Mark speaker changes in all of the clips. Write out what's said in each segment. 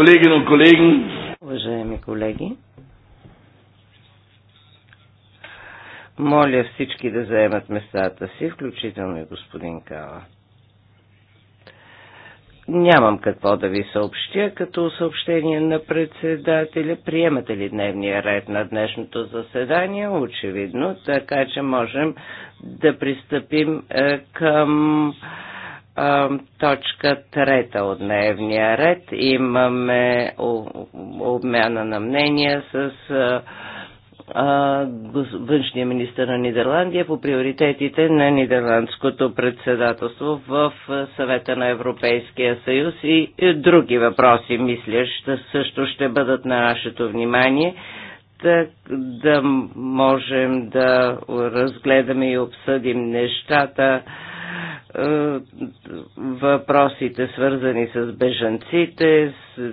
Speaker 1: Kolleginnen und Kollegen. Уважаеми колеги, моля всички да заемат местата си, включително и господин Кава. Нямам какво да ви съобщя, като съобщение на председателя. Приемате ли дневния ред на днешното заседание? Очевидно, така че можем да пристъпим е, към точка трета от дневния ред. Имаме обмяна на мнения с външния министр на Нидерландия по приоритетите на Нидерландското председателство в съвета на Европейския съюз и други въпроси, мисля, също ще бъдат на нашето внимание так да можем да разгледаме и обсъдим нещата, е, въпросите свързани с бежанците, с е,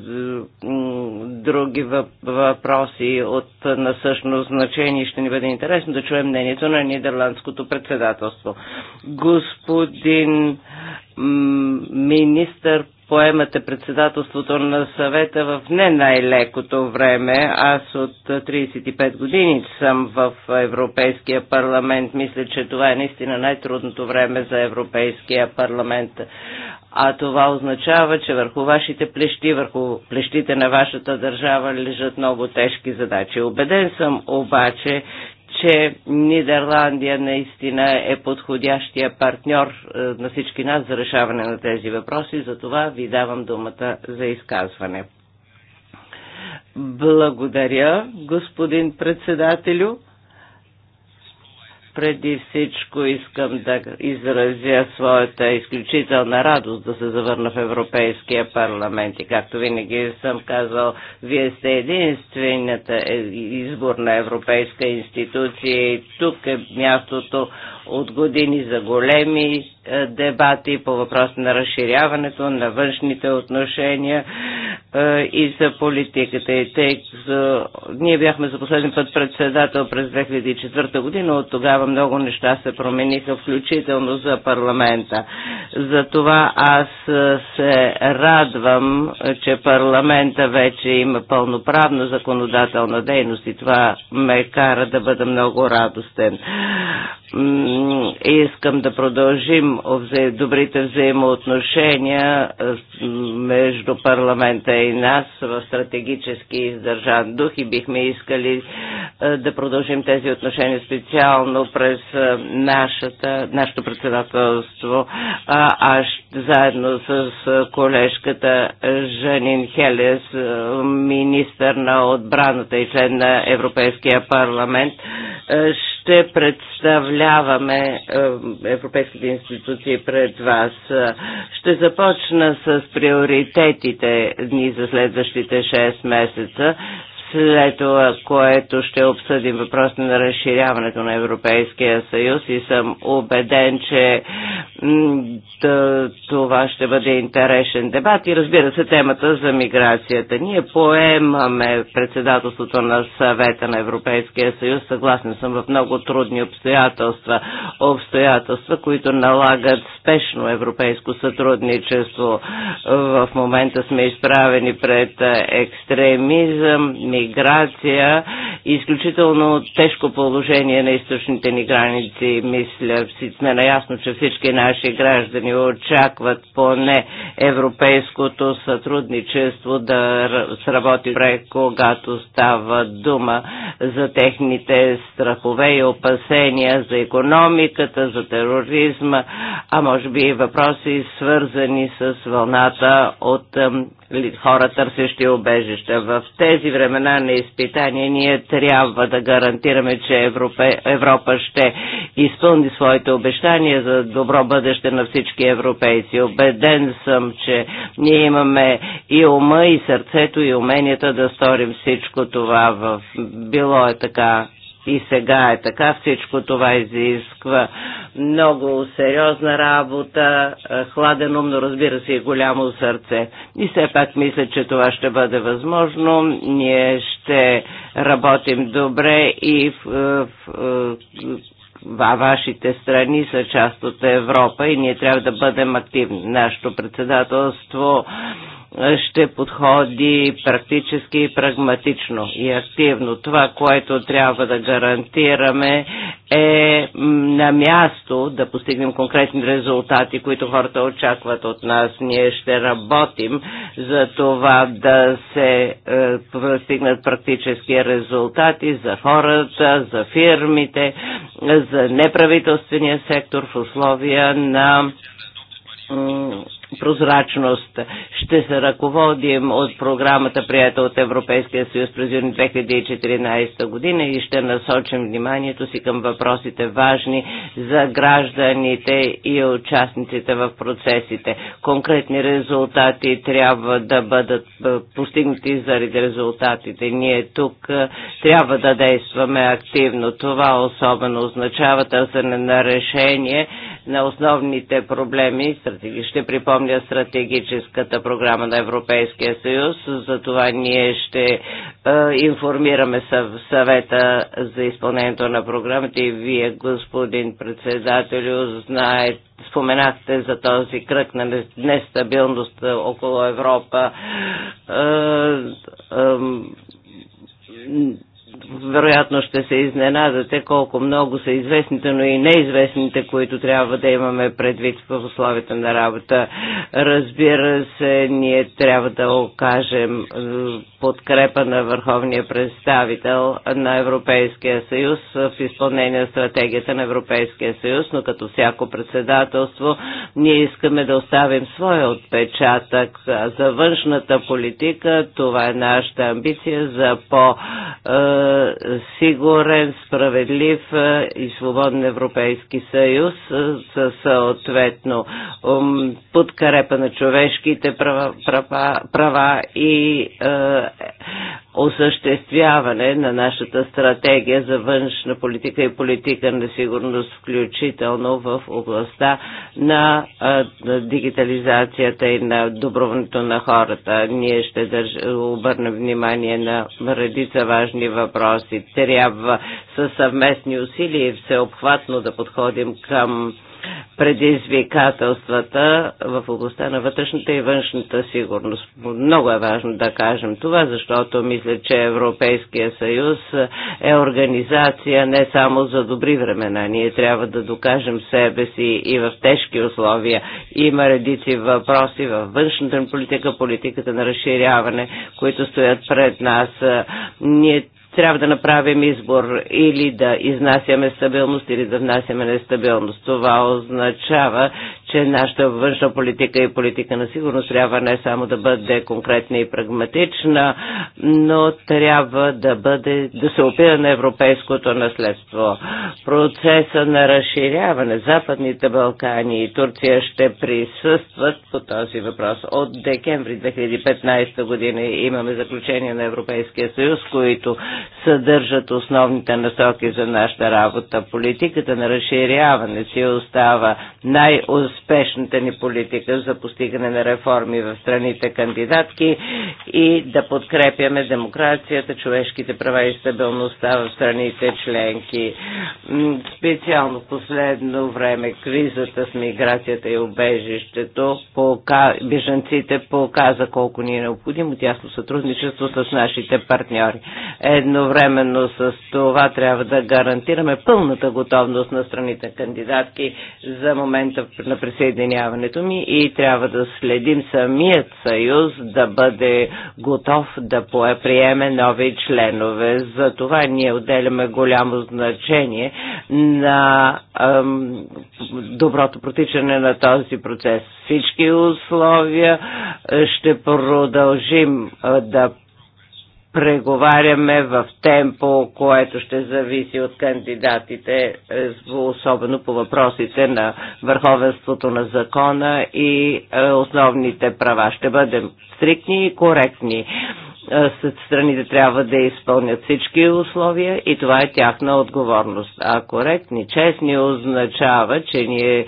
Speaker 1: други въпроси от насъщно значение. Ще ни бъде интересно да чуем мнението на Нидерландското председателство. Господин министър поемате председателството на съвета в не най-лекото време. Аз от 35 години съм в Европейския парламент. Мисля, че това е наистина най-трудното време за Европейския парламент. А това означава, че върху вашите плещи, върху плещите на вашата държава лежат много тежки задачи. Обеден съм обаче, че Нидерландия наистина е подходящия партньор е, на всички нас за решаване на тези въпроси. Затова ви давам думата за изказване. Благодаря, господин председателю преди всичко искам да изразя своята изключителна радост да се завърна в Европейския парламент и както винаги съм казал, вие сте единствената е, изборна европейска институция и тук е мястото, от години за големи е, дебати по въпрос на разширяването на външните отношения е, и за политиката. И тъй, ние бяхме за последен път председател през 2004 година, от тогава много неща се промениха, включително за парламента. Затова аз е, се радвам, че парламента вече има пълноправна законодателна дейност и това ме кара да бъда много радостен. Искам да продължим добрите взаимоотношения между парламента и нас в стратегически издържан дух и бихме искали да продължим тези отношения специално през нашата, нашето председателство, а заедно с колежката Жанин Хелес, министър на отбраната и член на Европейския парламент, ще ще представляваме е, европейските институции пред вас. Ще започна с приоритетите ни за следващите 6 месеца след това, което ще обсъдим въпрос на разширяването на Европейския съюз и съм убеден, че това ще бъде интересен дебат и разбира се темата за миграцията. Ние поемаме председателството на съвета на Европейския съюз, съгласен съм в много трудни обстоятелства, обстоятелства, които налагат спешно европейско сътрудничество. В момента сме изправени пред екстремизъм, миграция, изключително тежко положение на източните ни граници. Мисля, сме наясно, че всички наши граждани очакват поне европейското сътрудничество да сработи добре, когато става дума за техните страхове и опасения за економиката, за тероризма, а може би и въпроси свързани с вълната от хора търсещи обежища. В тези времена страна на изпитание. Ние трябва да гарантираме, че Европа, Европа ще изпълни своите обещания за добро бъдеще на всички европейци. Обеден съм, че ние имаме и ума, и сърцето, и уменията да сторим всичко това. В... Било е така и сега е така. Всичко това изисква много сериозна работа, е, хладен ум, но разбира се и голямо сърце. И все пак мисля, че това ще бъде възможно. Ние ще работим добре и в, е, в, в е, в вашите страни са част от Европа и ние трябва да бъдем активни. Нашето председателство ще подходи практически и прагматично и активно. Това, което трябва да гарантираме е на място да постигнем конкретни резултати, които хората очакват от нас. Ние ще работим за това да се е, постигнат практически резултати за хората, за фирмите, за неправителствения сектор в условия на прозрачност. Ще се ръководим от програмата, прията от Европейския съюз през юни 2014 година и ще насочим вниманието си към въпросите важни за гражданите и участниците в процесите. Конкретни резултати трябва да бъдат е, постигнати заради резултатите. Ние тук е, трябва да действаме активно. Това особено означава търсене на решение на основните проблеми. Ще припомня припомня стратегическата програма на Европейския съюз, за това ние ще е, информираме съв, съвета за изпълнението на програмата и вие, господин председателю, знаете споменахте за този кръг на нестабилност около Европа. Е, вероятно ще се изненадате колко много са известните, но и неизвестните, които трябва да имаме предвид в условията на работа. Разбира се, ние трябва да окажем подкрепа на върховния представител на Европейския съюз в изпълнение на стратегията на Европейския съюз, но като всяко председателство ние искаме да оставим своя отпечатък за външната политика. Това е нашата амбиция за по-сигурен, справедлив е, и свободен Европейски съюз със е, съответно подкрепа на човешките права, права, права и е, осъществяване на нашата стратегия за външна политика и политика на сигурност, включително в областта на дигитализацията и на доброването на хората. Ние ще държ... обърнем внимание на редица важни въпроси. Трябва със съвместни усилия и всеобхватно да подходим към предизвикателствата в областта на вътрешната и външната сигурност. Много е важно да кажем това, защото мисля, че Европейския съюз е организация не само за добри времена. Ние трябва да докажем себе си и в тежки условия. Има редици въпроси във външната политика, политиката на разширяване, които стоят пред нас. Ние трябва да направим избор или да изнасяме стабилност, или да внасяме нестабилност. Това означава, че нашата външна политика и политика на сигурност трябва не само да бъде конкретна и прагматична, но трябва да, бъде, да се опира на европейското наследство. Процеса на разширяване Западните Балкани и Турция ще присъстват по този въпрос. От декември 2015 година имаме заключение на Европейския съюз, които съдържат основните насоки за нашата работа. Политиката на разширяване си остава най-успешна успешната ни политика за постигане на реформи в страните кандидатки и да подкрепяме демокрацията, човешките права и стабилността в страните членки. Специално в последно време кризата с миграцията и убежището, бежанците показа колко ни е необходимо тясно сътрудничество с нашите партньори. Едновременно с това трябва да гарантираме пълната готовност на страните кандидатки за момента на присъединяването присъединяването ми и трябва да следим самият съюз да бъде готов да приеме нови членове. За това ние отделяме голямо значение на ем, доброто протичане на този процес. Всички условия ще продължим да преговаряме в темпо, което ще зависи от кандидатите, е, особено по въпросите на върховенството на закона и е, основните права. Ще бъдем стрикни и коректни страните трябва да изпълнят всички условия и това е тяхна отговорност. А коректни, честни означава, че ние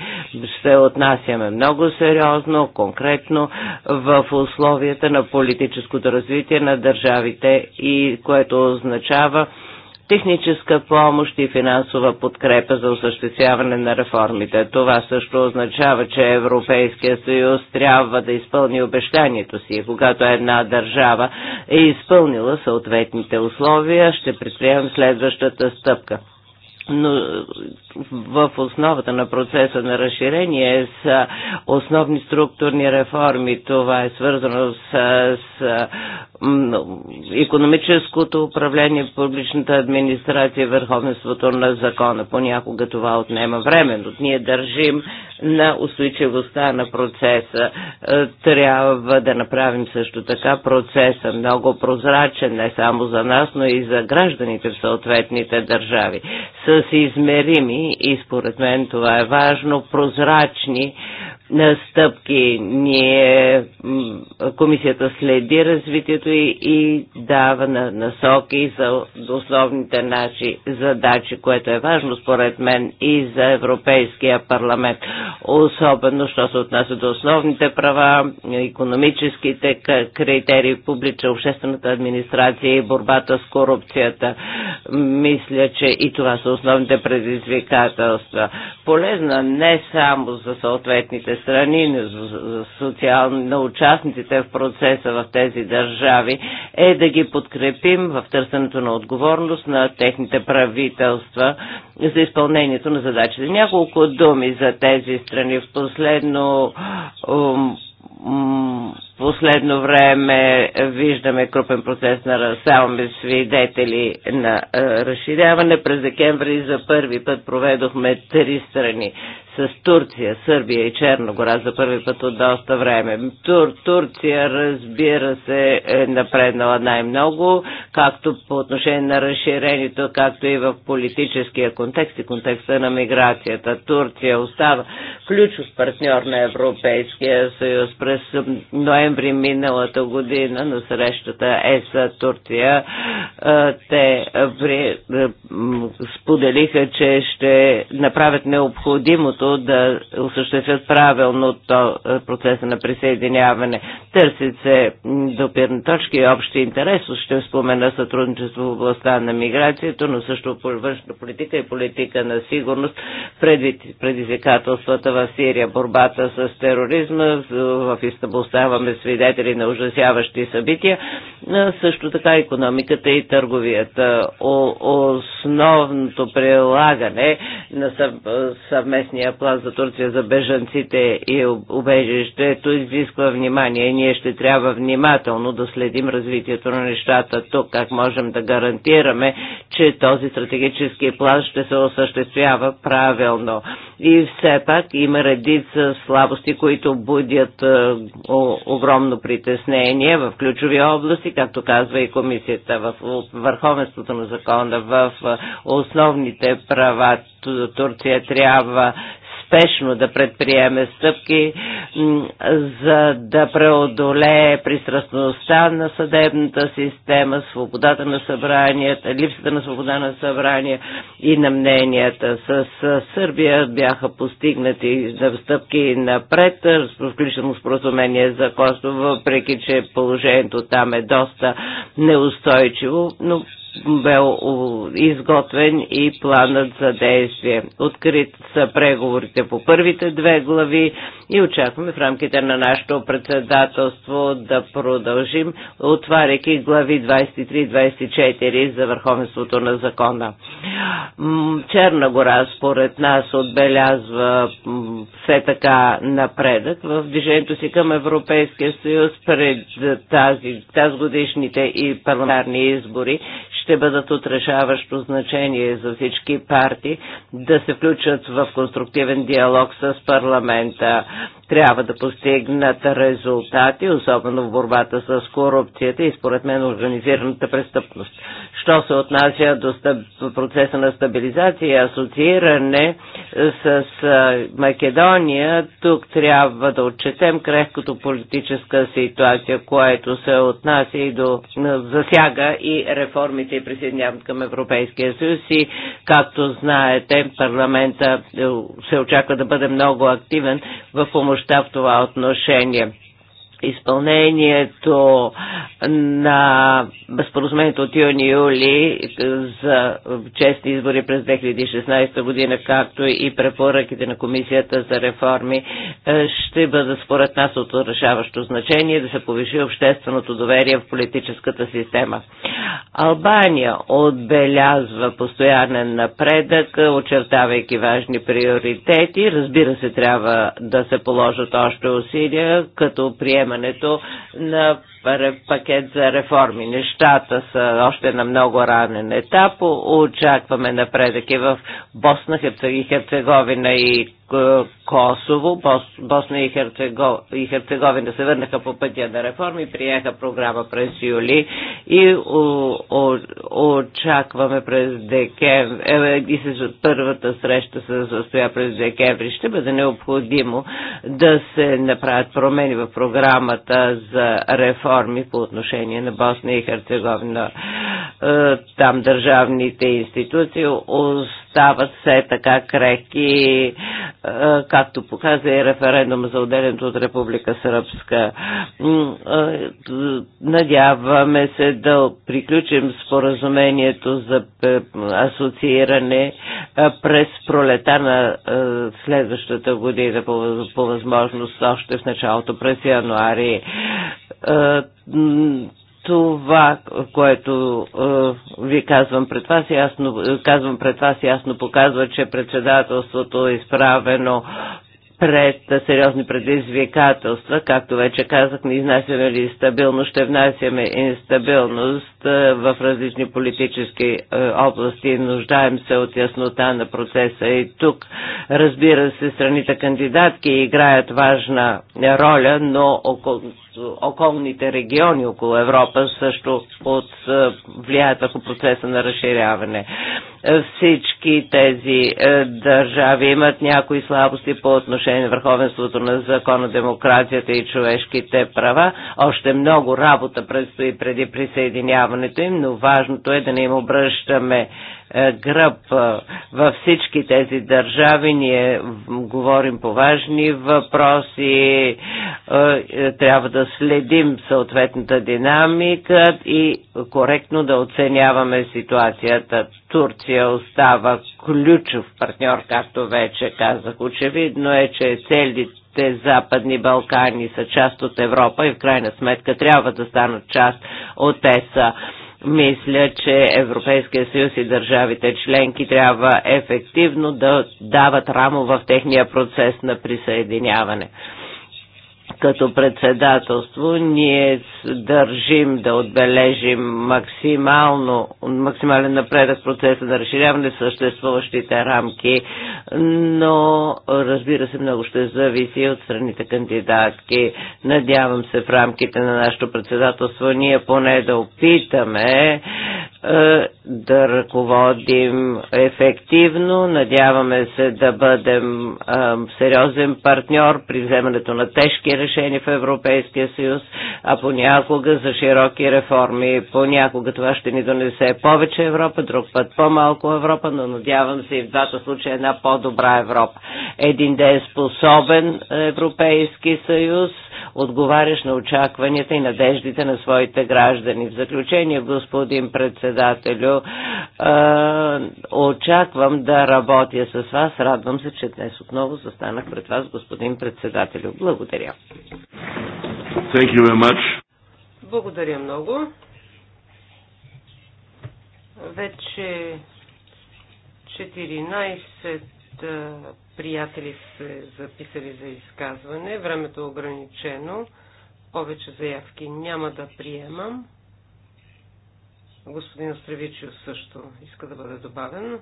Speaker 1: се отнасяме много сериозно, конкретно в условията на политическото развитие на държавите и което означава техническа помощ и финансова подкрепа за осъществяване на реформите. Това също означава, че Европейския съюз трябва да изпълни обещанието си. Когато една държава е изпълнила съответните условия, ще предприемем следващата стъпка но в основата на процеса на разширение са основни структурни реформи. Това е свързано с, с економическото управление, публичната администрация, върховенството на закона. Понякога това отнема време, но ние държим на устойчивостта на процеса. Е, трябва да направим също така процеса много прозрачен, не само за нас, но и за гражданите в съответните държави да са измерими и според мен това е важно, прозрачни стъпки. Ние, комисията следи развитието и, и дава на, насоки за основните наши задачи, което е важно според мен и за Европейския парламент. Особено, що се отнася до основните права, економическите критерии, публична обществената администрация и борбата с корупцията. Мисля, че и това са основните основните предизвикателства. Полезна не само за съответните страни, но за социални, на участниците в процеса в тези държави, е да ги подкрепим в търсенето на отговорност на техните правителства за изпълнението на задачите. Няколко думи за тези страни в последно последно време виждаме крупен процес на разсалме свидетели на е, разширяване. През декември за първи път проведохме три страни с Турция, Сърбия и Черногора за първи път от доста време. Тур, Турция, разбира се, е напреднала най-много, както по отношение на разширението, както и в политическия контекст и контекста на миграцията. Турция остава ключов партньор на Европейския съюз. През ноември ноември миналата година на срещата ЕСА Турция те споделиха, че ще направят необходимото да осъществят правилно процеса на присъединяване. Търсят се допирни точки и общи интерес. Ще спомена сътрудничество в областта на миграцията, но също по външна политика и политика на сигурност предвид предизвикателствата в Сирия, борбата с тероризма. В Истанбул ставаме свидетели на ужасяващи събития, също така економиката и търговията. Основното прилагане на съвместния план за Турция за бежанците и убежището изисква внимание ние ще трябва внимателно да следим развитието на нещата тук, как можем да гарантираме, че този стратегически план ще се осъществява правилно. И все пак има редица слабости, които будят огромно огромно притеснение в ключови области, както казва и комисията в върховенството на закона, в основните права Турция трябва спешно да предприеме стъпки, за да преодолее пристрастността на съдебната система, свободата на събранията, липсата на свобода на събрания и на мненията. С Сърбия бяха постигнати стъпки напред, включително споразумение за Косово, въпреки че положението там е доста неустойчиво, но бе изготвен и планът за действие. Открит са преговорите по първите две глави и очакваме в рамките на нашето председателство да продължим, отваряйки глави 23-24 за върховенството на закона. Черна гора според нас отбелязва все така напредък в движението си към Европейския съюз пред тази, тази годишните и парламентарни избори. Ще ще бъдат отрешаващо значение за всички партии да се включат в конструктивен диалог с парламента трябва да постигнат резултати, особено в борбата с корупцията и според мен организираната престъпност. Що се отнася до процеса на стабилизация и асоцииране с Македония, тук трябва да отчетем крехкото политическа ситуация, което се отнася и до засяга и реформите и присъединяват към Европейския съюз и както знаете парламента е, се очаква да бъде много активен в помощ помощта в това отношение изпълнението на споразумението от юни юли за честни избори през 2016 година, както и препоръките на Комисията за реформи, е, ще бъдат според нас от решаващо значение да се повиши общественото доверие в политическата система. Албания отбелязва постоянен напредък, очертавайки важни приоритети. Разбира се, трябва да се положат още усилия, като приема приемането на пакет за реформи. Нещата са още на много ранен етап. Очакваме напредък и в Босна и Херцеговина и е, Косово. Босна и, Херцего, и Херцеговина се върнаха по пътя на реформи, приеха програма през юли и о, о, очакваме през декември. Е, е, и първата среща се състоя през декември. Ще бъде необходимо да се направят промени в програмата за реформи реформи по отношение на Босния и Херцеговина. Е, там държавните институции остават все така крехки, е, както показа и референдум за отделенето от Република Сръбска. Е, надяваме се да приключим споразумението за асоцииране през пролета на следващата година по възможност още в началото през януари това, което е, ви казвам пред вас, ясно, е, казвам пред вас ясно показва, че председателството е изправено пред сериозни предизвикателства, както вече казах, не изнасяме ли стабилност, ще внасяме инстабилност е, в различни политически области. Нуждаем се от яснота на процеса и тук, разбира се, страните кандидатки играят важна роля, но около околните региони около Европа също под, е, влияят върху процеса на разширяване. Е, всички тези е, държави имат някои слабости по отношение на върховенството на закона, демокрацията и човешките права. Още много работа предстои преди присъединяването им, но важното е да не им обръщаме е, гръб. Е, във всички тези държави ние говорим по важни въпроси, е, трябва да следим съответната динамика и коректно да оценяваме ситуацията. Турция остава ключов партньор, както вече казах. Очевидно е, че целите Западни Балкани са част от Европа и в крайна сметка трябва да станат част от ЕСА. Мисля, че Европейския съюз и държавите членки трябва ефективно да дават рамо в техния процес на присъединяване като председателство ние държим да отбележим максимално, максимален напредък в процеса на разширяване съществуващите рамки, но разбира се много ще зависи от страните кандидатки. Надявам се в рамките на нашето председателство ние поне да опитаме е, да ръководим ефективно. Надяваме се да бъдем е, сериозен партньор при вземането на тежки решения решение в Европейския съюз, а понякога за широки реформи. Понякога това ще ни донесе повече Европа, друг път по-малко Европа, но надявам се и в двата случая една по-добра Европа. Един ден способен Европейски съюз, отговаряш на очакванията и надеждите на своите граждани. В заключение, господин председателю, очаквам да работя с вас. Радвам се, че днес отново застанах пред вас, господин председателю. Благодаря.
Speaker 2: Thank you very much.
Speaker 3: Благодаря много. Вече 14 приятели се записали за изказване. Времето е ограничено. Повече заявки няма да приемам. Господин Остревичио също иска да бъде добавен.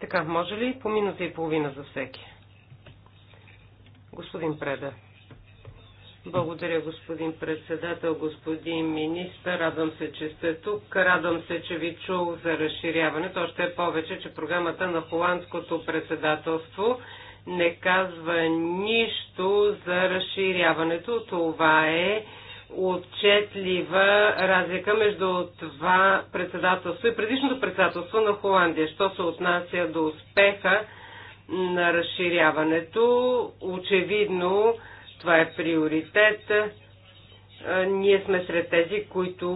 Speaker 3: Така, може ли по минута и половина за всеки? Господин Преда. Благодаря, господин председател, господин министър, Радвам се, че сте тук. Радвам се, че ви чул за разширяването. Още е повече, че програмата на холандското председателство не казва нищо за разширяването. Това е отчетлива разлика между това председателство и предишното председателство на Холандия. Що се отнася до успеха на разширяването, очевидно това е приоритет. Ние сме сред тези, които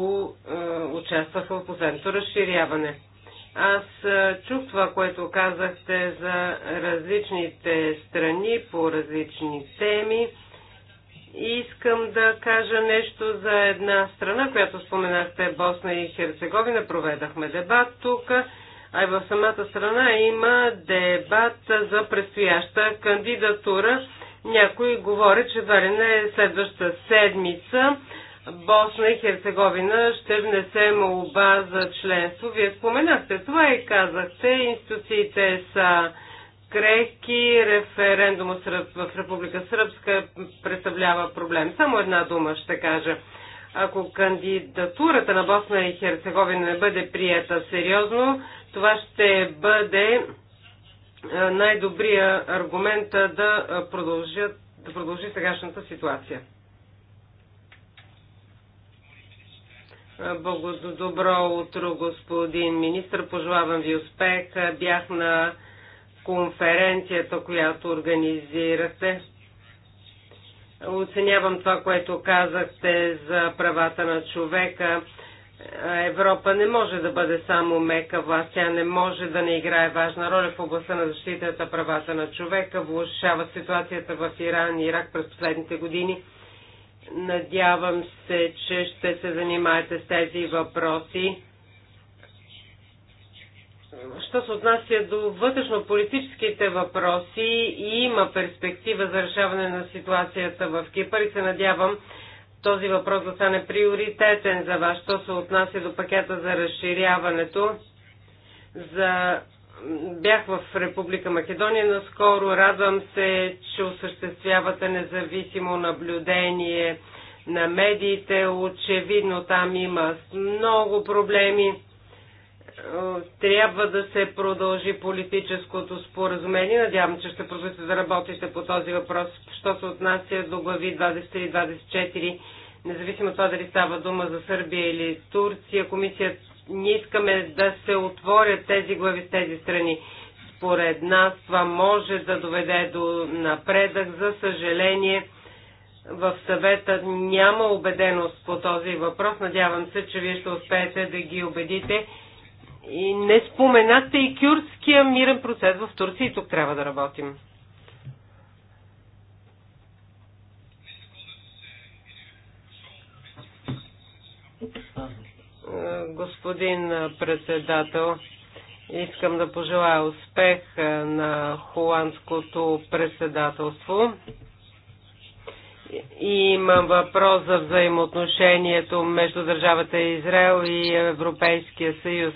Speaker 3: участваха в последното разширяване. Аз чух това, което казахте за различните страни по различни теми. И искам да кажа нещо за една страна, която споменахте, Босна и Херцеговина. Проведахме дебат тук, а и в самата страна има дебат за предстояща кандидатура някои говорят, че варене следваща седмица. Босна и Херцеговина ще внесе молба за членство. Вие споменахте това и казахте. Институциите са крехки, референдума в Република Сръбска представлява проблем. Само една дума ще кажа. Ако кандидатурата на Босна и Херцеговина не бъде прията сериозно, това ще бъде е, най-добрия аргумент е, да, е, продължат, да продължи сегашната ситуация. Добро утро, господин министр. Пожелавам ви успех. Бях на конференцията, която организирахте. Оценявам това, което казахте за правата на човека Европа не може да бъде само мека власт, тя не може да не играе важна роля в областта на защитата правата на човека, влушава ситуацията в Иран и Ирак през последните години. Надявам се, че ще се занимаете с тези въпроси. Що се отнася до вътрешно-политическите въпроси, и има перспектива за решаване на ситуацията в Кипър и се надявам, този въпрос да стане приоритетен за вас, що се отнася до пакета за разширяването. За... Бях в Република Македония наскоро. Радвам се, че осъществявате независимо наблюдение на медиите. Очевидно там има много проблеми трябва да се продължи политическото споразумение. Надявам, че ще продължите да работите по този въпрос, що се отнася до глави 23 и 24. Независимо от това дали става дума за Сърбия или Турция, комисията ние искаме да се отворят тези глави с тези страни. Според нас това може да доведе до напредък. За съжаление, в съвета няма убеденост по този въпрос. Надявам се, че вие ще успеете да ги убедите и не споменахте и кюрдския мирен процес в Турция и тук трябва да работим. Господин председател, искам да пожелая успех на холандското председателство. И имам въпрос за взаимоотношението между държавата Израел и Европейския съюз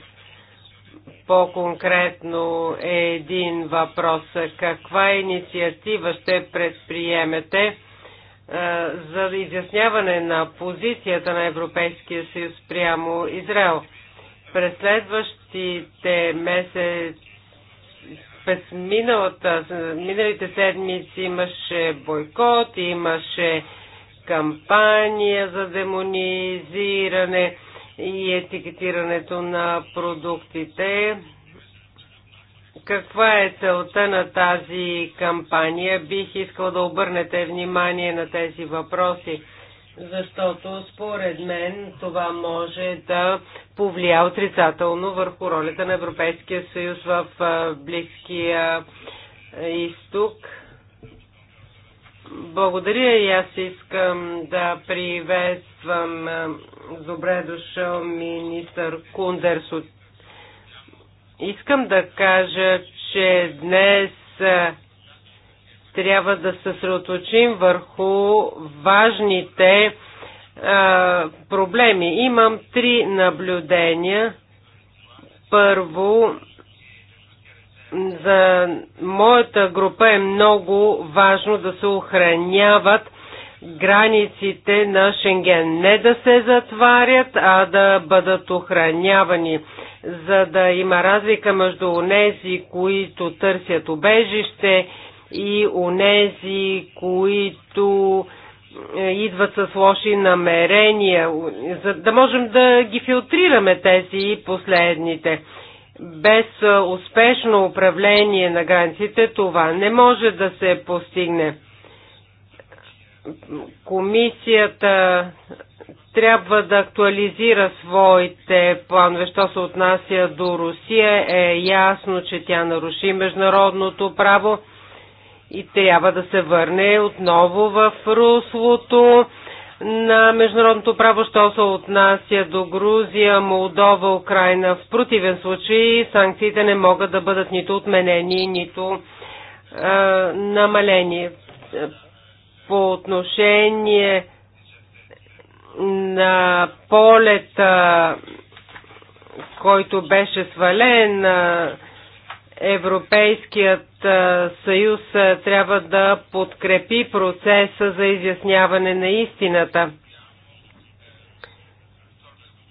Speaker 3: по-конкретно е един въпрос. Каква инициатива ще предприемете е, за изясняване на позицията на Европейския съюз прямо Израел? През следващите месец, през миналата, миналите седмици имаше бойкот, имаше кампания за демонизиране и етикетирането на продуктите. Каква е целта на тази кампания? Бих искал да обърнете внимание на тези въпроси, защото според мен това може да повлия отрицателно върху ролята на Европейския съюз в Близкия изток благодаря и аз искам да приветствам е, добре дошъл министър Кундерс. Искам да кажа, че днес е, трябва да се съсредоточим върху важните а, е, проблеми. Имам три наблюдения. Първо, за моята група е много важно да се охраняват границите на Шенген. Не да се затварят, а да бъдат охранявани, за да има разлика между онези, които търсят убежище и онези, които е, идват с лоши намерения, за да можем да ги филтрираме тези и последните без успешно управление на границите това не може да се постигне. Комисията трябва да актуализира своите планове, що се отнася до Русия. Е ясно, че тя наруши международното право и трябва да се върне отново в руслото на международното право, що се отнася до Грузия, Молдова, Украина. В противен случай санкциите не могат да бъдат нито отменени, нито е, намалени. По отношение на полета, който беше свален, е, Европейският съюз трябва да подкрепи процеса за изясняване на истината.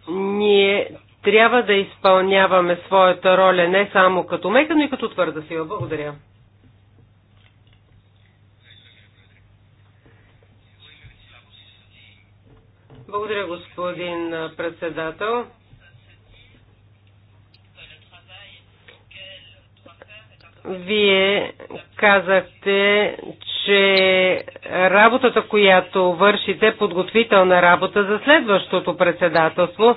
Speaker 3: Ние трябва да изпълняваме своята роля не само като мека, но и като твърда сила. Благодаря. Благодаря, господин председател. Вие казахте, че работата, която вършите, е подготвителна работа за следващото председателство.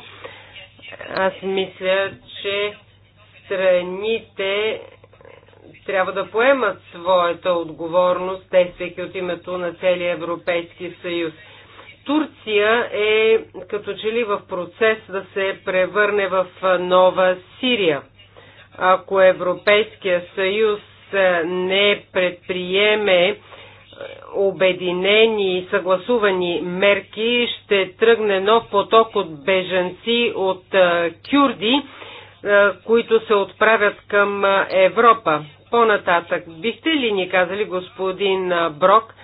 Speaker 3: Аз мисля, че страните трябва да поемат своята отговорност, действайки от името на целия Европейски съюз. Турция е като че ли в процес да се превърне в нова Сирия. Ако Европейския съюз е, не предприеме е, обединени и съгласувани мерки, ще тръгне нов поток от бежанци от е, кюрди, които се отправят към Европа. По-нататък, бихте ли ни казали, господин Брок,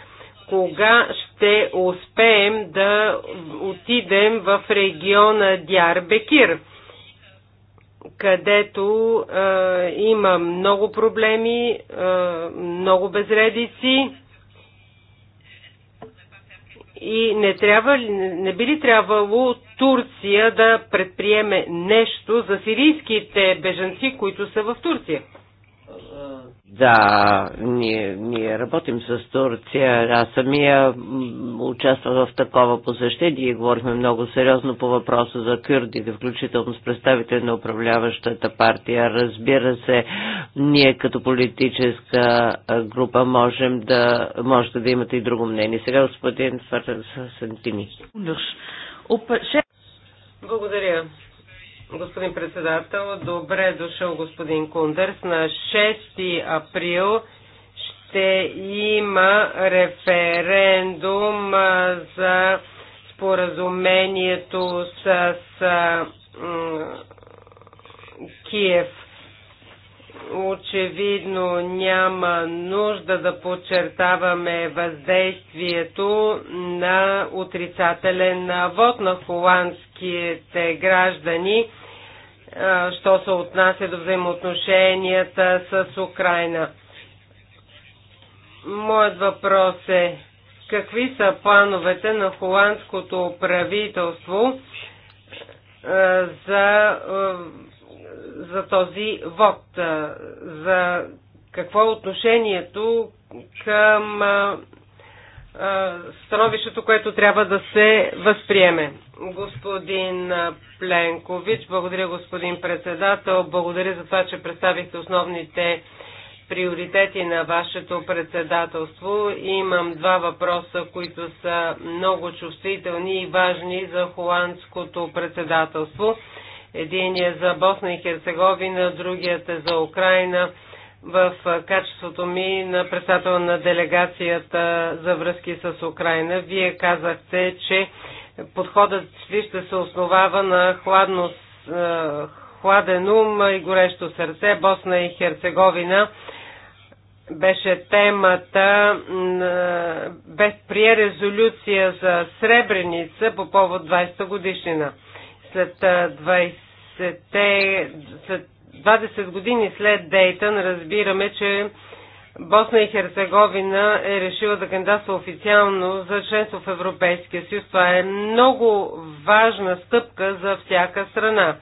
Speaker 3: кога ще успеем да отидем в региона Дяр Бекир? където е, има много проблеми, е, много безредици и не, трябва, не би ли трябвало Турция да предприеме нещо за сирийските бежанци, които са в Турция?
Speaker 1: Да, ние, ние работим с Турция. Аз самия участвах в такова посещение и говорихме много сериозно по въпроса за кюрдите, включително с представители на управляващата партия. Разбира се, ние като политическа група можем да, можете да имате и друго мнение. Сега господин Фарсантини.
Speaker 3: Благодаря господин председател. Добре дошъл, господин Кундърс. На 6 април ще има референдум за споразумението с Киев. Очевидно няма нужда да подчертаваме въздействието на отрицателен вод на холандските граждани що се отнася до взаимоотношенията с Украина. Моят въпрос е какви са плановете на холандското правителство за, за този вод, за какво е отношението към становището, което трябва да се възприеме. Господин Пленкович, благодаря господин председател, благодаря за това, че представихте основните приоритети на вашето председателство. Имам два въпроса, които са много чувствителни и важни за холандското председателство. Един е за Босна и Херцеговина, другият е за Украина в качеството ми на председател на делегацията за връзки с Украина. Вие казахте, че подходът ви ще се основава на хладно, е, хладен ум и горещо сърце. Босна и Херцеговина беше темата, е, без прие резолюция за Сребреница по повод 20-та годишнина. След 20, е, след 20 години след Дейтън разбираме, че Босна и Херцеговина е решила да кандидатства официално за членство в Европейския съюз. Това е много важна стъпка за всяка страна.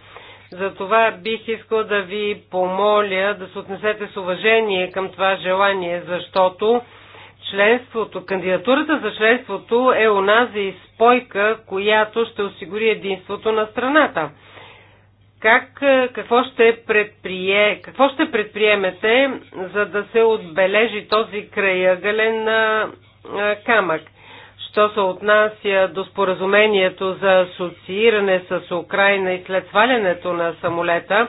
Speaker 3: Затова бих искал да ви помоля да се отнесете с уважение към това желание, защото членството, кандидатурата за членството е унази спойка, която ще осигури единството на страната. Как, е, какво, ще предприе, какво ще предприемете, за да се отбележи този краягален е, е, камък? Що се отнася до споразумението за асоцииране с Украина и след свалянето на самолета,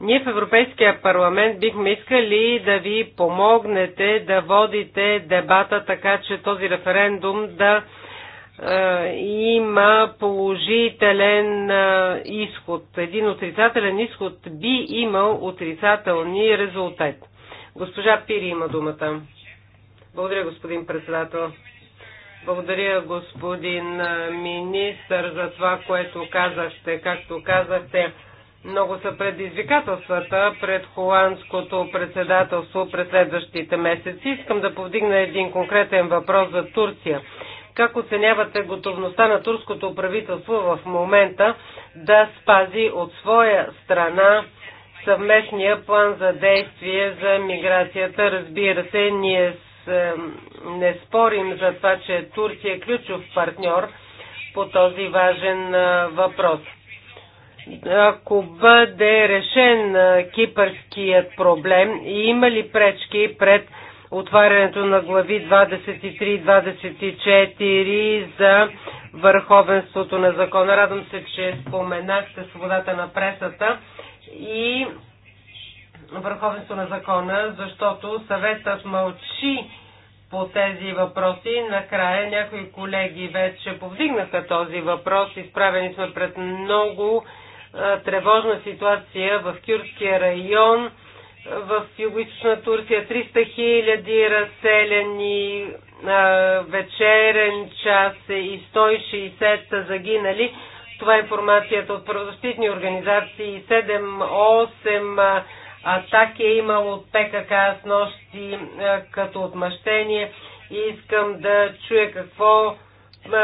Speaker 3: ние в Европейския парламент бихме искали да ви помогнете да водите дебата така, че този референдум да е, има положителен е, изход. Един отрицателен изход би имал отрицателни резултат. Госпожа Пири има думата. Благодаря, господин председател. Благодаря, господин е, министър, за това, което казахте. Както казахте, много са предизвикателствата пред холандското председателство през следващите месеци. Искам да повдигна един конкретен въпрос за Турция. Как оценявате готовността на турското правителство в момента да спази от своя страна съвместния план за действие за миграцията? Разбира се, ние с, не спорим за това, че Турция е ключов партньор по този важен е, въпрос. Ако бъде решен е, кипърският проблем, има ли пречки пред отварянето на глави 23 и 24 за върховенството на закона. Радвам се, че споменахте свободата на пресата и върховенство на закона, защото съветът мълчи по тези въпроси. Накрая някои колеги вече повдигнаха този въпрос. Изправени сме пред много тревожна ситуация в Кюрския район в югоизточна Турция 300 хиляди разселени, вечерен час е и 160 са загинали. Това е информацията от правозащитни организации. 7-8 атаки е имало от ПКК с нощи като отмъщение. И искам да чуя какво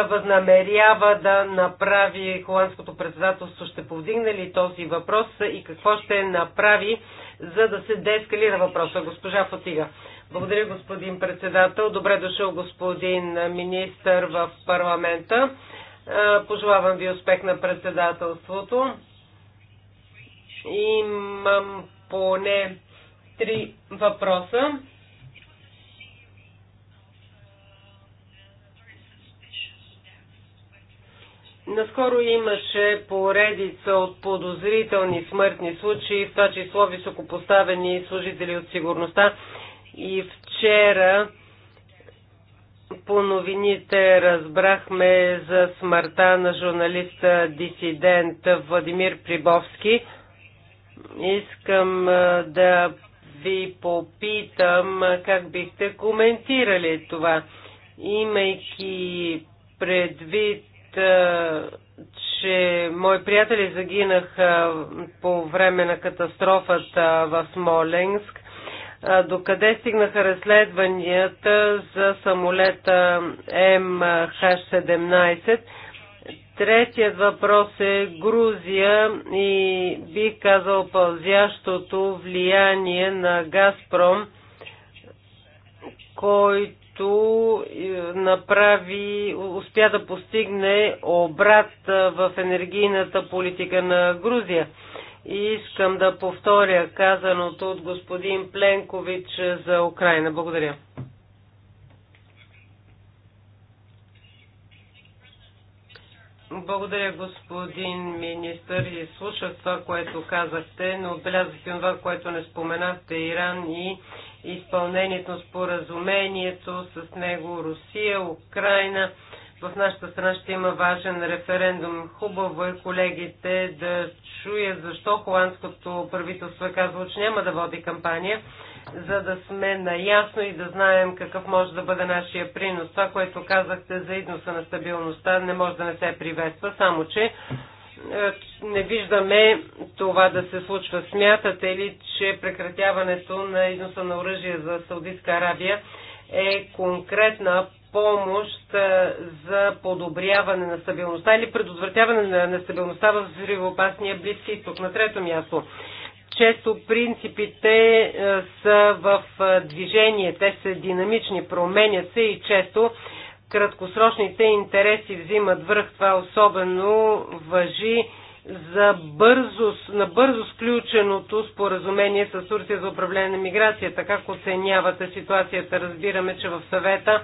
Speaker 3: възнамерява да направи холандското председателство. Ще повдигне ли този въпрос и какво ще направи? за да се деескалира въпроса. Госпожа Фатига. Благодаря, господин председател. Добре дошъл, господин министър в парламента. Пожелавам ви успех на председателството. Имам поне три въпроса. Наскоро имаше поредица от подозрителни смъртни случаи, в това число високопоставени служители от сигурността. И вчера по новините разбрахме за смъртта на журналиста дисидент Владимир Прибовски. Искам да ви попитам как бихте коментирали това, имайки предвид че мои приятели загинаха по време на катастрофата в Смоленск, докъде стигнаха разследванията за самолета МХ-17. Третият въпрос е Грузия и бих казал пълзящото влияние на Газпром, който който е, направи, успя да постигне обрат е, в енергийната политика на Грузия. И искам да повторя казаното от господин Пленкович е, за Украина. Благодаря. Благодаря, господин министър. И слушах това, което казахте, но отбелязах и това, което не споменахте. Иран и изпълнението на споразумението с него Русия, Украина. В нашата страна ще има важен референдум. Хубаво е колегите да чуят защо холандското правителство е казало, че няма да води кампания за да сме наясно и да знаем какъв може да бъде нашия принос. Това, което казахте за износа на стабилността, не може да не се приветства, само че е, не виждаме това да се случва. Смятате ли, че прекратяването на износа на оръжие за Саудитска Арабия е конкретна помощ е, за подобряване на стабилността или предотвратяване на нестабилността в взривоопасния близки изток? На трето място често принципите е, са в е, движение, те са динамични, променят се и често краткосрочните интереси взимат връх. Това особено въжи за бързо, на бързо сключеното споразумение с Турция за управление на миграцията. Как оценявате ситуацията? Разбираме, че в съвета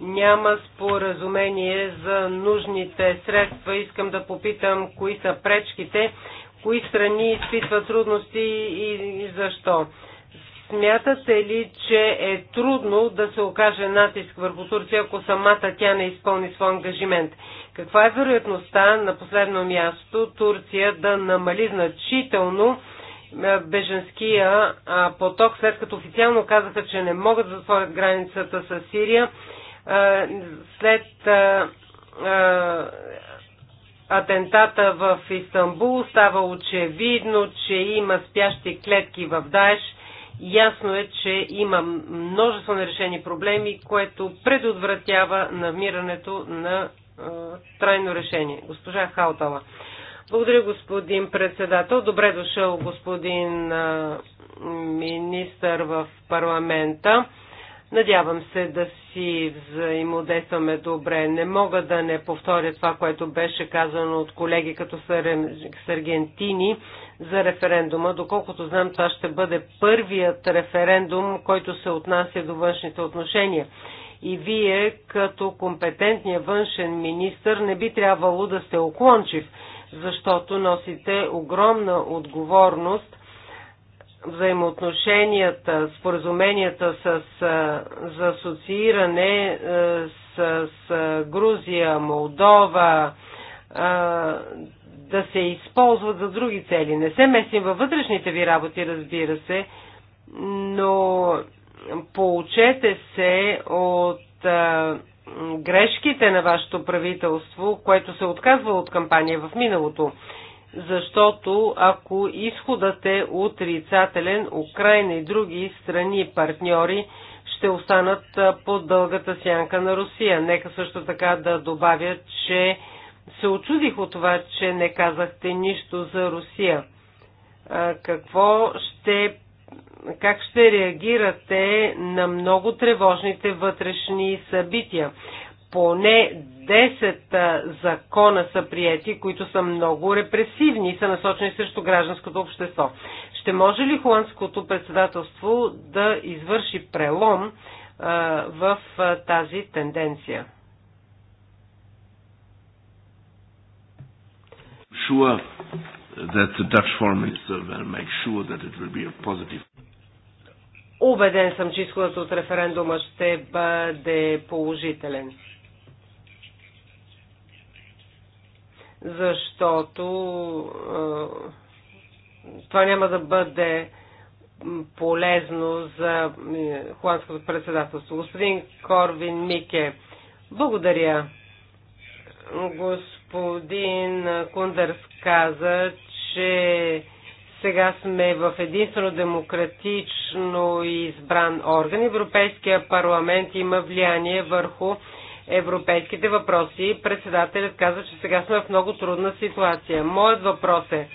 Speaker 3: няма споразумение за нужните средства. Искам да попитам кои са пречките кои страни изпитват трудности и защо. Смятате ли, че е трудно да се окаже натиск върху Турция, ако самата тя не изпълни своя ангажимент? Каква е вероятността на последно място Турция да намали значително е, беженския поток, след като официално казаха, че не могат да затворят границата с Сирия, е, след е, атентата в Истанбул става очевидно, че има спящи клетки в Даеш. Ясно е, че има множество нерешени проблеми, което предотвратява намирането на е, трайно решение. Госпожа Хаутала. Благодаря, господин председател. Добре дошъл, господин е, министър в парламента. Надявам се да си взаимодействаме добре. Не мога да не повторя това, което беше казано от колеги като Аргентини за референдума. Доколкото знам, това ще бъде първият референдум, който се отнася до външните отношения. И вие, като компетентния външен министр, не би трябвало да сте оклончив, защото носите огромна отговорност взаимоотношенията, споразуменията с, за асоцииране с, с Грузия, Молдова, да се използват за други цели. Не се месим във вътрешните ви работи, разбира се, но получете се от а, грешките на вашето правителство, което се отказва от кампания в миналото защото ако изходът е отрицателен, Украина и други страни партньори ще останат под дългата сянка на Русия. Нека също така да добавя, че се очудих от това, че не казахте нищо за Русия. Какво ще, как ще реагирате на много тревожните вътрешни събития? Поне 10 закона са прияти, които са много репресивни и са насочени срещу гражданското общество. Ще може ли холандското председателство да извърши прелом в тази тенденция?
Speaker 2: Sure that the Dutch will make sure that it will be a positive
Speaker 3: Убеден съм, че изходът от референдума ще бъде положителен. защото това няма да бъде полезно за холандското председателство. Господин Корвин Мике, благодаря. Господин Кундърс каза, че сега сме в единствено демократично избран орган. Европейския парламент има влияние върху европейските въпроси. Председателят каза, че сега сме в много трудна ситуация. Моят въпрос е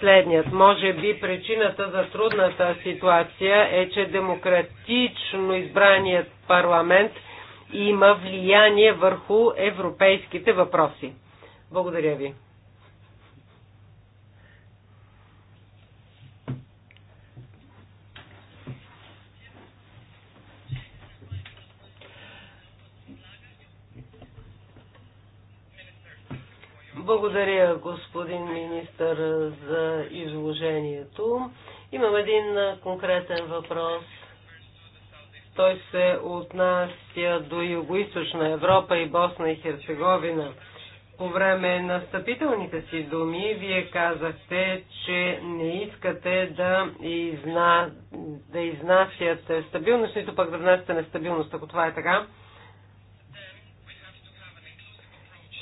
Speaker 3: следният. Може би причината за трудната ситуация е, че демократично избраният парламент има влияние върху европейските въпроси. Благодаря ви. Благодаря, господин министър, за изложението. Имам един конкретен въпрос. Той се отнася до Юго-Источна Европа и Босна и Херцеговина. По време на стъпителните си думи, вие казахте, че не искате да, изна... да изнасяте стабилност, нито пък да внасяте нестабилност. Ако това е така,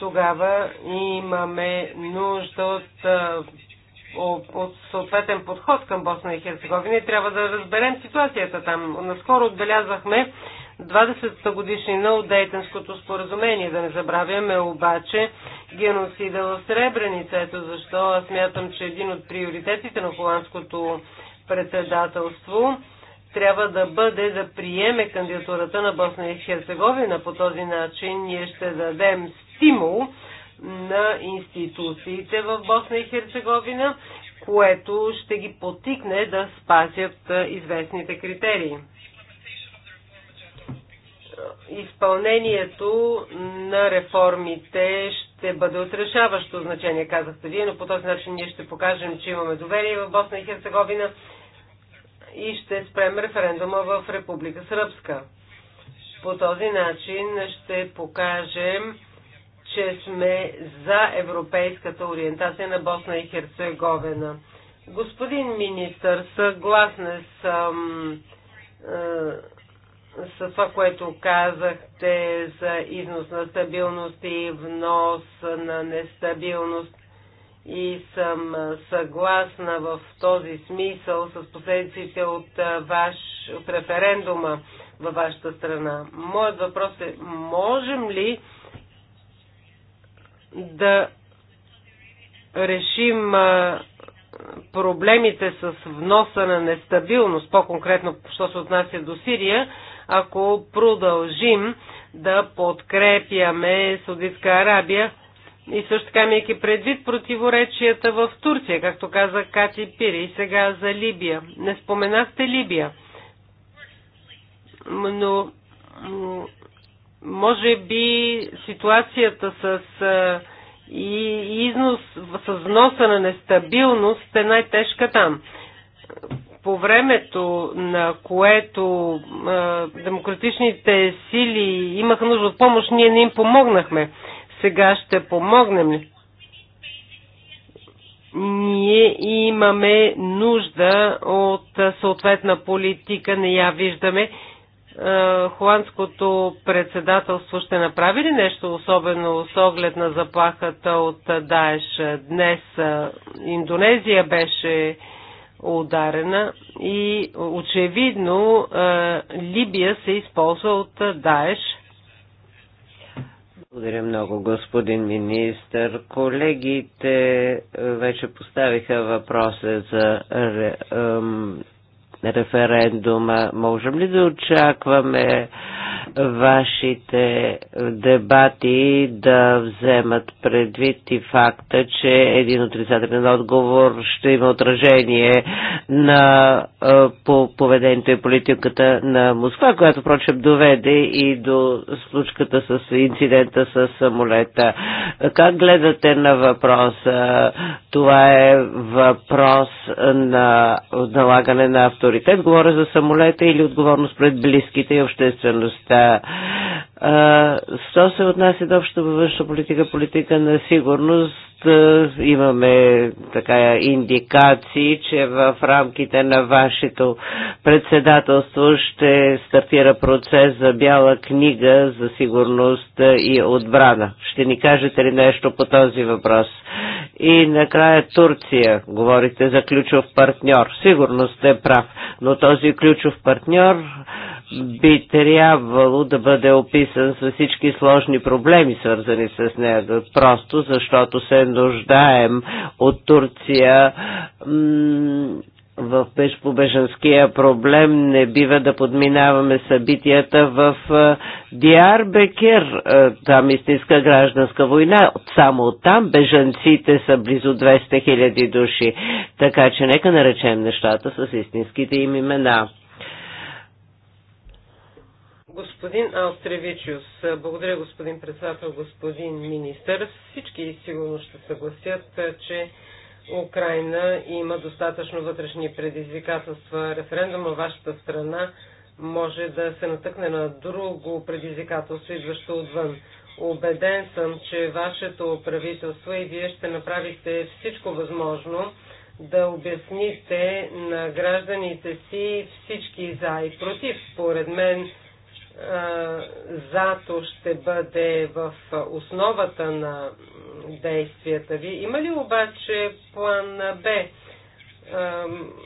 Speaker 3: тогава имаме нужда от, от, съответен подход към Босна и Херцеговина и трябва да разберем ситуацията там. Наскоро отбелязахме 20-та годишнина от Дейтенското споразумение. Да не забравяме обаче геноцида в Сребреница. Ето защо аз мятам, че един от приоритетите на холандското председателство трябва да бъде да приеме кандидатурата на Босна и Херцеговина. По този начин ние ще дадем стимул на институциите в Босна и Херцеговина, което ще ги потикне да спазят известните критерии. Изпълнението на реформите ще бъде отрешаващо значение, казахте вие, но по този начин ние ще покажем, че имаме доверие в Босна и Херцеговина и ще спрем референдума в Република Сръбска. По този начин ще покажем, че сме за европейската ориентация на Босна и Херцеговина. Господин министър, съгласна съм с това, което казахте за износ на стабилност и внос на нестабилност. И съм съгласна в този смисъл с последиците от ваш от референдума във вашата страна. Моят въпрос е, можем ли да решим проблемите с вноса на нестабилност, по-конкретно, що се отнася до Сирия, ако продължим да подкрепяме Саудитска Арабия и също така имайки предвид противоречията в Турция, както каза Кати Пири и сега за Либия. Не споменахте Либия, но може би ситуацията с и износ, с вноса на нестабилност е най-тежка там. По времето, на което а, демократичните сили имаха нужда от помощ, ние не им помогнахме. Сега ще помогнем ли? Ние имаме нужда от съответна политика, не я виждаме е, холандското председателство ще направи ли нещо особено с оглед на заплахата от Даеш? Днес е, Индонезия беше ударена и очевидно е, Либия се използва от Даеш.
Speaker 1: Благодаря много, господин министр. Колегите вече поставиха въпроса за референдума. Можем ли да очакваме вашите дебати да вземат предвид и факта, че един отрицателен отговор ще има отражение на по поведението и политиката на Москва, която, впрочем, доведе и до случката с инцидента с самолета. Как гледате на въпроса? Това е въпрос на налагане на авторитет приоритет. Говоря за самолета или отговорност пред близките и обществеността. Що се отнася до общата външна политика, политика на сигурност, имаме така индикации, че в рамките на вашето председателство ще стартира процес за бяла книга за сигурност и отбрана. Ще ни кажете ли нещо по този въпрос? И накрая Турция. Говорите за ключов партньор. Сигурно сте прав но този ключов партньор би трябвало да бъде описан с всички сложни проблеми, свързани с нея. просто защото се нуждаем от Турция в Пешпобежанския проблем не бива да подминаваме събитията в Диарбекер. Там истинска гражданска война. Само там бежанците са близо 200 000 души. Така че нека наречем нещата с истинските им имена.
Speaker 3: Господин Алстревичус, благодаря господин председател, господин министър. Всички сигурно ще съгласят, че Украина има достатъчно вътрешни предизвикателства. Референдума във вашата страна може да се натъкне на друго предизвикателство, идващо отвън. Обеден съм, че вашето правителство и вие ще направите всичко възможно да обясните на гражданите си всички за и против. Според мен зато ще бъде в основата на действията ви. Има ли обаче план Б?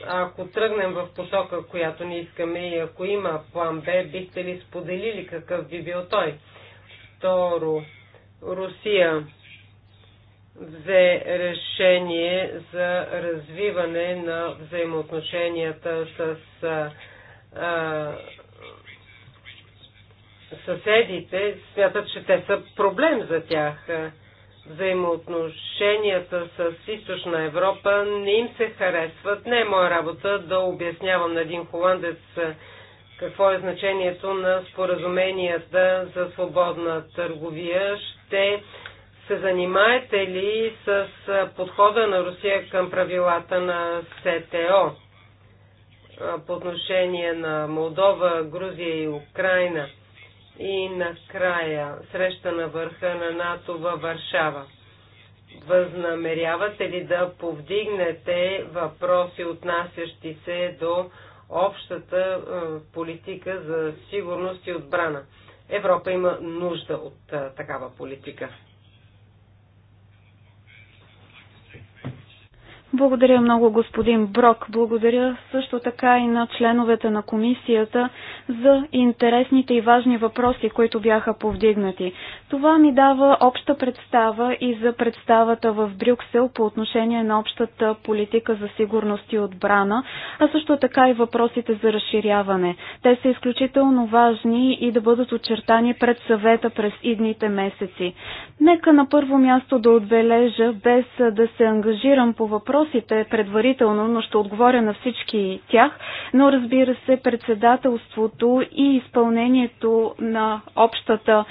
Speaker 3: Ако тръгнем в посока, която не искаме и ако има план Б, бихте ли споделили какъв би бил той? Второ, Русия взе решение за развиване на взаимоотношенията с съседите смятат, че те са проблем за тях. Взаимоотношенията с Източна Европа не им се харесват. Не е моя работа да обяснявам на един холандец какво е значението на споразуменията за свободна търговия. Ще се занимаете ли с подхода на Русия към правилата на СТО по отношение на Молдова, Грузия и Украина – и накрая среща на върха на НАТО във Варшава. Възнамерявате ли да повдигнете въпроси, отнасящи се до общата е, политика за сигурност и отбрана? Европа има нужда от е, такава политика.
Speaker 4: Благодаря много, господин Брок. Благодаря също така и на членовете на комисията за интересните и важни въпроси, които бяха повдигнати. Това ми дава обща представа и за представата в Брюксел по отношение на общата политика за сигурност и отбрана, а също така и въпросите за разширяване. Те са изключително важни и да бъдат очертани пред съвета през идните месеци. Нека на първо място да отбележа, без да се ангажирам по въпрос, въпросите предварително, но ще отговоря на всички тях. Но разбира се, председателството и изпълнението на общата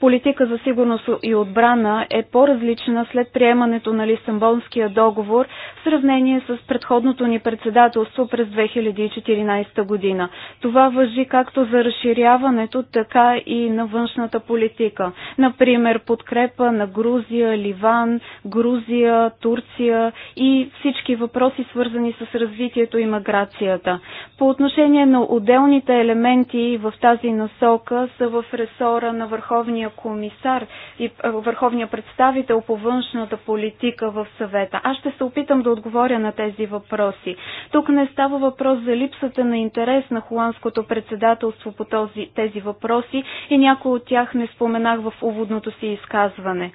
Speaker 4: политика за сигурност и отбрана е по-различна след приемането на Лисабонския договор в сравнение с предходното ни председателство през 2014 година. Това въжи както за разширяването, така и на външната политика. Например, подкрепа на Грузия, Ливан, Грузия, Турция и всички въпроси свързани с развитието и миграцията. По отношение на отделните елементи в тази насока са в ресора на Върховния комисар и е, върховния представител по външната политика в съвета. Аз ще се опитам да отговоря на тези въпроси. Тук не става въпрос за липсата на интерес на холандското председателство по този, тези въпроси и някои от тях не споменах в уводното си изказване.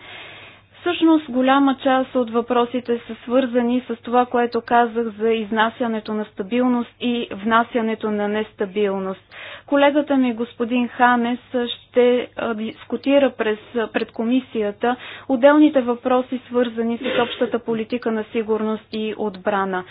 Speaker 4: Всъщност голяма част от въпросите са свързани с това, което казах за изнасянето на стабилност и внасянето на нестабилност. Колегата ми господин Ханес ще дискутира през, пред комисията отделните въпроси, свързани с общата политика на сигурност и отбрана.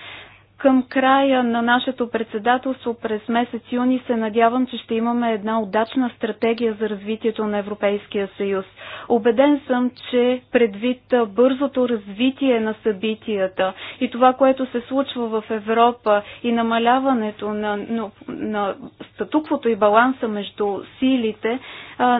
Speaker 4: Към края на нашето председателство през месец юни се надявам, че ще имаме една удачна стратегия за развитието на Европейския съюз. Обеден съм, че предвид бързото развитие на събитията и това, което се случва в Европа и намаляването на, на, на статуквото и баланса между силите,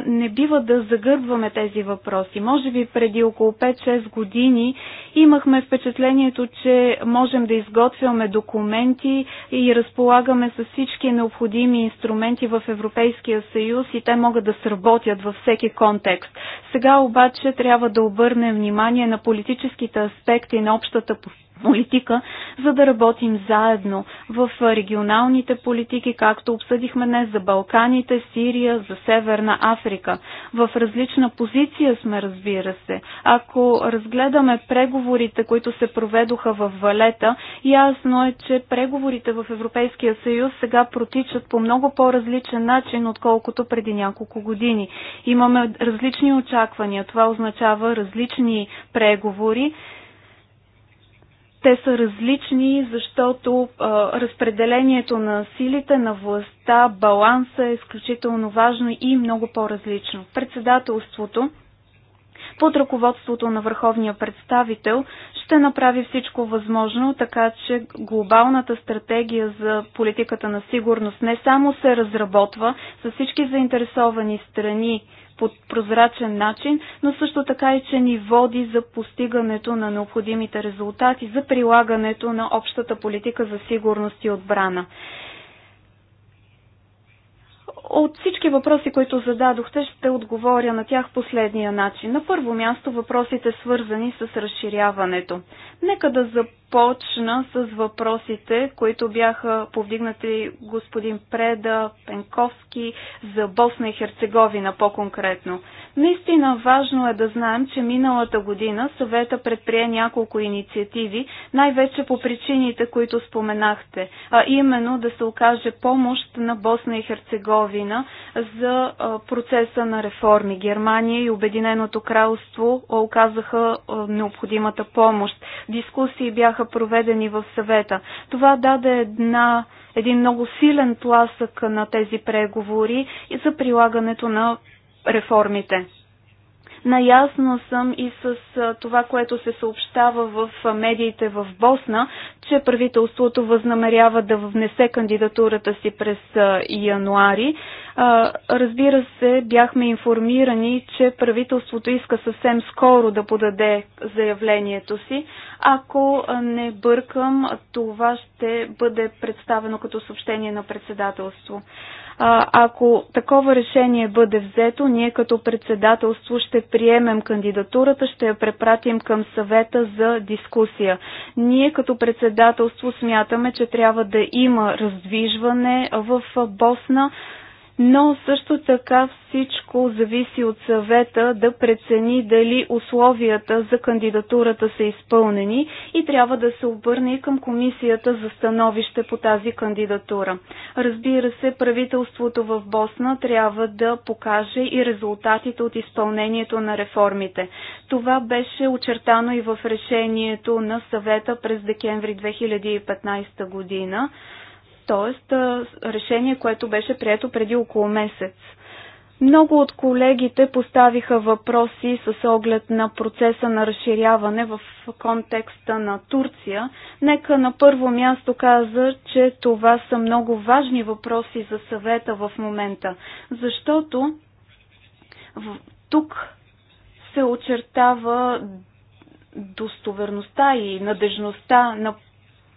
Speaker 4: не бива да загърбваме тези въпроси. Може би преди около 5-6 години имахме впечатлението, че можем да изготвяме имаме документи и разполагаме с всички необходими инструменти в Европейския съюз и те могат да сработят във всеки контекст. Сега обаче трябва да обърнем внимание на политическите аспекти на общата политика, за да работим заедно в регионалните политики, както обсъдихме днес за Балканите, Сирия, за Северна Африка. В различна позиция сме, разбира се. Ако разгледаме преговорите, които се проведоха в Валета, ясно е, че преговорите в Европейския съюз сега протичат по много по-различен начин, отколкото преди няколко години. Имаме различни очаквания. Това означава различни преговори те са различни, защото а, разпределението на силите, на властта, баланса е изключително важно и много по-различно. Председателството под ръководството на върховния представител ще направи всичко възможно, така че глобалната стратегия за политиката на сигурност не само се разработва с всички заинтересовани страни по прозрачен начин, но също така и че ни води за постигането на необходимите резултати за прилагането на общата политика за сигурност и отбрана. От всички въпроси, които зададохте, ще отговоря на тях последния начин. На първо място въпросите свързани с разширяването. Нека да започнем започна с въпросите, които бяха повдигнати господин Преда, Пенковски, за Босна и Херцеговина по-конкретно. Наистина важно е да знаем, че миналата година съвета предприе няколко инициативи, най-вече по причините, които споменахте, а именно да се окаже помощ на Босна и Херцеговина за процеса на реформи. Германия и Обединеното кралство оказаха необходимата помощ. Дискусии бяха бяха проведени в съвета. Това даде една, един много силен тласък на тези преговори и за прилагането на реформите. Наясно съм и с това, което се съобщава в медиите в Босна, че правителството възнамерява да внесе кандидатурата си през януари. Разбира се, бяхме информирани, че правителството иска съвсем скоро да подаде заявлението си. Ако не бъркам, това ще бъде представено като съобщение на председателство. Ако такова решение бъде взето, ние като председателство ще приемем кандидатурата, ще я препратим към съвета за дискусия. Ние като председателство смятаме, че трябва да има раздвижване в Босна но също така всичко зависи от съвета да прецени дали условията за кандидатурата са изпълнени и трябва да се обърне и към комисията за становище по тази кандидатура. Разбира се, правителството в Босна трябва да покаже и резултатите от изпълнението на реформите. Това беше очертано и в решението на съвета през декември 2015 година. Тоест, решение, което беше прието преди около месец. Много от колегите поставиха въпроси с оглед на процеса на разширяване в контекста на Турция. Нека на първо място каза, че това са много важни въпроси за съвета в момента, защото тук се очертава достоверността и надежността на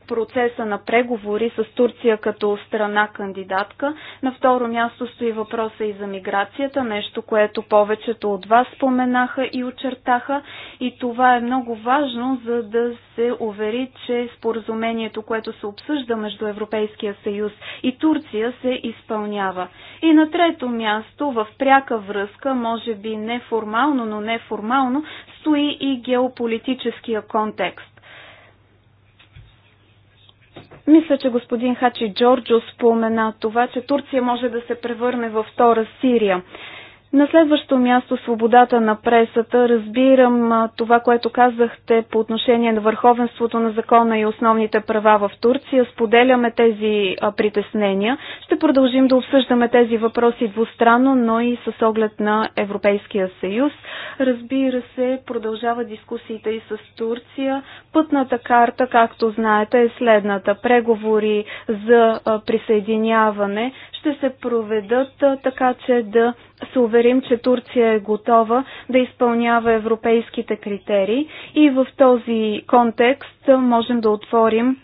Speaker 4: процеса на преговори с Турция като страна кандидатка. На второ място стои въпроса и за миграцията, нещо, което повечето от вас споменаха и очертаха. И това е много важно, за да се увери, че споразумението, което се обсъжда между Европейския съюз и Турция, се изпълнява. И на трето място, в пряка връзка, може би неформално, но неформално, стои и геополитическия контекст. Мисля, че господин Хачи Джорджо спомена това, че Турция може да се превърне във втора Сирия. На следващо място свободата на пресата. Разбирам това, което казахте по отношение на върховенството на закона и основните права в Турция. Споделяме тези притеснения. Ще продължим да обсъждаме тези въпроси двустранно, но и с оглед на Европейския съюз. Разбира се, продължава дискусиите и с Турция. Пътната карта, както знаете, е следната. Преговори за присъединяване ще се проведат така, че да се уверим, че Турция е готова да изпълнява европейските критерии и в този контекст можем да отворим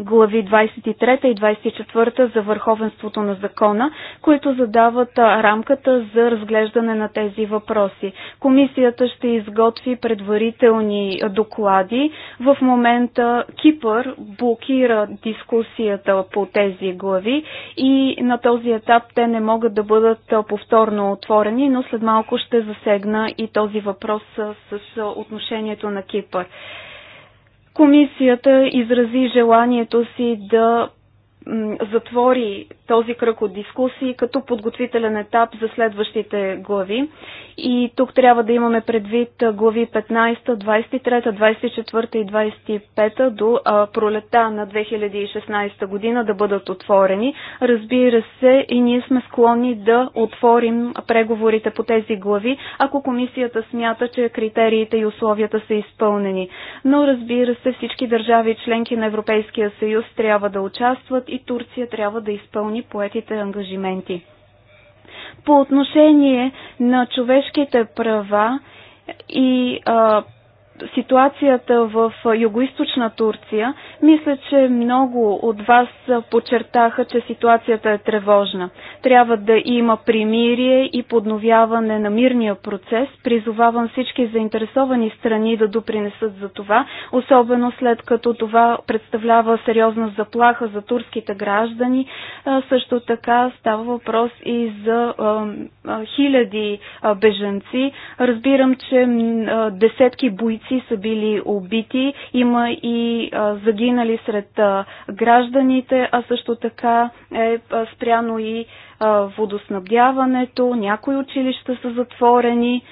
Speaker 4: глави 23 и 24 за върховенството на закона, които задават рамката за разглеждане на тези въпроси. Комисията ще изготви предварителни доклади. В момента Кипър блокира дискусията по тези глави и на този етап те не могат да бъдат повторно отворени, но след малко ще засегна и този въпрос с отношението на Кипър. Комисията изрази желанието си да затвори този кръг от дискусии като подготвителен етап за следващите глави. И тук трябва да имаме предвид глави 15, 23, 24 и 25 до а, пролета на 2016 година да бъдат отворени. Разбира се, и ние сме склонни да отворим преговорите по тези глави, ако комисията смята, че критериите и условията са изпълнени. Но разбира се, всички държави членки на Европейския съюз трябва да участват и Турция трябва да изпълни поетите ангажименти. По отношение на човешките права и а, ситуацията в югоизточна Турция, мисля, че много от вас подчертаха, че ситуацията е тревожна. Трябва да има примирие и подновяване на мирния процес. Призовавам всички заинтересовани страни да допринесат за това, особено след като това представлява сериозна заплаха за турските граждани. Също така става въпрос и за хиляди беженци. Разбирам, че десетки бойци стотици са били убити, има и а, загинали сред а, гражданите, а също така е а, спряно и а, водоснабдяването, някои училища са затворени.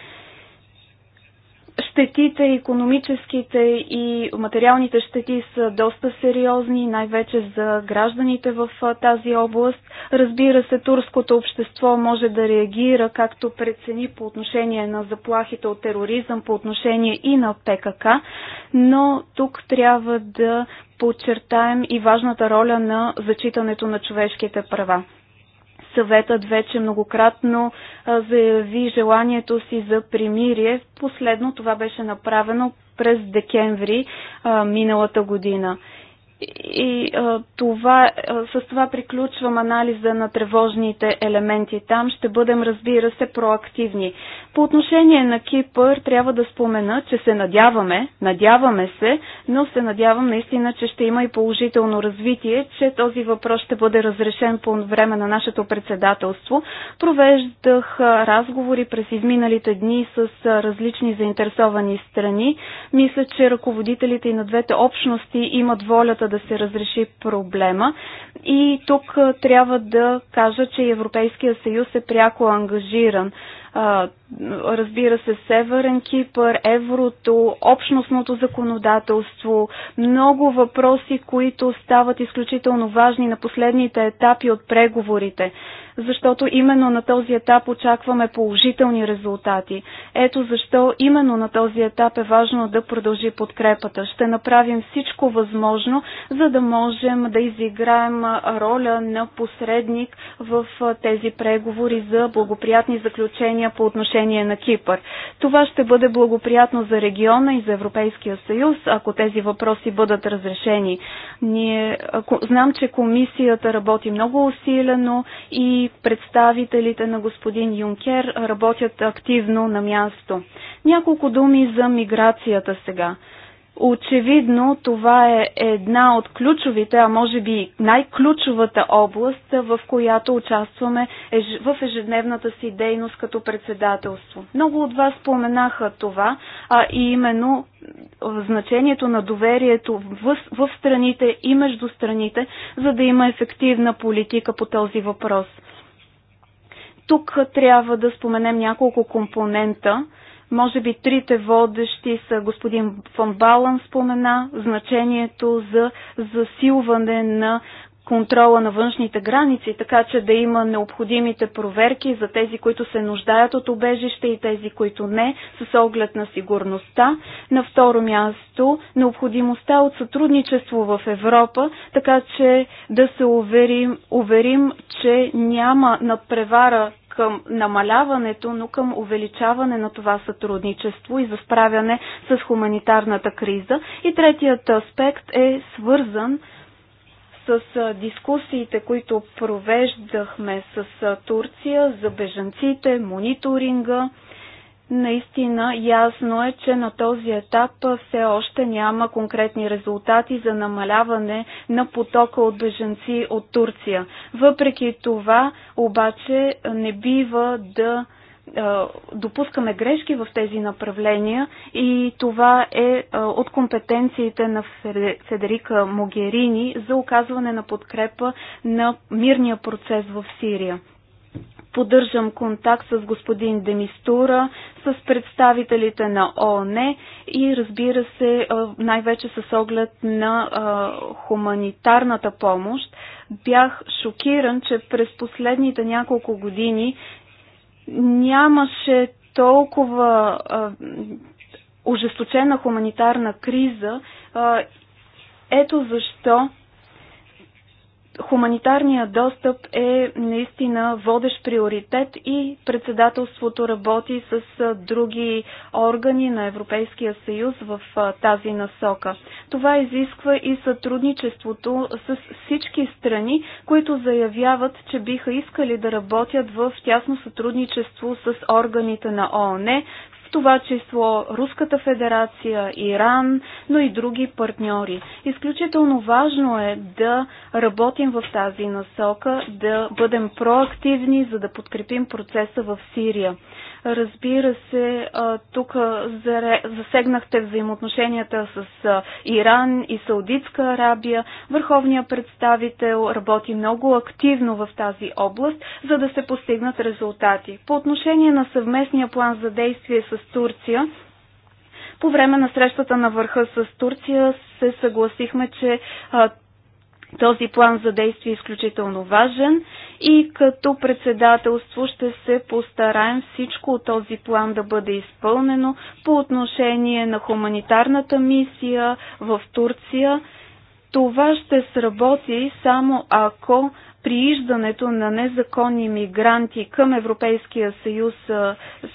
Speaker 4: Щетите, економическите и материалните щети са доста сериозни, най-вече за гражданите в тази област. Разбира се, турското общество може да реагира както прецени по отношение на заплахите от тероризъм, по отношение и на ПКК, но тук трябва да подчертаем и важната роля на зачитането на човешките права. Съветът вече многократно заяви желанието си за примирие. Последно това беше направено през декември миналата година. И а, това, а, с това приключвам анализа на тревожните елементи. Там ще бъдем, разбира се, проактивни. По отношение на Кипър трябва да спомена, че се надяваме, надяваме се, но се надявам наистина, че ще има и положително развитие, че този въпрос ще бъде разрешен по време на нашето председателство. Провеждах разговори през изминалите дни с различни заинтересовани страни. Мисля, че ръководителите и на двете общности имат волята да се разреши проблема. И тук трябва да кажа, че Европейския съюз е пряко ангажиран разбира се, Северен Кипър, еврото, общностното законодателство, много въпроси, които стават изключително важни на последните етапи от преговорите защото именно на този етап очакваме положителни резултати. Ето защо именно на този етап е важно да продължи подкрепата. Ще направим всичко възможно, за да можем да изиграем роля на посредник в тези преговори за благоприятни заключения по отношение на Кипър. Това ще бъде благоприятно за региона и за Европейския съюз, ако тези въпроси бъдат разрешени. Ние, ако, знам, че комисията работи много усилено и представителите на господин Юнкер работят активно на място. Няколко думи за миграцията сега. Очевидно това е една от ключовите, а може би най-ключовата област, в която участваме в ежедневната си дейност като председателство. Много от вас споменаха това, а и именно значението на доверието в, в страните и между страните, за да има ефективна политика по този въпрос – тук трябва да споменем няколко компонента. Може би трите водещи са господин Фан Балан спомена, значението за засилване на контрола на външните граници, така че да има необходимите проверки за тези, които се нуждаят от убежище и тези, които не, с оглед на сигурността. На второ място, необходимостта от сътрудничество в Европа, така че да се уверим, уверим че няма надпревара към намаляването, но към увеличаване на това сътрудничество и за справяне с хуманитарната криза. И третият аспект е свързан с дискусиите, които провеждахме с Турция за бежанците, мониторинга, наистина ясно е, че на този етап все още няма конкретни резултати за намаляване на потока от бежанци от Турция. Въпреки това, обаче, не бива да е, допускаме грешки в тези направления и това е, е от компетенциите на Федерика Могерини за оказване на подкрепа на мирния процес в Сирия. Поддържам контакт с господин Демистура, с представителите на ООН и разбира се е, най-вече с оглед на хуманитарната помощ. Бях шокиран, че през последните няколко години нямаше толкова а, ожесточена хуманитарна криза. А, ето защо Хуманитарният достъп е наистина водещ приоритет и председателството работи с други органи на Европейския съюз в тази насока. Това изисква и сътрудничеството с всички страни, които заявяват, че биха искали да работят в тясно сътрудничество с органите на ООН, това число Руската федерация, Иран, но и други партньори. Изключително важно е да работим в тази насока, да бъдем проактивни, за да подкрепим процеса в Сирия. Разбира се, тук засегнахте взаимоотношенията с Иран и Саудитска Арабия. Върховният представител работи много активно в тази област, за да се постигнат резултати. По отношение на съвместния план за действие с Турция, по време на срещата на върха с Турция се съгласихме, че този план за действие е изключително важен и като председателство ще се постараем всичко от този план да бъде изпълнено по отношение на хуманитарната мисия в Турция. Това ще сработи само ако прииждането на незаконни мигранти към Европейския съюз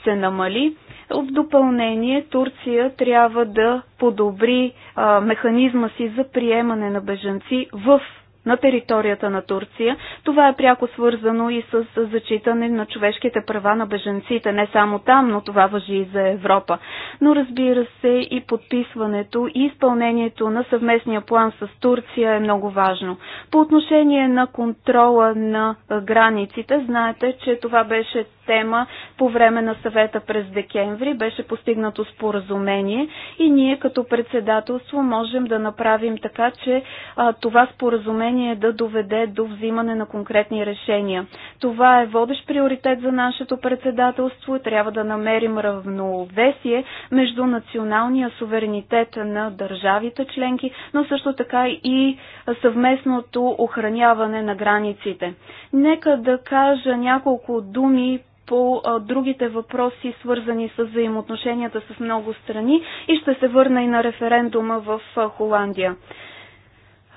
Speaker 4: се намали. В допълнение Турция трябва да подобри механизма си за приемане на бежанци в на територията на Турция. Това е пряко свързано и с зачитане на човешките права на беженците, не само там, но това въжи и за Европа. Но разбира се и подписването и изпълнението на съвместния план с Турция е много важно. По отношение на контрола на границите, знаете, че това беше тема по време на съвета през декември, беше постигнато споразумение и ние като председателство можем да направим така, че а, това споразумение решение да доведе до взимане на конкретни решения. Това е водещ приоритет за нашето председателство и трябва да намерим равновесие между националния суверенитет на държавите членки, но също така и съвместното охраняване на границите. Нека да кажа няколко думи по а, другите въпроси, свързани с взаимоотношенията с много страни и ще се върна и на референдума в а, Холандия.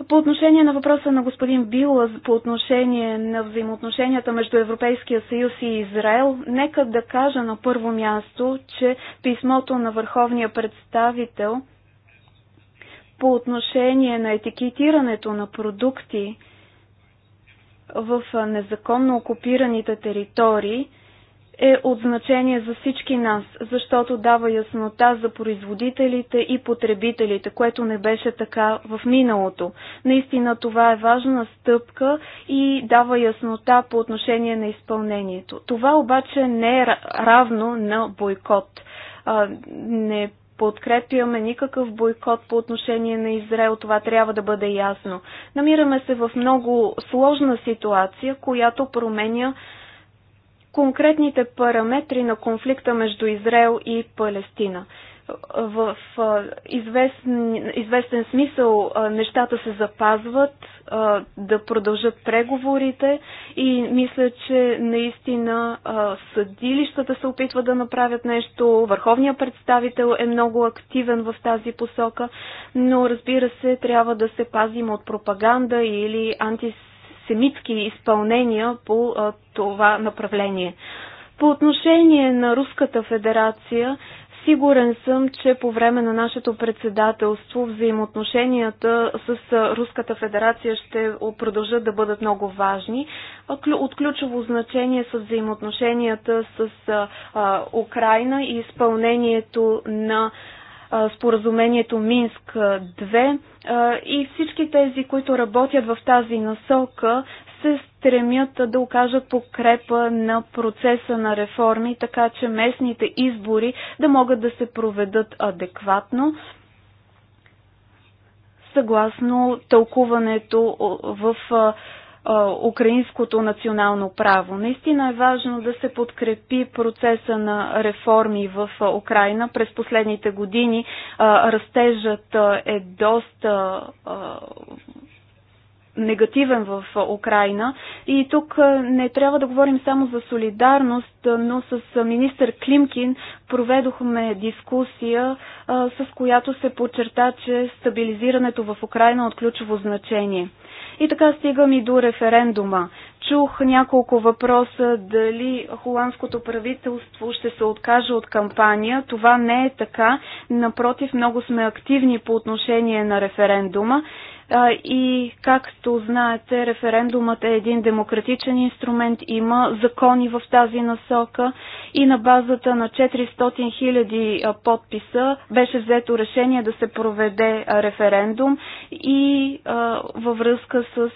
Speaker 4: По отношение на въпроса на господин Билла, по отношение на взаимоотношенията между Европейския съюз и Израел, нека да кажа на първо място, че писмото на върховния представител по отношение на етикетирането на продукти в незаконно окупираните територии е от значение за всички нас, защото дава яснота за производителите и потребителите, което не беше така в миналото. Наистина това е важна стъпка и дава яснота по отношение на изпълнението. Това обаче не е равно на бойкот. Не подкрепяме никакъв бойкот по отношение на Израел, това трябва да бъде ясно. Намираме се в много сложна ситуация, която променя конкретните параметри на конфликта между Израел и Палестина. В известен, известен смисъл нещата се запазват, да продължат преговорите и мисля, че наистина съдилищата се опитват да направят нещо, върховният представител е много активен в тази посока, но разбира се, трябва да се пазим от пропаганда или антисемитизъм антисемитски изпълнения по а, това направление. По отношение на Руската федерация, сигурен съм, че по време на нашето председателство взаимоотношенията с Руската федерация ще продължат да бъдат много важни. От ключово значение са взаимоотношенията с Украина и изпълнението на споразумението Минск 2 и всички тези, които работят в тази насока, се стремят да окажат покрепа на процеса на реформи, така че местните избори да могат да се проведат адекватно, съгласно тълкуването в украинското национално право. Наистина е важно да се подкрепи процеса на реформи в Украина. През последните години растежът е доста негативен в Украина. И тук не трябва да говорим само за солидарност, но с министър Климкин проведохме дискусия, с която се подчерта, че стабилизирането в Украина е от ключово значение. И така стигам и до референдума. Чух няколко въпроса дали холандското правителство ще се откаже от кампания. Това не е така. Напротив, много сме активни по отношение на референдума и както знаете, референдумът е един демократичен инструмент, има закони в тази насока и на базата на 400 000 подписа беше взето решение да се проведе референдум и във връзка с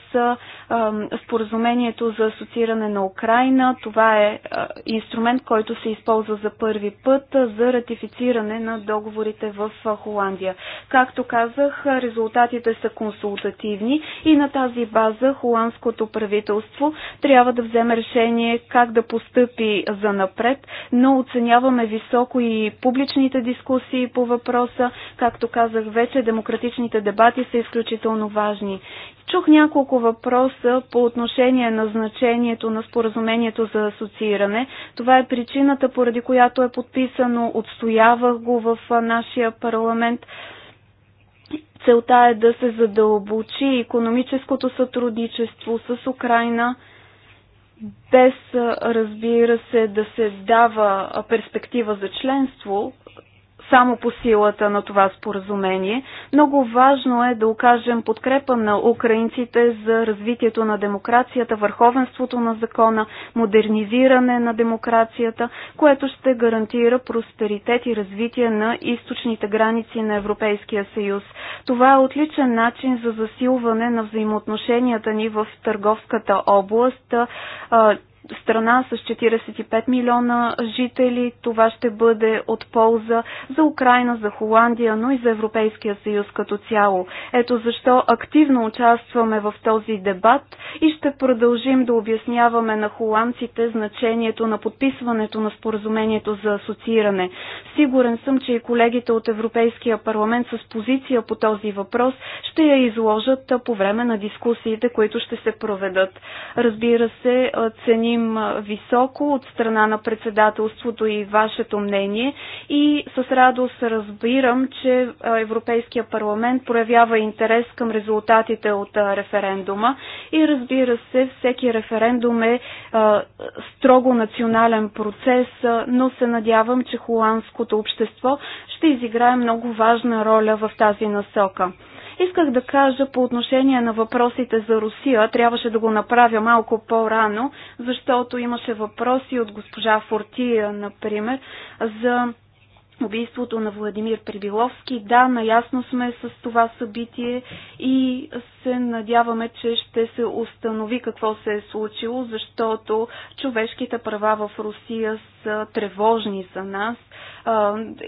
Speaker 4: споразумението за асоцииране на Украина. Това е инструмент, който се използва за първи път за ратифициране на договорите в Холандия. Както казах, резултатите са консултативни консултативни и на тази база холандското правителство трябва да вземе решение как да постъпи за напред, но оценяваме високо и публичните дискусии по въпроса. Както казах вече, демократичните дебати са изключително важни. Чух няколко въпроса по отношение на значението на споразумението за асоцииране. Това е причината, поради която е подписано. Отстоявах го в нашия парламент. Целта е да се задълбочи економическото сътрудничество с Украина, без, разбира се, да се дава перспектива за членство, само по силата на това споразумение. Много важно е да окажем подкрепа на украинците за развитието на демокрацията, върховенството на закона, модернизиране на демокрацията, което ще гарантира просперитет и развитие на източните граници на Европейския съюз. Това е отличен начин за засилване на взаимоотношенията ни в търговската област, страна с 45 милиона жители. Това ще бъде от полза за Украина, за Холандия, но и за Европейския съюз като цяло. Ето защо активно участваме в този дебат и ще продължим да обясняваме на холандците значението на подписването на споразумението за асоцииране. Сигурен съм, че и колегите от Европейския парламент с позиция по този въпрос ще я изложат по време на дискусиите, които ще се проведат. Разбира се, ценим ценим високо от страна на председателството и вашето мнение и с радост разбирам, че Европейския парламент проявява интерес към резултатите от референдума и разбира се, всеки референдум е строго национален процес, но се надявам, че холандското общество ще изиграе много важна роля в тази насока. Исках да кажа по отношение на въпросите за Русия, трябваше да го направя малко по-рано, защото имаше въпроси от госпожа Фортия, например, за убийството на Владимир Прибиловски. Да, наясно сме с това събитие и се надяваме, че ще се установи какво се е случило, защото човешките права в Русия са тревожни за нас.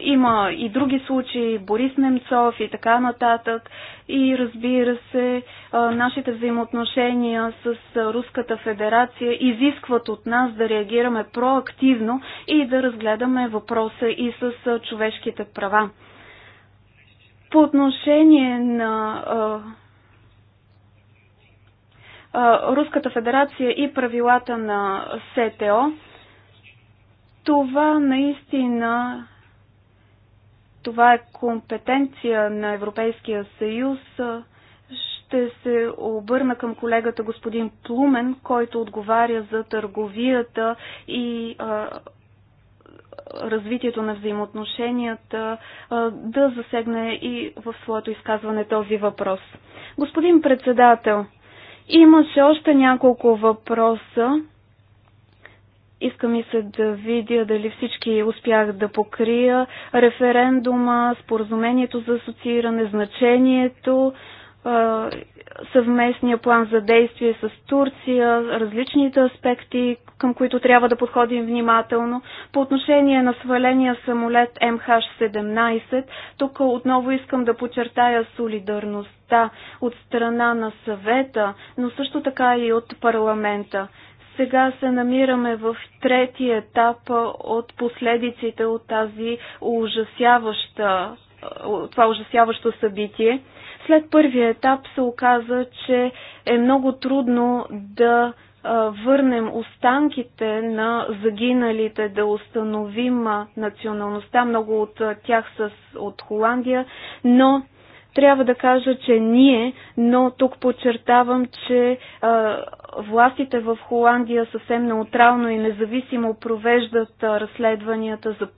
Speaker 4: Има и други случаи, Борис Немцов и така нататък. И разбира се, нашите взаимоотношения с Руската федерация изискват от нас да реагираме проактивно и да разгледаме въпроса и с човешките права. По отношение на Руската федерация и правилата на СТО. Това наистина това е компетенция на Европейския съюз. Ще се обърна към колегата господин Плумен, който отговаря за търговията и развитието на взаимоотношенията, да засегне и в своето изказване този въпрос. Господин председател, има се още няколко въпроса. Иска ми се да видя дали всички успях да покрия референдума, споразумението за асоцииране, значението, съвместния план за действие с Турция, различните аспекти, към които трябва да подходим внимателно. По отношение на сваления самолет МХ-17, тук отново искам да подчертая солидарност неща от страна на съвета, но също така и от парламента. Сега се намираме в трети етап от последиците от тази ужасяваща, това ужасяващо събитие. След първия етап се оказа, че е много трудно да върнем останките на загиналите, да установим националността. Много от тях са от Холандия, но трябва да кажа, че ние, но тук подчертавам, че а, властите в Холандия съвсем неутрално и независимо провеждат разследванията за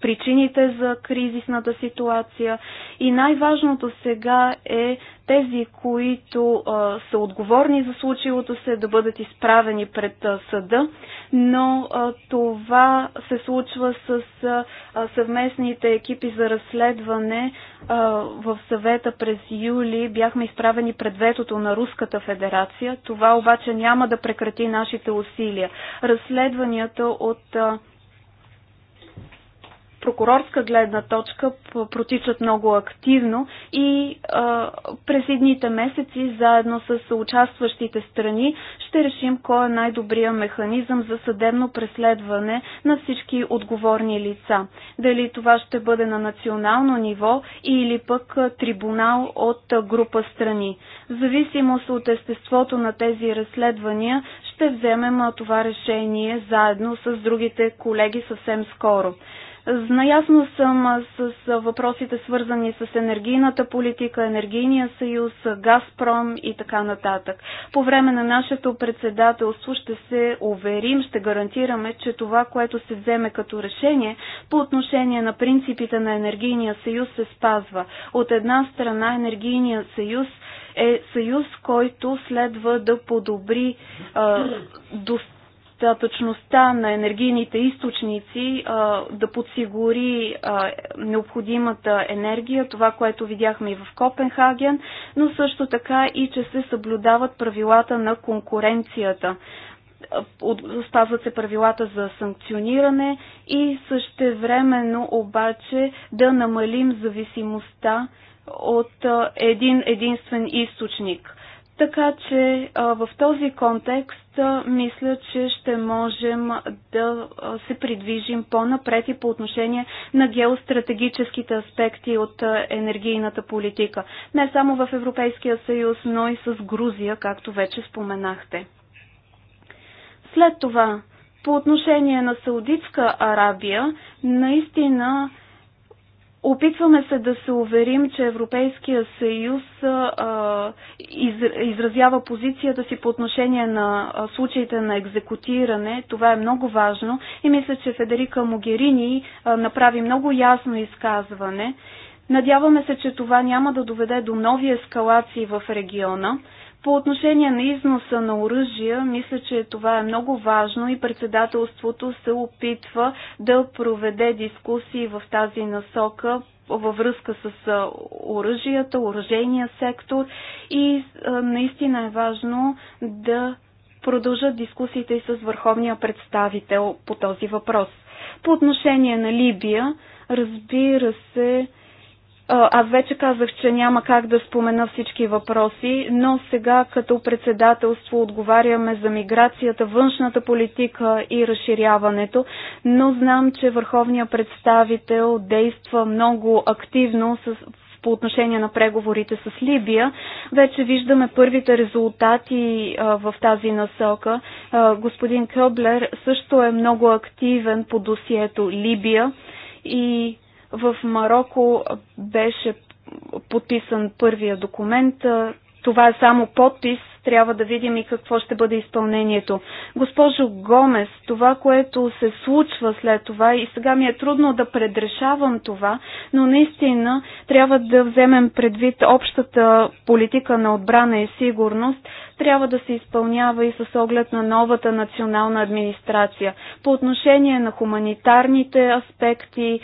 Speaker 4: причините за кризисната ситуация и най-важното сега е тези, които а, са отговорни за случилото се, да бъдат изправени пред а, съда, но а, това се случва с а, съвместните екипи за разследване а, в съвета през юли. Бяхме изправени пред ветото на Руската федерация. Това обаче няма да прекрати нашите усилия. Разследванията от а, прокурорска гледна точка протичат много активно и а, през едните месеци, заедно с участващите страни, ще решим кой е най-добрият механизъм за съдебно преследване на всички отговорни лица. Дали това ще бъде на национално ниво или пък трибунал от група страни. В зависимост от естеството на тези разследвания, ще вземем това решение заедно с другите колеги съвсем скоро. Наясно съм с въпросите свързани с енергийната политика, енергийния съюз, Газпром и така нататък. По време на нашето председателство ще се уверим, ще гарантираме, че това, което се вземе като решение по отношение на принципите на енергийния съюз се спазва. От една страна енергийния съюз е съюз, който следва да подобри а, достатъчно достатъчността на енергийните източници да подсигури необходимата енергия, това, което видяхме и в Копенхаген, но също така и че се съблюдават правилата на конкуренцията спазват се правилата за санкциониране и същевременно обаче да намалим зависимостта от един единствен източник. Така че в този контекст мисля, че ще можем да се придвижим по-напред и по отношение на геостратегическите аспекти от енергийната политика. Не само в Европейския съюз, но и с Грузия, както вече споменахте. След това, по отношение на Саудитска Арабия, наистина Опитваме се да се уверим, че Европейския съюз а, из, изразява позицията си по отношение на а, случаите на екзекутиране. Това е много важно и мисля, че Федерика Могерини а, направи много ясно изказване. Надяваме се, че това няма да доведе до нови ескалации в региона. По отношение на износа на оръжия, мисля, че това е много важно и председателството се опитва да проведе дискусии в тази насока във връзка с оръжията, оръжения сектор и наистина е важно да продължат дискусиите и с върховния представител по този въпрос. По отношение на Либия, разбира се, аз вече казах, че няма как да спомена всички въпроси, но сега като председателство отговаряме за миграцията, външната политика и разширяването, но знам, че върховният представител действа много активно с по отношение на преговорите с Либия. Вече виждаме първите резултати а, в тази насока. А, господин Къблер също е много активен по досието Либия и в Марокко беше подписан първия документ, това е само подпис, трябва да видим и какво ще бъде изпълнението. Госпожо Гомес, това, което се случва след това и сега ми е трудно да предрешавам това, но наистина трябва да вземем предвид общата политика на отбрана и сигурност, трябва да се изпълнява и с оглед на новата национална администрация. По отношение на хуманитарните аспекти,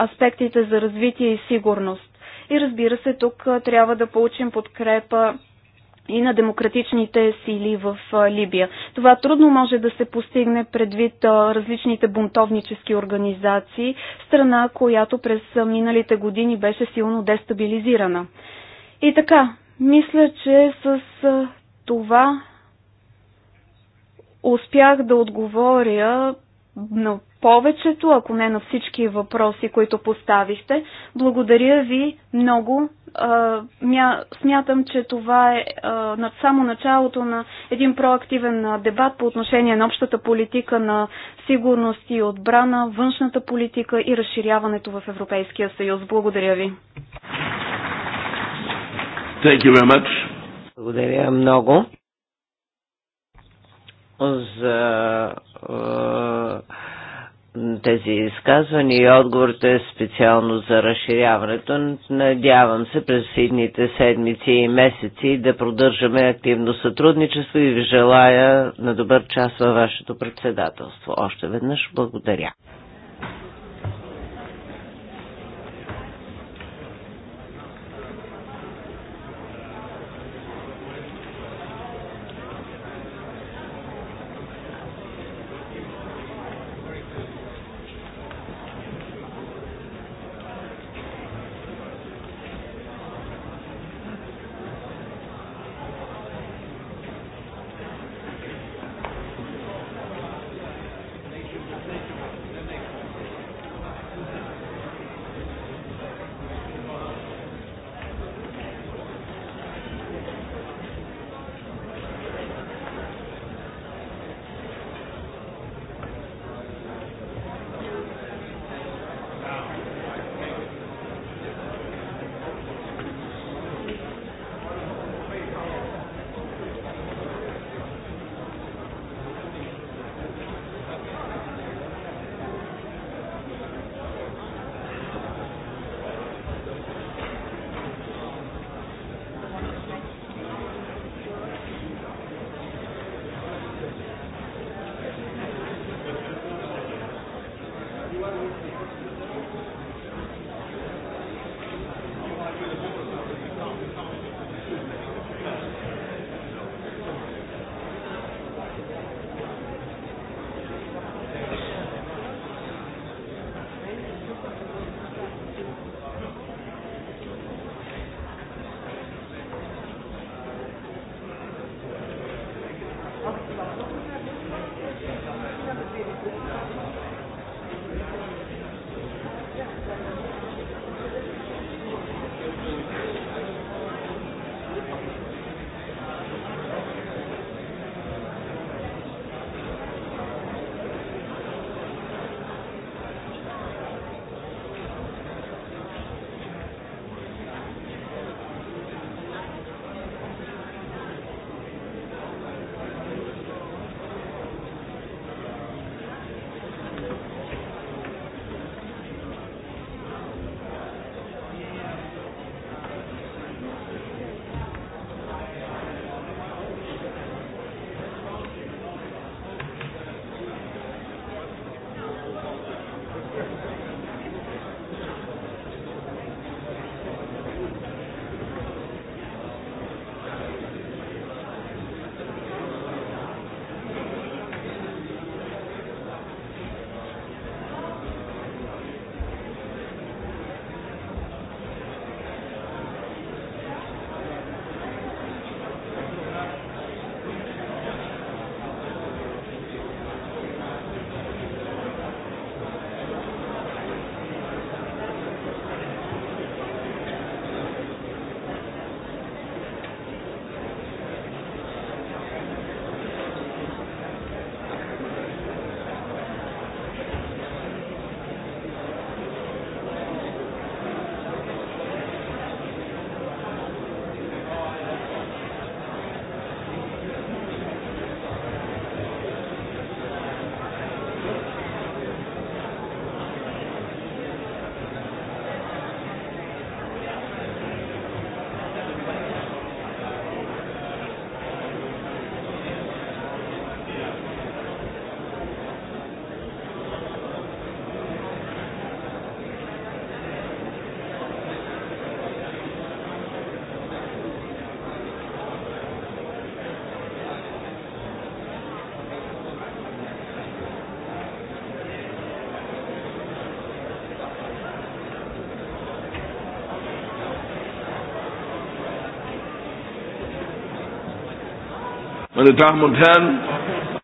Speaker 4: аспектите за развитие и сигурност. И разбира се, тук трябва да получим подкрепа и на демократичните сили в Либия. Това трудно може да се постигне предвид различните бунтовнически организации, страна, която през миналите години беше силно дестабилизирана. И така, мисля, че с това успях да отговоря на повечето, ако не на всички въпроси, които поставихте. Благодаря ви много. Смятам, че това е над само началото на един проактивен дебат по отношение на общата политика на сигурност и отбрана, външната политика и разширяването в Европейския съюз. Благодаря ви.
Speaker 1: Thank you very much. Благодаря много за тези изказвания и отговорите е специално за разширяването. Надявам се през следните седмици и месеци да продържаме активно сътрудничество и ви желая на добър час във вашето председателство. Още веднъж благодаря.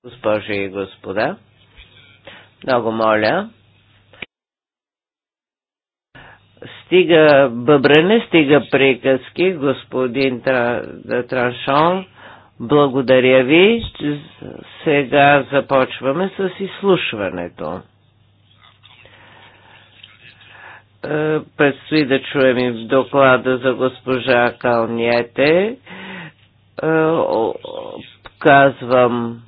Speaker 1: Госпожи и господа, много моля, стига бъбрене, стига приказки, господин Траншон, благодаря ви. Сега започваме с изслушването. Е, предстои да чуем и доклада за госпожа Калниете е, Казвам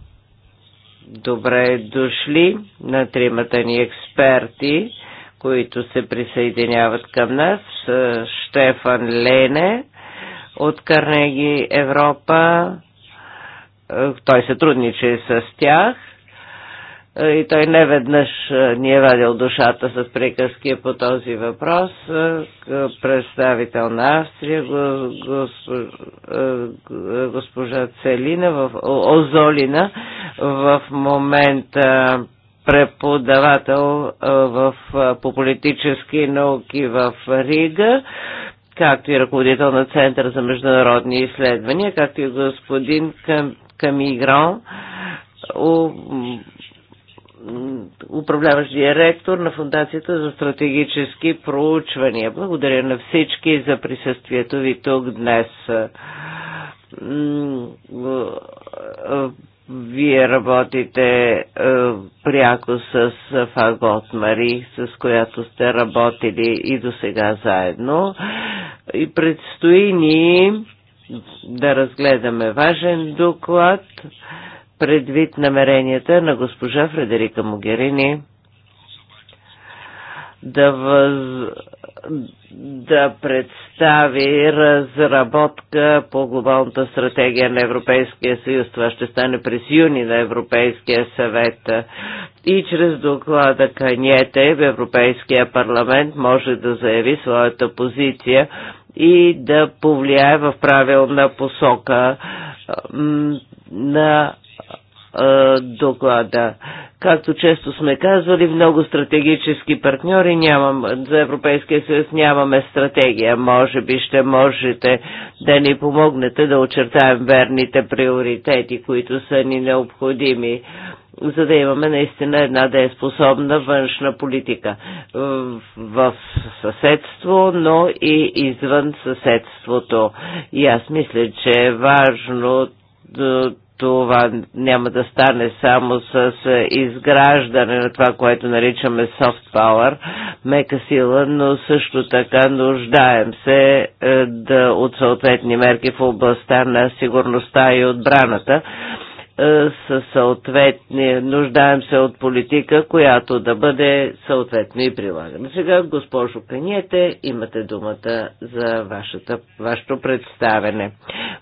Speaker 1: добре дошли на тримата ни експерти, които се присъединяват към нас. Штефан Лене от Карнеги Европа. Той сътрудничи с тях – е, и той не веднъж е, ни е вадил душата с приказки по този въпрос. Е, представител на Австрия, госпожа Целина в Озолина, в момента преподавател в, по политически науки в Рига както и ръководител на Център за международни изследвания, както и господин Камигрон, управляваш директор на Фундацията за стратегически проучвания. Благодаря на всички за присъствието ви тук днес. Вие работите е, пряко с Фагот Мари, с която сте работили и до сега заедно. И предстои ни да разгледаме важен доклад предвид намеренията на госпожа Фредерика Могерини да, въз... да представи разработка по глобалната стратегия на Европейския съюз. Това ще стане през юни на Европейския съвет. И чрез доклада Каньете в Европейския парламент може да заяви своята позиция и да повлияе в правилна посока на доклада. Както често сме казвали, много стратегически партньори нямам, за Европейския съюз нямаме стратегия. Може би ще можете да ни помогнете да очертаем верните приоритети, които са ни необходими за да имаме наистина една дееспособна външна политика в съседство, но и извън съседството. И аз мисля, че е важно това няма да стане само с е, изграждане на това, което наричаме soft power, мека сила, но също така нуждаем се е, да, от съответни мерки в областта на сигурността и отбраната със е, съответни, нуждаем се от политика, която да бъде съответно и прилагана. Сега, госпожо Каниете, имате думата за вашата, вашето представене.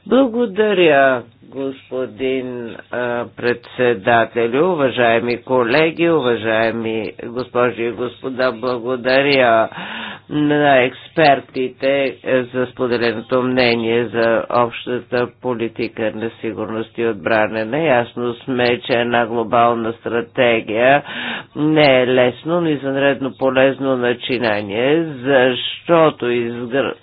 Speaker 1: Благодаря господин а, председателю, уважаеми колеги, уважаеми госпожи и господа, благодаря на експертите е, за споделеното мнение за общата политика на сигурност и отбране. Наясно сме, че една глобална стратегия не е лесно, но извънредно полезно начинание, защото изгр... Е,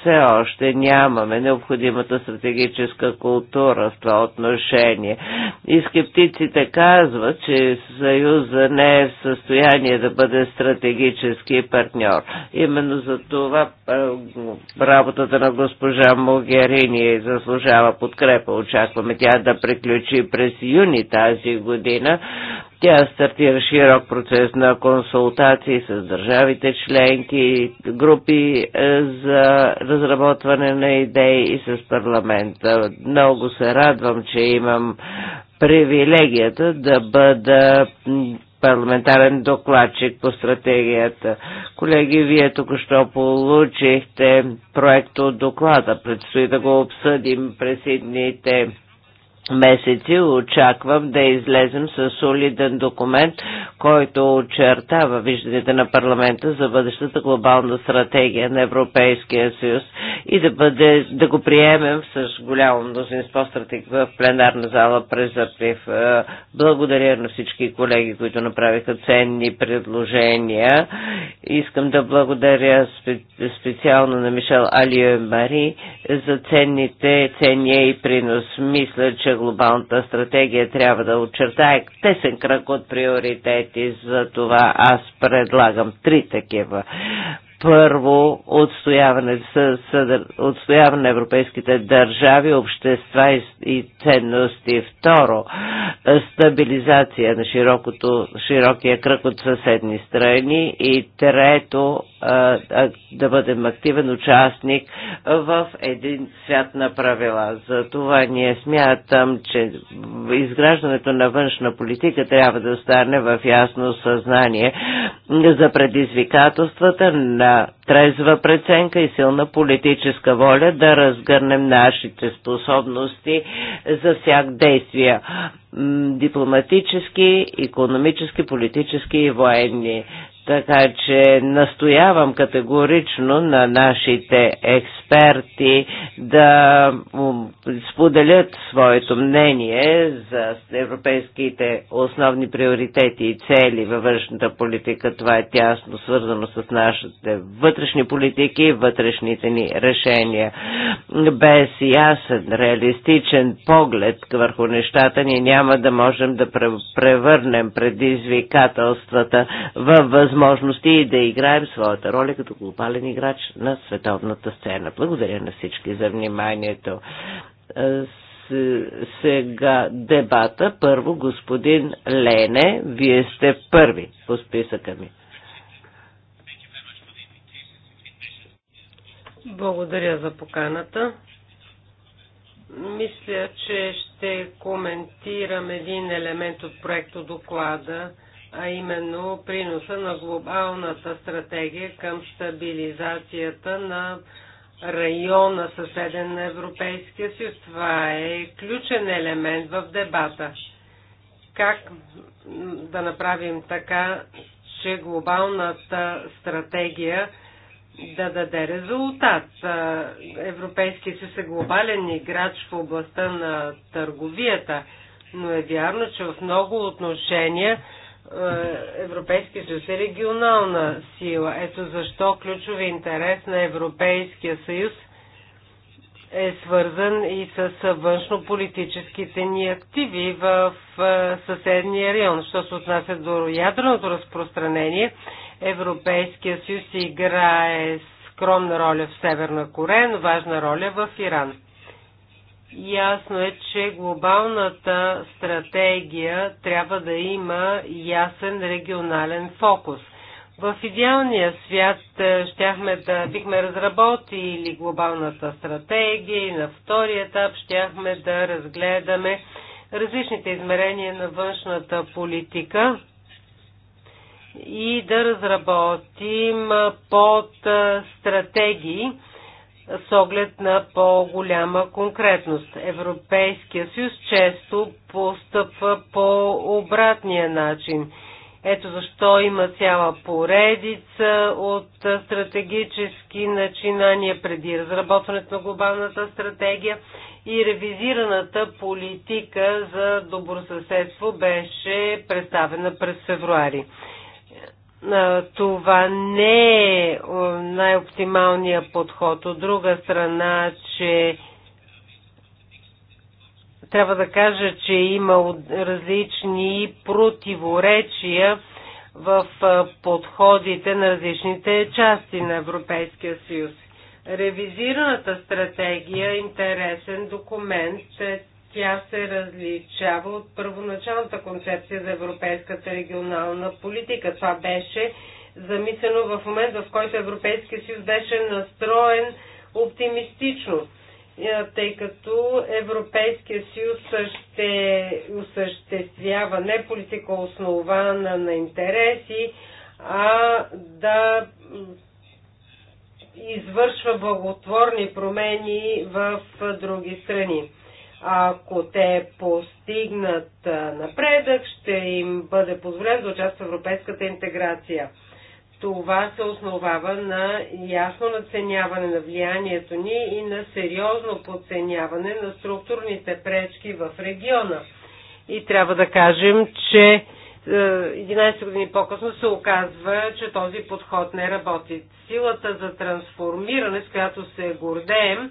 Speaker 1: все още нямаме необходимата стратегическа култура в отношение. И скептиците казват, че Съюза не е в състояние да бъде стратегически партньор. Именно за това е, работата на госпожа Могерини заслужава подкрепа. Очакваме тя да приключи през юни тази година тя стартира широк процес на консултации с държавите членки, групи е, за разработване на идеи и с парламента. Много се радвам, че имам привилегията да бъда парламентарен докладчик по стратегията. Колеги, вие току-що получихте проект от доклада. Предстои да го обсъдим през едните месеци очаквам да излезем с солиден документ, който очертава виждането на парламента за бъдещата глобална стратегия на Европейския съюз и да, бъде, да го приемем с голямо мнозинство стратег в пленарна зала през заприв. Е, благодаря на всички колеги, които направиха ценни предложения. Искам да благодаря специално на Мишел Алио и Мари за ценните, ценния и принос. Мисля, че че глобалната стратегия трябва да очертае тесен кръг от приоритети, за това аз предлагам три такива. Първо, отстояване, отстояване на европейските държави, общества и, и ценности. Второ, стабилизация на широкото, широкия кръг от съседни страни. И трето, да бъдем активен участник в един свят на правила. За това ние смятам, че изграждането на външна политика трябва да остане в ясно съзнание за предизвикателствата на трезва преценка и силна политическа воля да разгърнем нашите способности за всяк действия дипломатически, економически, политически и военни. Така че настоявам категорично на нашите експерти да споделят своето мнение за европейските основни приоритети и цели във външната политика. Това е тясно свързано с нашите вътрешни политики и вътрешните ни решения. Без ясен, реалистичен поглед върху нещата ни, няма да можем да превърнем предизвикателствата във възможност възможности и да играем своята роля като глобален играч на световната сцена. Благодаря на всички за вниманието. Сега дебата. Първо, господин Лене, вие сте първи по списъка ми.
Speaker 3: Благодаря за поканата. Мисля, че ще коментирам един елемент от проекто доклада а именно приноса на глобалната стратегия към стабилизацията на района съседен на Европейския съюз. Това е ключен елемент в дебата. Как да направим така, че глобалната стратегия да даде резултат. Европейския съюз е глобален играч в областта на търговията, но е вярно, че в много отношения е, Европейския съюз е регионална сила. Ето защо ключови интерес на Европейския съюз е свързан и с външнополитическите ни активи в е, съседния район. Що се отнася до ядреното разпространение, Европейския съюз играе скромна роля в Северна Корея, но важна роля в Иран. Ясно е, че глобалната стратегия трябва да има ясен регионален фокус. В идеалния свят е, щяхме да бихме разработили глобалната стратегия и на втори етап щяхме да разгледаме различните измерения на външната политика и да разработим под стратегии с оглед на по-голяма конкретност. Европейския съюз често постъпва по обратния начин. Ето защо има цяла поредица от стратегически начинания преди разработването на глобалната стратегия и ревизираната политика за добросъседство беше представена през февруари това не е най-оптималният подход. От друга страна, че трябва да кажа, че има различни противоречия в подходите на различните части на Европейския съюз. Ревизираната стратегия е интересен документ. Е тя се различава от първоначалната концепция за европейската регионална политика. Това беше замислено в момент, в който Европейския съюз беше настроен оптимистично, е, тъй като Европейския съюз ще осъществява не политика основана на интереси, а да извършва благотворни промени в други страни. Ако те постигнат напредък, ще им бъде позволено да участват в европейската интеграция. Това се основава на ясно наценяване на влиянието ни и на сериозно подценяване на структурните пречки в региона. И трябва да кажем, че 11 е, години по-късно се оказва, че този подход не работи. Силата за трансформиране, с която се гордеем,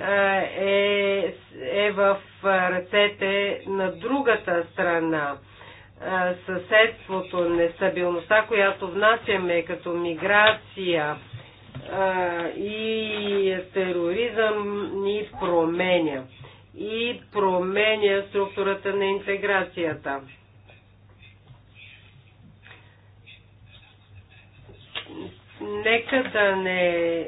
Speaker 3: е, е в ръцете на другата страна. Съседството, нестабилността, която внасяме като миграция и тероризъм ни променя. И променя структурата на интеграцията. Нека да не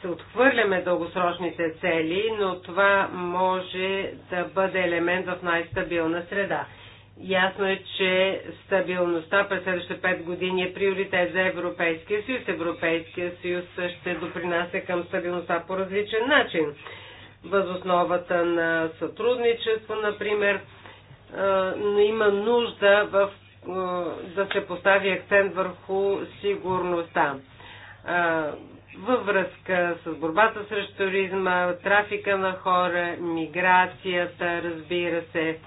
Speaker 3: се отхвърляме дългосрочните цели, но това може да бъде елемент в най-стабилна среда. Ясно е, че стабилността през следващите 5 години е приоритет за Европейския съюз. Европейския съюз ще допринася към стабилността по различен начин. Възосновата на сътрудничество, например, но има нужда в, да се постави акцент върху сигурността във връзка с борбата срещу туризма, трафика на хора, миграцията, разбира се.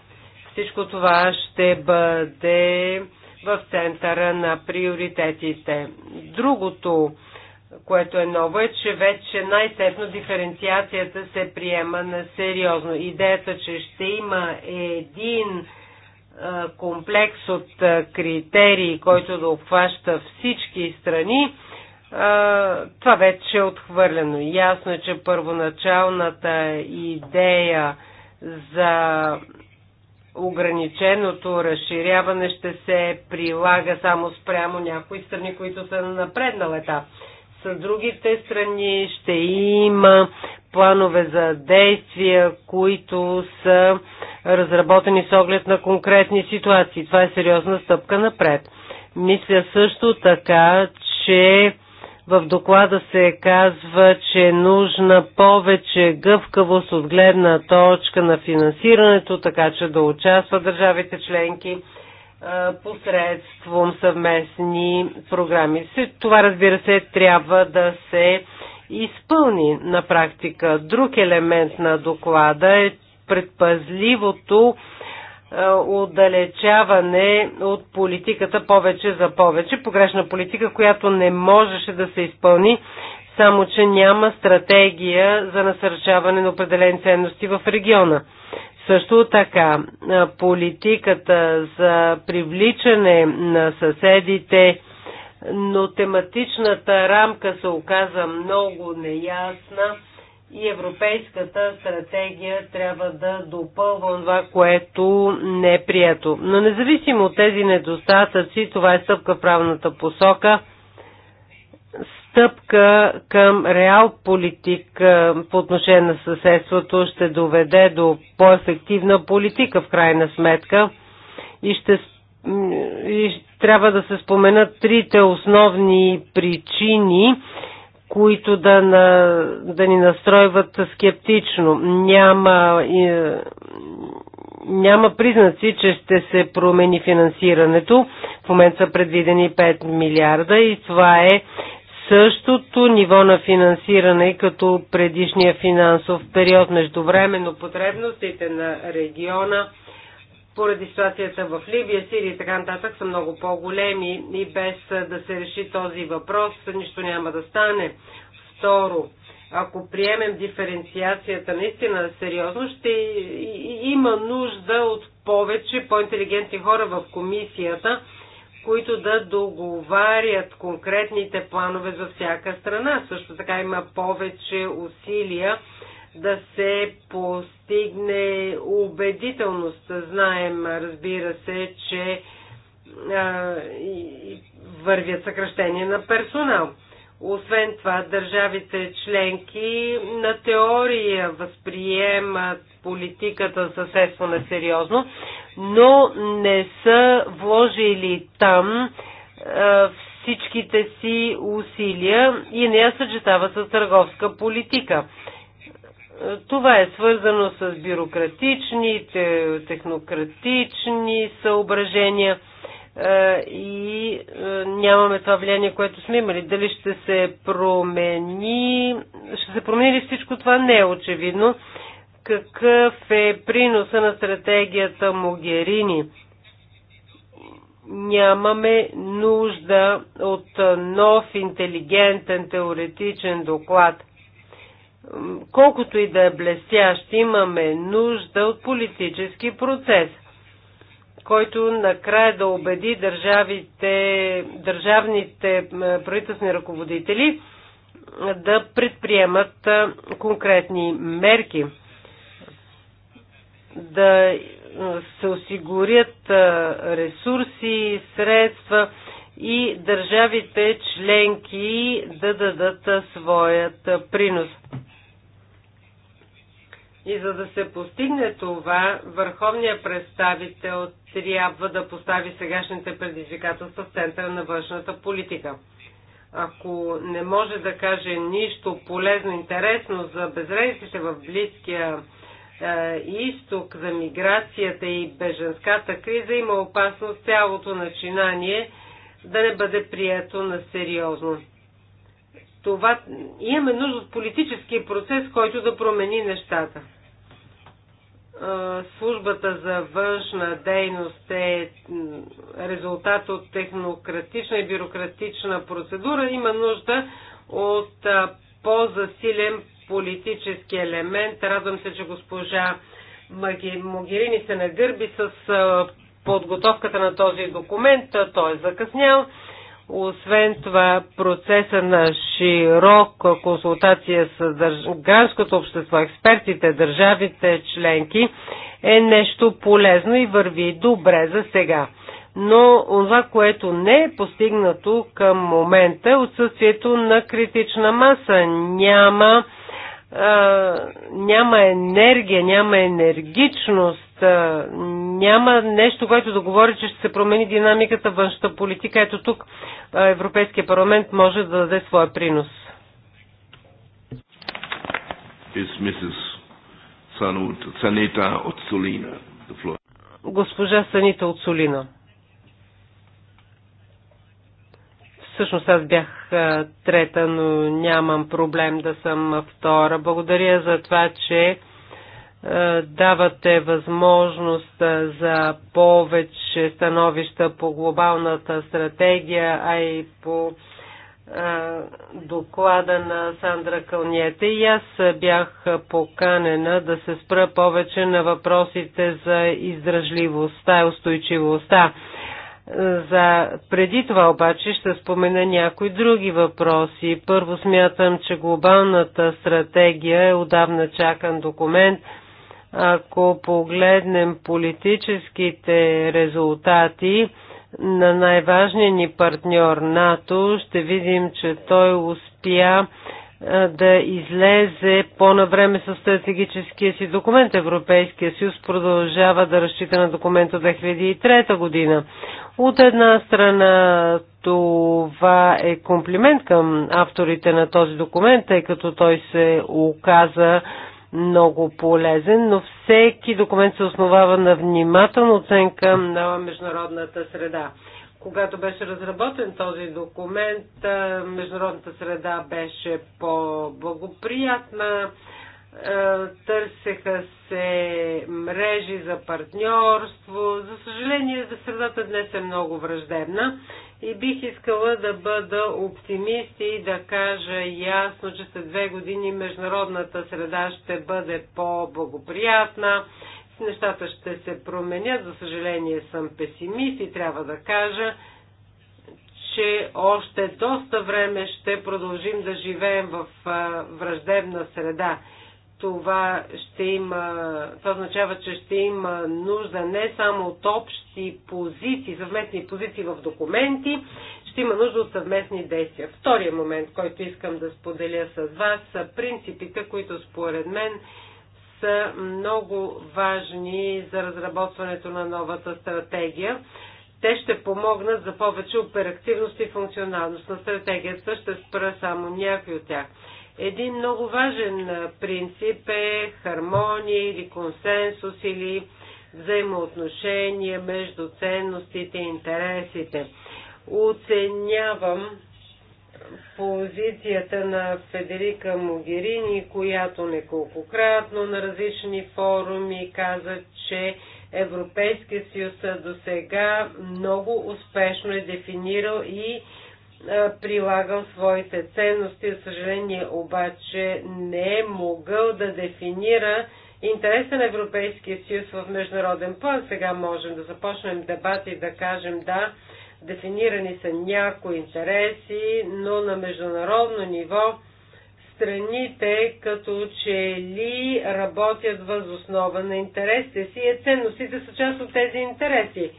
Speaker 3: Всичко това ще бъде в центъра на приоритетите. Другото, което е ново, е, че вече най-сетно диференциацията се приема на сериозно. Идеята, че ще има един комплекс от критерии, който да обхваща всички страни, това вече е отхвърлено. Ясно е, че първоначалната идея за ограниченото разширяване ще се прилага само спрямо някои страни, които са на напреднал етап. С другите страни ще има планове за действия, които са разработени с оглед на конкретни ситуации. Това е сериозна стъпка напред. Мисля също така, че в доклада се казва, че е нужна повече гъвкавост от гледна точка на финансирането, така че да участват държавите членки посредством съвместни програми. Това, разбира се, трябва да се изпълни на практика. Друг елемент на доклада е предпазливото е, отдалечаване от политиката повече за повече. Погрешна политика, която не можеше да се изпълни, само че няма стратегия за насърчаване на определени ценности в региона. Също така, е, политиката за привличане на съседите, но тематичната рамка се оказа много неясна и европейската стратегия трябва да допълва това, което не е прието. Но независимо от тези недостатъци, това е стъпка в правната посока, стъпка към реал политик по отношение на съседството ще доведе до по-ефективна политика в крайна сметка и ще и трябва да се споменат трите основни причини, които да, на, да ни настройват скептично. Няма, и, е, няма признаци, че ще се промени финансирането. В момента са предвидени 5 милиарда и това е същото ниво на финансиране като предишния финансов период. Междувременно потребностите на региона поради ситуацията в Либия, Сирия и така нататък са много по-големи и без да се реши този въпрос, нищо няма да стане. Второ, ако приемем диференциацията наистина сериозно, ще има нужда от повече по-интелигентни хора в комисията, които да договарят конкретните планове за всяка страна. Също така има повече усилия да се постигне убедителност. Знаем, разбира се, че а, и, вървят съкръщения на персонал. Освен това, държавите членки на теория възприемат политиката за съседство на сериозно, но не са вложили там а, всичките си усилия и не я съчетават с търговска политика. Това е свързано с бюрократични, технократични съображения и нямаме това влияние, което сме имали. Дали ще се промени, ще се промени ли всичко това, не е очевидно. Какъв е приноса на стратегията Могерини? Нямаме нужда от нов интелигентен теоретичен доклад – колкото и да е блестящ, имаме нужда от политически процес, който накрая да убеди държавите, държавните е, правителствени ръководители е, да предприемат е, конкретни мерки, да се осигурят ресурси, средства и държавите членки да дадат своят принос. И за да се постигне това, върховният представител трябва да постави сегашните предизвикателства в центъра на външната политика. Ако не може да каже нищо полезно, интересно за безредиците в Близкия е, изток, за миграцията и беженската криза, има опасност цялото начинание да не бъде прието на сериозно това, имаме нужда от политически процес, който да промени нещата. Службата за външна дейност е резултат от технократична и бюрократична процедура. Има нужда от по-засилен политически елемент. Радвам се, че госпожа Могирини се нагърби с подготовката на този документ. Той е закъснял. Освен това, процеса на широка консултация с държ... гражданското общество, експертите, държавите членки е нещо полезно и върви добре за сега. Но това, което не е постигнато към момента е отсъствието на критична маса. Няма, а, няма енергия, няма енергичност, а, няма нещо, което да говори, че ще се промени динамиката външната политика. Ето тук Европейския парламент може да даде своя принос. Госпожа Санита от Солина. Всъщност аз бях трета, но нямам проблем да съм втора. Благодаря за това, че е, давате възможност е, за повече становища по глобалната стратегия, а и по е, доклада на Сандра Кълниете и аз бях поканена да се спра повече на въпросите за издръжливостта и устойчивостта. За преди това обаче ще спомена някои други въпроси. Първо смятам, че глобалната стратегия е отдавна чакан документ – ако погледнем политическите резултати на най-важния ни партньор НАТО, ще видим, че той успя да излезе по-навреме с стратегическия си документ. Европейския съюз продължава да разчита на документ от 2003 година. От една страна това е комплимент към авторите на този документ, тъй като той се оказа много полезен, но всеки документ се основава на внимателна оценка на международната среда. Когато беше разработен този документ, международната среда беше по-благоприятна, е, търсеха се мрежи за партньорство. За съжаление, за средата днес е много враждебна и бих искала да бъда оптимист и да кажа ясно, че след две години международната среда ще бъде по-благоприятна, нещата ще се променят. За съжаление съм песимист и трябва да кажа, че още доста време ще продължим да живеем в враждебна среда това ще има, това означава, че ще има нужда не само от общи позиции, съвместни позиции в документи, ще има нужда от съвместни действия. Втория момент, който искам да споделя с вас, са принципите, които според мен са много важни за разработването на новата стратегия. Те ще помогнат за повече оперативност и функционалност на стратегията. Ще спра само някои от тях. Един много важен принцип е хармония или консенсус или взаимоотношение между ценностите и интересите. Оценявам позицията на Федерика Могерини, която неколкократно на различни форуми каза, че Европейския съюз до сега много успешно е дефинирал и прилагам своите ценности. За съжаление обаче не е могъл да дефинира интереса на Европейския съюз в международен план. Сега можем да започнем дебат и да кажем да, дефинирани са някои интереси, но на международно ниво страните като че ли работят въз основа на интересите си, Е ценностите са част от тези интереси.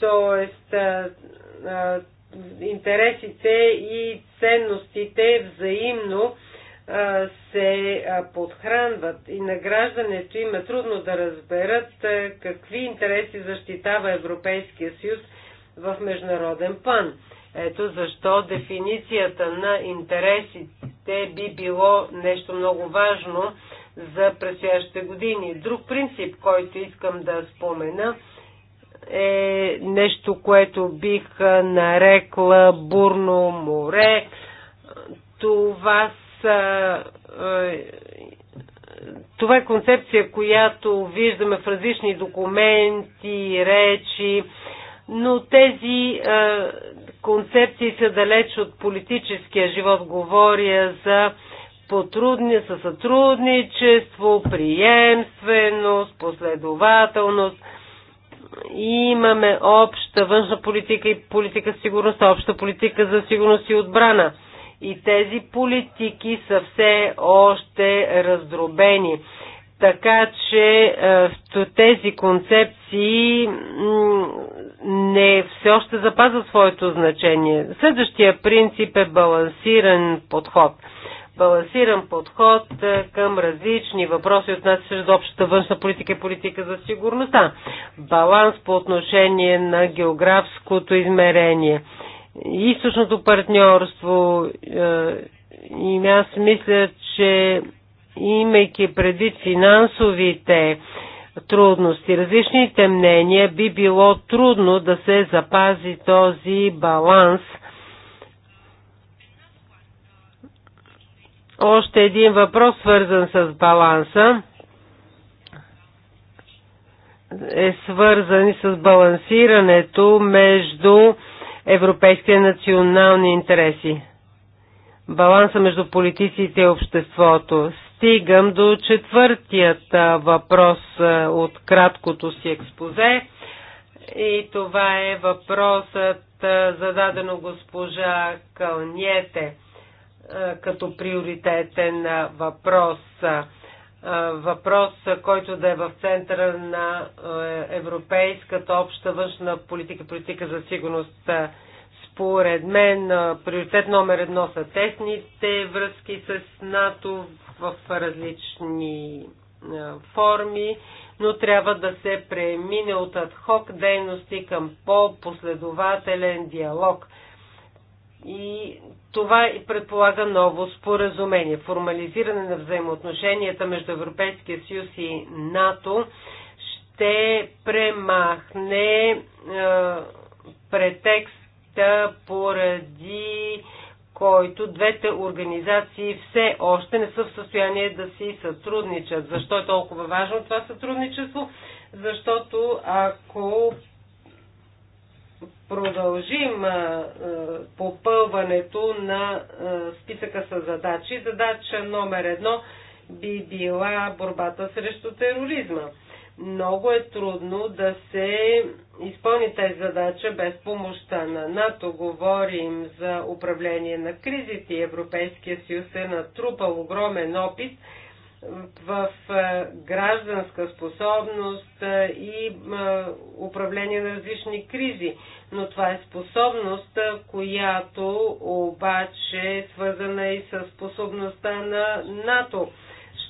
Speaker 3: Тоест, интересите и ценностите взаимно се подхранват и на граждането им е трудно да разберат какви интереси защитава Европейския съюз в международен план. Ето защо дефиницията на интересите би било нещо много важно за предстоящите години. Друг принцип, който искам да спомена – е нещо, което бих нарекла бурно море. Това са е, това е концепция, която виждаме в различни документи, речи, но тези е, концепции са далеч от политическия живот. Говоря за потрудни, сътрудничество, приемственост, последователност – имаме обща външна политика и политика сигурност, обща политика за сигурност и отбрана. И тези политики са все още раздробени. Така че е, тези концепции не все още запазват своето значение. Следващия принцип е балансиран подход – балансиран подход е, към различни въпроси, отнасящи до общата външна политика и политика за сигурността. Баланс по отношение на географското измерение. Източното партньорство. Е, и аз мисля, че имайки предвид финансовите трудности, различните мнения, би било трудно да се запази този баланс – Още един въпрос, свързан с баланса, е свързан и с балансирането между европейски и национални интереси. Баланса между политиците и обществото. Стигам до четвъртият въпрос от краткото си експозе. И това е въпросът зададено госпожа Кълниете е, като приоритетен е, въпрос. Е, въпрос, който да е в центъра на европейската обща външна политика, политика за сигурност. Според мен приоритет номер едно са тесните връзки с НАТО в различни форми, но трябва да се премине от адхок дейности към по-последователен диалог. И това и предполага ново споразумение. Формализиране на взаимоотношенията между Европейския съюз и НАТО ще премахне е, претекста поради който двете организации все още не са в състояние да си сътрудничат. Защо е толкова важно това сътрудничество? Защото ако продължим попълването на списъка с задачи. Задача номер едно би била борбата срещу тероризма. Много е трудно да се изпълни тази задача без помощта на НАТО. Говорим за управление на кризите и Европейския съюз е натрупал огромен опит – в е, гражданска способност е, и е, управление на различни кризи. Но това е способност, която обаче е свързана и с способността на НАТО.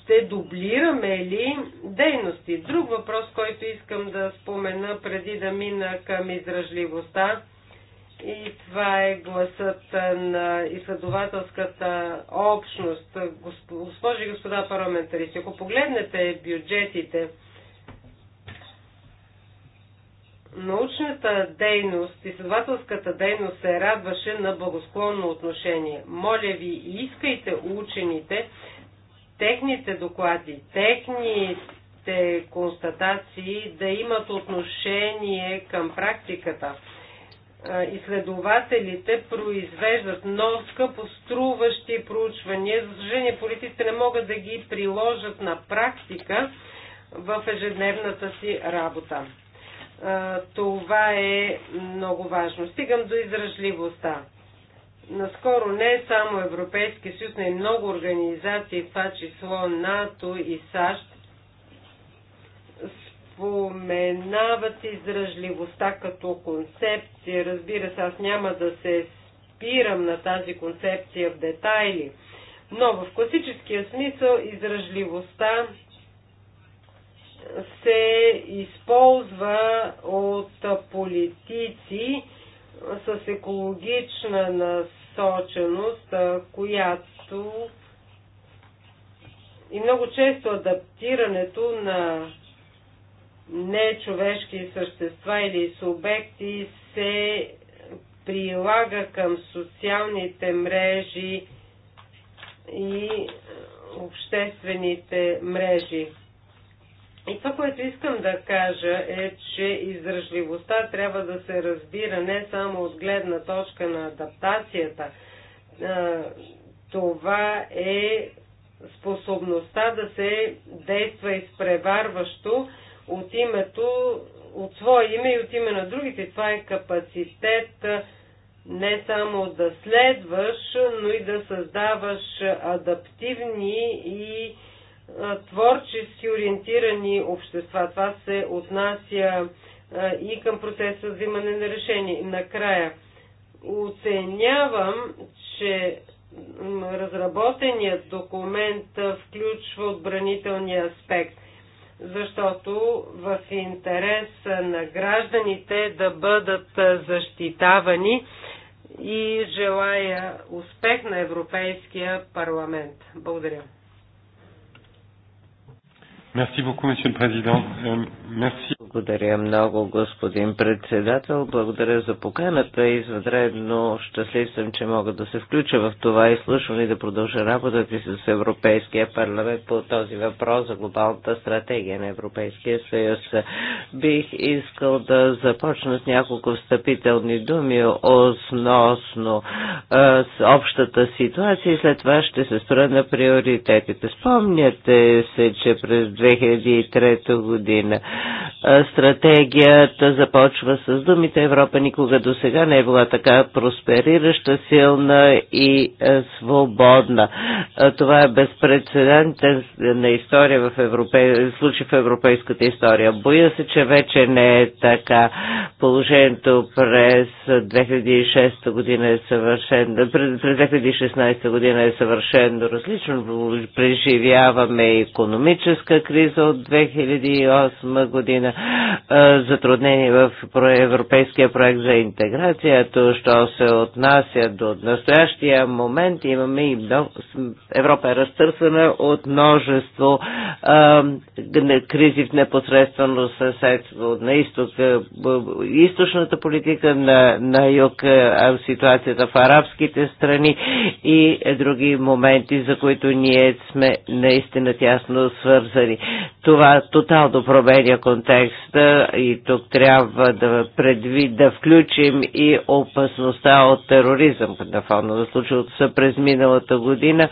Speaker 3: Ще дублираме ли дейности? Друг въпрос, който искам да спомена преди да мина към издръжливостта – и това е гласът на изследователската общност. Госпожи и господа парламентаристи, ако погледнете бюджетите, научната дейност, изследователската дейност се радваше на благосклонно отношение. Моля ви, искайте учените, техните доклади, техните констатации да имат отношение към практиката – изследователите произвеждат много струващи проучвания. За съжаление, политиците не могат да ги приложат на практика в ежедневната си работа. Това е много важно. Стигам до изражливостта. Наскоро не само Европейския съюз, но и много организации, в това число НАТО и САЩ, споменават издръжливостта като концепция. Разбира се, аз няма да се спирам на тази концепция в детайли, но в класическия смисъл издръжливостта се използва от политици с екологична насоченост, която и много често адаптирането на нечовешки същества или субекти се прилага към социалните мрежи и обществените мрежи. И това, което искам да кажа е, че издръжливостта трябва да се разбира не само от гледна точка на адаптацията. Това е способността да се действа изпреварващо от името, от свое име и от име на другите. Това е капацитет не само да следваш, но и да създаваш адаптивни и творчески ориентирани общества. Това се отнася и към процеса взимане на решение. Накрая, оценявам, че разработеният документ включва отбранителния аспект защото в интерес на гражданите да бъдат защитавани и желая успех на Европейския парламент. Благодаря. Merci beaucoup, monsieur le président.
Speaker 1: Euh, merci. Благодаря много, господин председател. Благодаря за поканата. и заедно щастлив съм, че мога да се включа в това изслушване и да продължа работата си с Европейския парламент по този въпрос за глобалната стратегия на Европейския съюз. Бих искал да започна с няколко встъпителни думи относно с общата ситуация и след това ще се спра на приоритетите. Спомняте се, че през 2003 година. Стратегията започва с думите Европа никога до сега не е била така просперираща, силна и свободна. Това е безпредседентен на история в Европей... случай в европейската история. Боя се, че вече не е така. Положението през 2006 година е съвършено, през 2016 година е съвършено различно. Преживяваме економическа криза, криза от 2008 година, затруднение в европейския проект за интеграцията, що се отнася до настоящия момент, имаме и много, Европа е разтърсена от множество кризи в непосредствено съседство на изток, източната политика, на, на юг, ситуацията в арабските страни и други моменти, за които ние сме наистина тясно свързани. Това тотално променя контекста и тук трябва да предвид да включим и опасността от тероризъм на фона на случилото се през миналата година,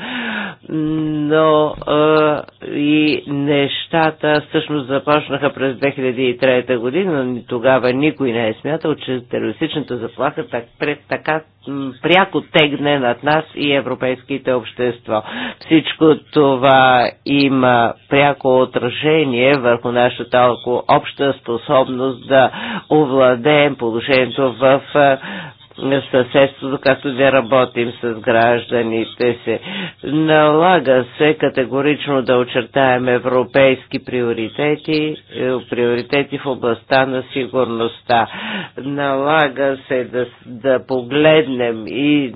Speaker 1: но а, и нещата всъщност започнаха през 2003 година, но тогава никой не е смятал, че терористичната заплаха так, пред така пряко тегне над нас и европейските общества. Всичко това има пряко отражение върху нашата обща способност да овладеем положението в съседството, както да работим с гражданите се. Налага се категорично да очертаем европейски приоритети, е, приоритети в областта на сигурността. Налага се да, да погледнем и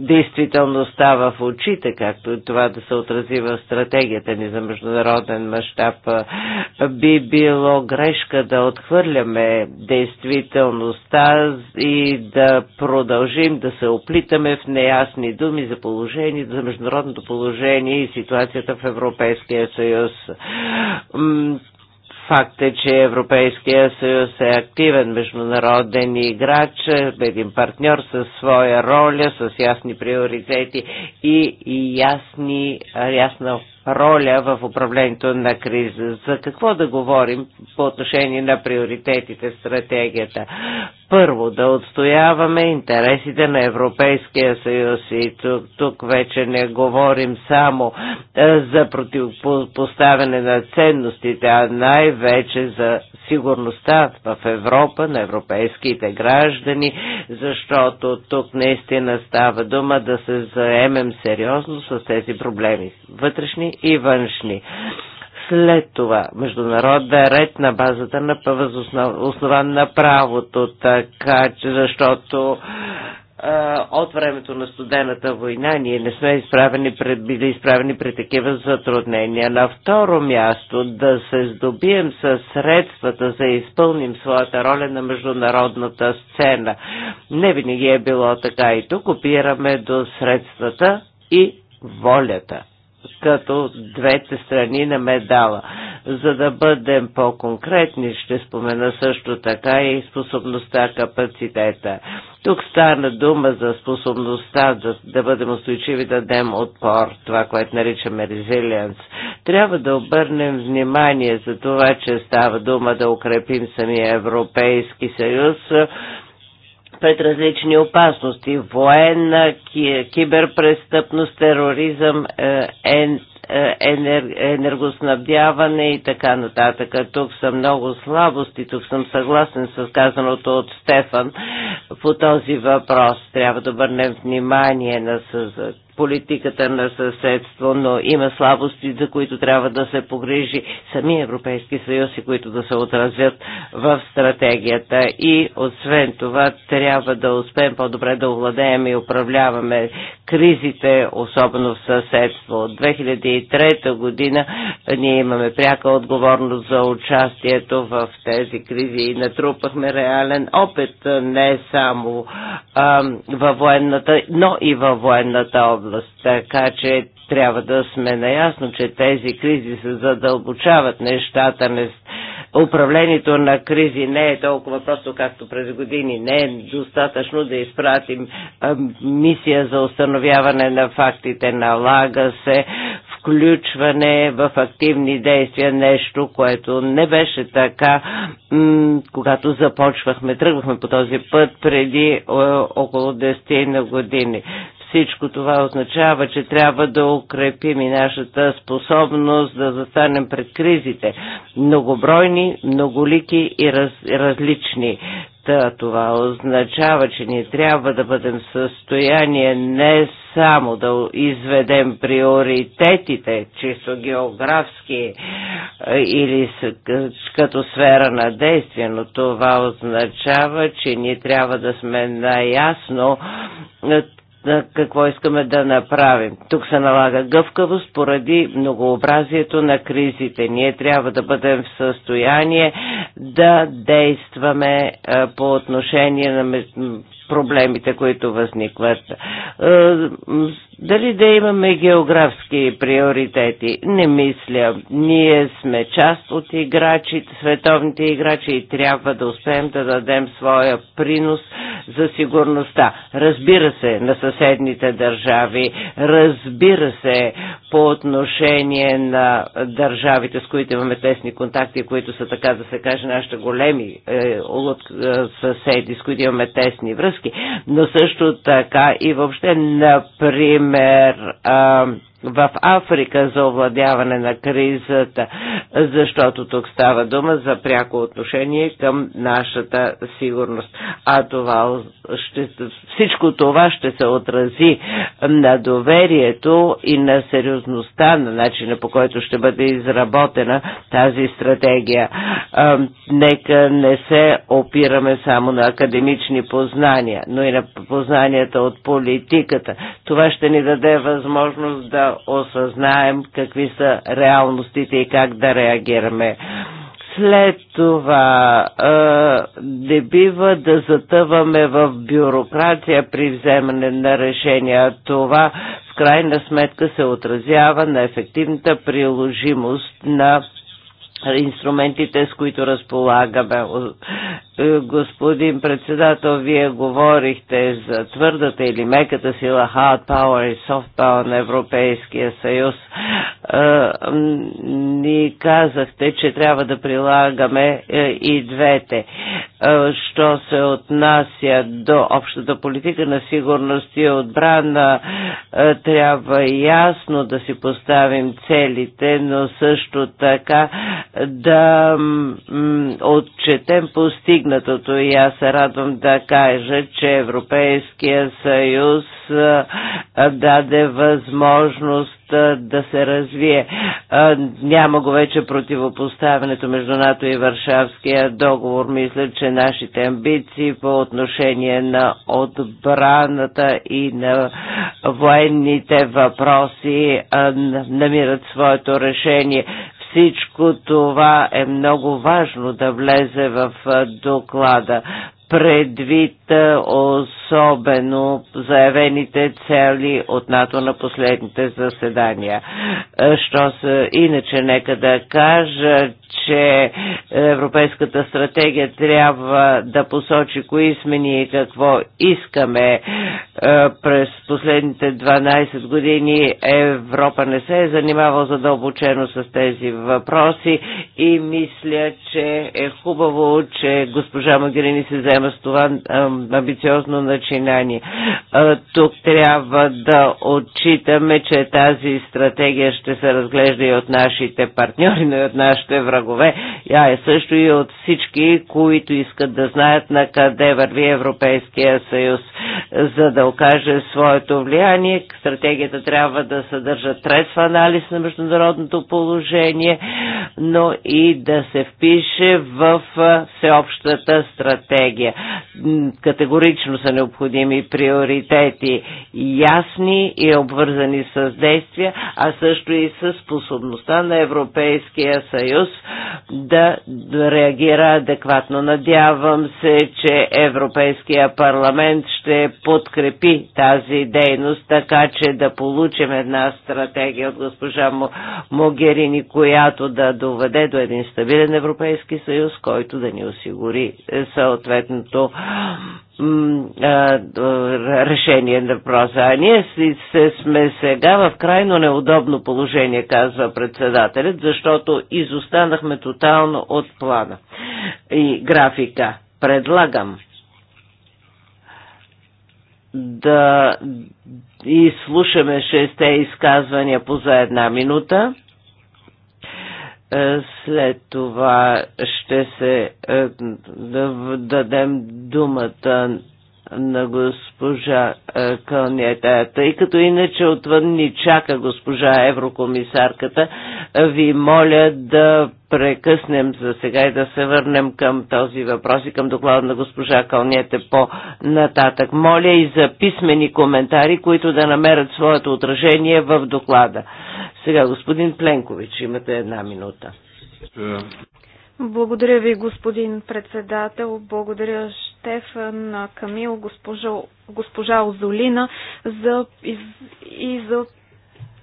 Speaker 1: действителността в очите, както и това да се отрази в стратегията ни за международен мащаб, би било грешка да отхвърляме действителността и да продължим да се оплитаме в неясни думи за положение, за международното положение и ситуацията в Европейския съюз Факт е, че Европейския съюз е активен международен играч, един партньор със своя роля, с ясни приоритети и, и ясни, ясна роля в управлението на криза. За какво да говорим по отношение на приоритетите в стратегията? Първо, да отстояваме интересите на Европейския съюз и тук, тук вече не говорим само за противопоставяне на ценностите, а най-вече за сигурността в Европа на европейските граждани, защото тук наистина става дума да се заемем сериозно с тези проблеми, вътрешни и външни. След това международен ред на базата на основан на правото, така че защото от времето на студената война ние не сме изправени пред, били изправени при такива затруднения. На второ място да се здобием с средствата за да изпълним своята роля на международната сцена. Не винаги е било така и тук опираме до средствата и волята като двете страни на медала. За да бъдем по-конкретни, ще спомена също така и способността, капацитета. Тук стана дума за способността да, да бъдем устойчиви, да дадем отпор, това, което наричаме резилиенс. Трябва да обърнем внимание за това, че става дума да укрепим самия Европейски съюз, пред различни опасности. Военна, киберпрестъпност, тероризъм, е, е, енергоснабдяване и така нататък. Тук са много слабости, тук съм съгласен с казаното от Стефан по този въпрос. Трябва да обърнем внимание на политиката на съседство, но има слабости, за които трябва да се погрижи сами Европейски съюз и които да се отразят в стратегията. И освен това трябва да успеем по-добре да овладеем и управляваме кризите, особено в съседство. От 2003 година ние имаме пряка отговорност за участието в тези кризи и натрупахме реален опит не само а, във военната, но и във военната област област. Така че трябва да сме наясно, че тези кризи се задълбочават нещата. Не... Управлението на кризи не е толкова просто, както през години. Не е достатъчно да изпратим мисия за установяване на фактите. Налага се включване в активни действия, нещо, което не беше така, когато започвахме, тръгвахме по този път преди около 10 на години. Всичко това означава, че трябва да укрепим и нашата способност да застанем пред кризите. Многобройни, многолики и раз, различни. Та, това означава, че ние трябва да бъдем в състояние не само да изведем приоритетите, чисто географски е, или като сфера на действие, но това означава, че ние трябва да сме наясно е, какво искаме да направим. Тук се налага гъвкавост поради многообразието на кризите. Ние трябва да бъдем в състояние да действаме по отношение на проблемите, които възникват. Е, дали да имаме географски приоритети? Не мисля. Ние сме част от играчи, световните играчи и трябва да успеем да дадем своя принос за сигурността. Разбира се, на съседните държави, разбира се, по отношение на държавите, с които имаме тесни контакти, които са така да се каже нашите големи е, е съседи, с които имаме тесни връзки, български, но също така и въобще, например, а, в Африка за овладяване на кризата, защото тук става дума за пряко отношение към нашата сигурност. А това ще, всичко това ще се отрази на доверието и на сериозността на начина по който ще бъде изработена тази стратегия. нека не се опираме само на академични познания, но и на познанията от политиката. Това ще ни даде възможност да осъзнаем какви са реалностите и как да реагираме. След това е, не бива да затъваме в бюрокрация при вземане на решения. Това в крайна сметка се отразява на ефективната приложимост на инструментите, с които разполагаме. Е, господин председател, вие говорихте за твърдата или меката сила hard power и soft power на Европейския съюз. Е, ни казахте, че трябва да прилагаме е, и двете. Що се отнася до общата политика на сигурност и отбрана, трябва ясно да си поставим целите, но също така да отчетем постигнатото и аз се радвам да кажа, че Европейския съюз даде възможност да се развие. Няма го вече противопоставянето между НАТО и Варшавския договор. Мисля, че нашите амбиции по отношение на отбраната и на военните въпроси намират своето решение. Всичко това е много важно да влезе в доклада предвид особено заявените цели от НАТО на последните заседания. Що се, иначе нека да кажа, че Европейската стратегия трябва да посочи кои сме ние и какво искаме. През последните 12 години Европа не се е занимавала задълбочено с тези въпроси и мисля, че е хубаво, че госпожа Магирини се взема проблема с това амбициозно начинание. Тук трябва да отчитаме, че тази стратегия ще се разглежда и от нашите партньори, но и от нашите врагове, а е също и от всички, които искат да знаят на къде върви Европейския съюз. За да окаже своето влияние, стратегията трябва да съдържа трезв анализ на международното положение, но и да се впише в всеобщата стратегия усилия. Категорично са необходими приоритети, ясни и обвързани с действия, а също и с способността на Европейския съюз да реагира адекватно. Надявам се, че Европейския парламент ще подкрепи тази дейност, така че да получим една стратегия от госпожа Могерини, която да доведе до един стабилен Европейски съюз, който да ни осигури е, съответно тяхното решение на въпроса. А ние си, се сме сега в крайно неудобно положение, казва председателят, защото изостанахме тотално от плана и графика. Предлагам да изслушаме шесте изказвания по за една минута след това ще се е, дадем думата на госпожа е, Кълнета. Тъй като иначе отвън ни чака госпожа еврокомисарката, ви моля да прекъснем за сега и да се върнем към този въпрос и към доклада на госпожа Кълнете по-нататък. Моля и за писмени коментари, които да намерят своето отражение в доклада. Сега господин Пленкович, имате една минута.
Speaker 4: Благодаря ви, господин председател. Благодаря Штефан, Камил, госпожа, госпожа Озолина за, и, и за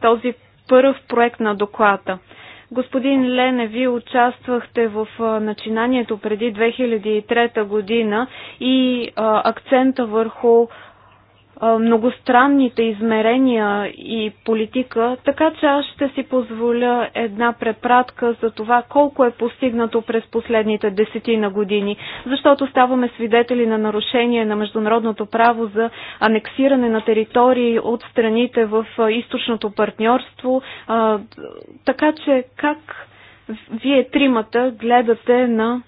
Speaker 4: този първ проект на доклада. Господин Лене, вие участвахте в начинанието преди 2003 година и а, акцента върху многостранните измерения и политика, така че аз ще си позволя една препратка за това колко е постигнато през последните десетина години, защото ставаме свидетели на нарушение на международното право за анексиране на територии от страните в източното партньорство, така че как вие тримата гледате на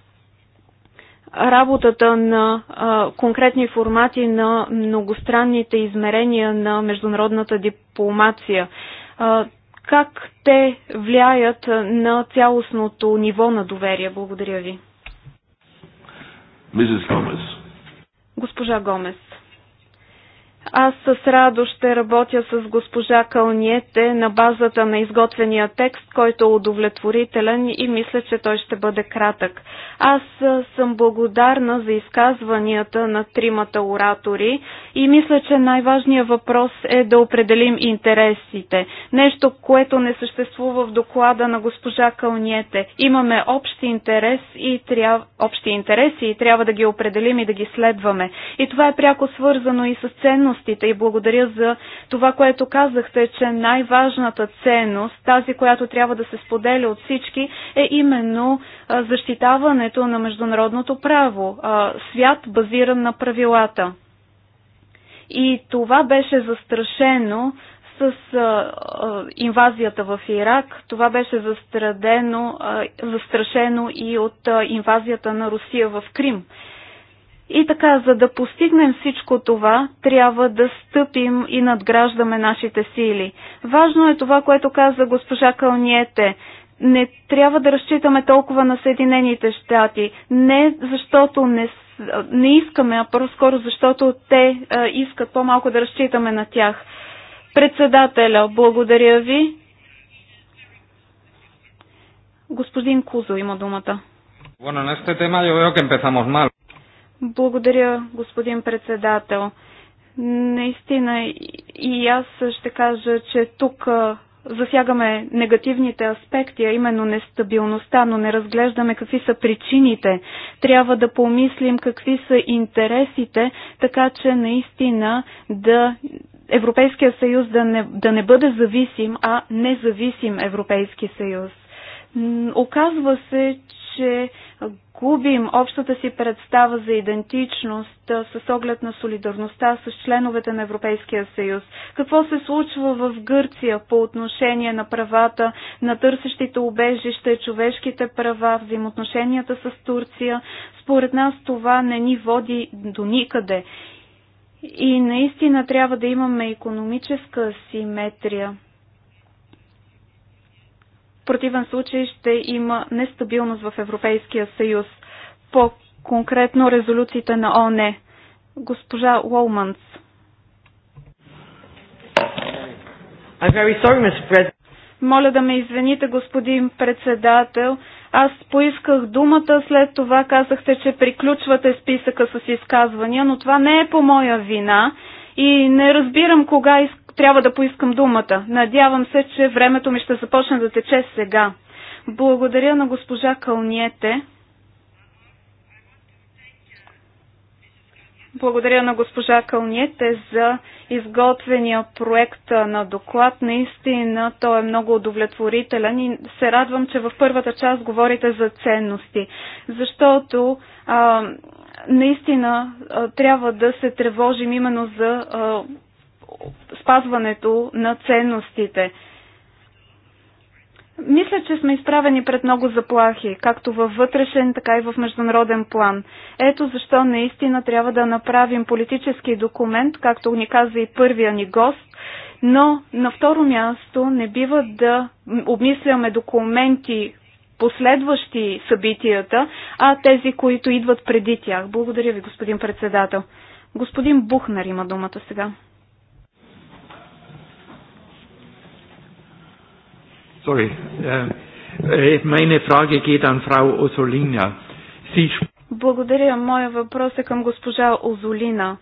Speaker 4: работата на а, конкретни формати на многостранните измерения на международната дипломация. А, как те влияят на цялостното ниво на доверие? Благодаря ви. Госпожа Гомес. Аз с радост ще работя с госпожа Кълниете на базата на изготвения текст, който е удовлетворителен и мисля, че той ще бъде кратък. Аз съм благодарна за изказванията на тримата оратори и мисля, че най-важният въпрос е да определим интересите. Нещо, което не съществува в доклада на госпожа Кълниете. Имаме общи, интерес и трябва, общи интереси и трябва да ги определим и да ги следваме. И това е пряко свързано и с ценно ценностите и благодаря за това, което казахте, че най-важната ценност, тази, която трябва да се споделя от всички, е именно защитаването на международното право, свят базиран на правилата. И това беше застрашено с а, а, инвазията в Ирак. Това беше застрадено, а, застрашено и от а, инвазията на Русия в Крим. И така, за да постигнем всичко това, трябва да стъпим и надграждаме нашите сили. Важно е това, което каза госпожа Кълниете. Не трябва да разчитаме толкова на Съединените щати. Не защото не, не искаме, а по-скоро защото те а, искат по-малко да разчитаме на тях. Председателя, благодаря ви. Господин Кузо има думата.
Speaker 3: Bueno, en este tema yo veo que empezamos mal.
Speaker 4: Благодаря, господин председател. Наистина и аз ще кажа, че тук засягаме негативните аспекти, а именно нестабилността, но не разглеждаме какви са причините. Трябва да помислим какви са интересите, така че наистина да Европейския съюз да не, да не бъде зависим, а независим Европейски съюз. Оказва се, че губим общата си представа за идентичност с оглед на солидарността с членовете на Европейския съюз. Какво се случва в Гърция по отношение на правата на търсещите убежище, човешките права, взаимоотношенията с Турция? Според нас това не ни води до никъде. И наистина трябва да имаме економическа симетрия противен случай ще има нестабилност в Европейския съюз. По-конкретно резолюциите на ОНЕ. Госпожа Уолманс. Моля да ме извините, господин председател. Аз поисках думата, след това казахте, че приключвате списъка с изказвания, но това не е по моя вина и не разбирам кога искате трябва да поискам думата. Надявам се, че времето ми ще започне да тече сега. Благодаря на госпожа Кълниете. Благодаря на госпожа Кълниете за изготвения проект на доклад. Наистина той е много удовлетворителен и се радвам, че в първата част говорите за ценности, защото а, наистина а, трябва да се тревожим именно за а, спазването на ценностите. Мисля, че сме изправени пред много заплахи, както във вътрешен, така и в международен план. Ето защо наистина трябва да направим политически документ, както ни каза и първия ни гост, но на второ място не бива да обмисляме документи, последващи събитията, а тези, които идват преди тях. Благодаря ви, господин председател. Господин Бухнар има думата сега.
Speaker 2: Sorry. Äh, äh, meine Frage geht an Frau Osolina. Sie...
Speaker 4: Благодаря. Моя въпрос е към госпожа Озолина.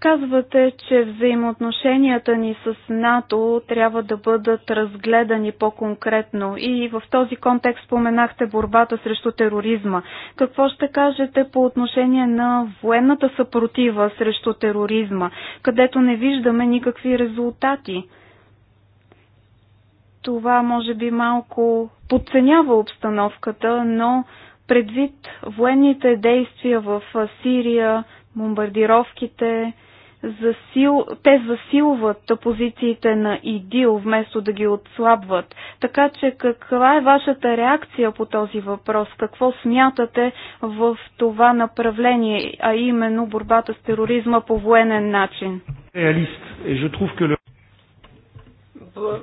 Speaker 4: Казвате, че взаимоотношенията ни с НАТО трябва да бъдат разгледани по-конкретно и в този контекст споменахте борбата срещу тероризма. Какво ще кажете по отношение на военната съпротива срещу тероризма, където не виждаме никакви резултати? Това може би малко подценява обстановката, но предвид военните действия в Сирия, бомбардировките, засил... те засилват позициите на ИДИЛ, вместо да ги отслабват. Така че каква е вашата реакция по този въпрос? Какво смятате в това направление, а именно борбата с тероризма по военен начин?
Speaker 2: Реалист.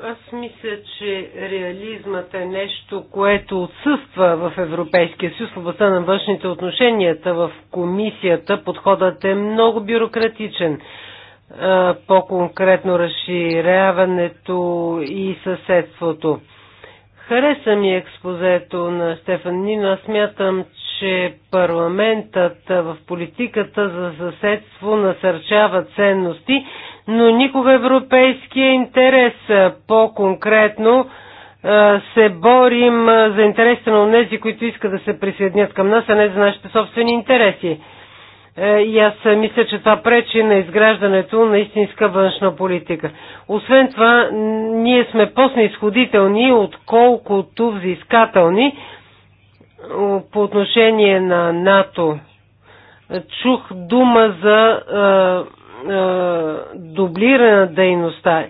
Speaker 3: Аз мисля, че реализмът е нещо, което отсъства в Европейския съюз в областта на външните отношенията. В комисията подходът е много бюрократичен. По-конкретно разширяването и съседството. Хареса ми експозето на Стефан Нина. Смятам, че парламентът в политиката за съседство насърчава ценности, но никога европейския интерес. По-конкретно се борим за интересите на тези, които искат да се присъединят към нас, а не за нашите собствени интереси. Е, и аз мисля, че това пречи на изграждането на истинска външна политика. Освен това, ние сме по-снисходителни, отколкото взискателни по отношение на НАТО. Чух дума за а, а, дублирана дейността.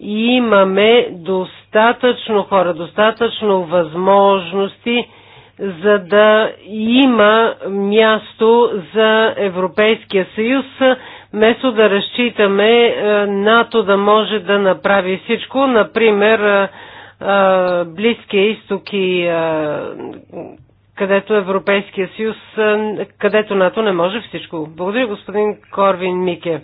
Speaker 3: И имаме достатъчно хора, достатъчно възможности, за да има място за Европейския съюз, вместо да разчитаме НАТО да може да направи всичко, например Близкия изток и където Европейския съюз, където НАТО не може всичко. Благодаря, господин Корвин Мике.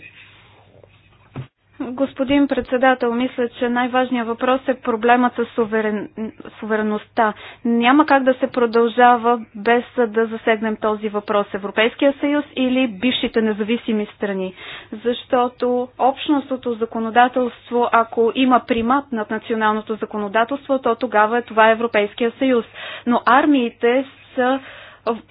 Speaker 4: Господин председател, мисля, че най-важният въпрос е проблемът с суверен... сувереността. Няма как да се продължава без да засегнем този въпрос Европейския съюз или бившите независими страни. Защото общностното законодателство, ако има примат над националното законодателство, то тогава е това Европейския съюз. Но армиите са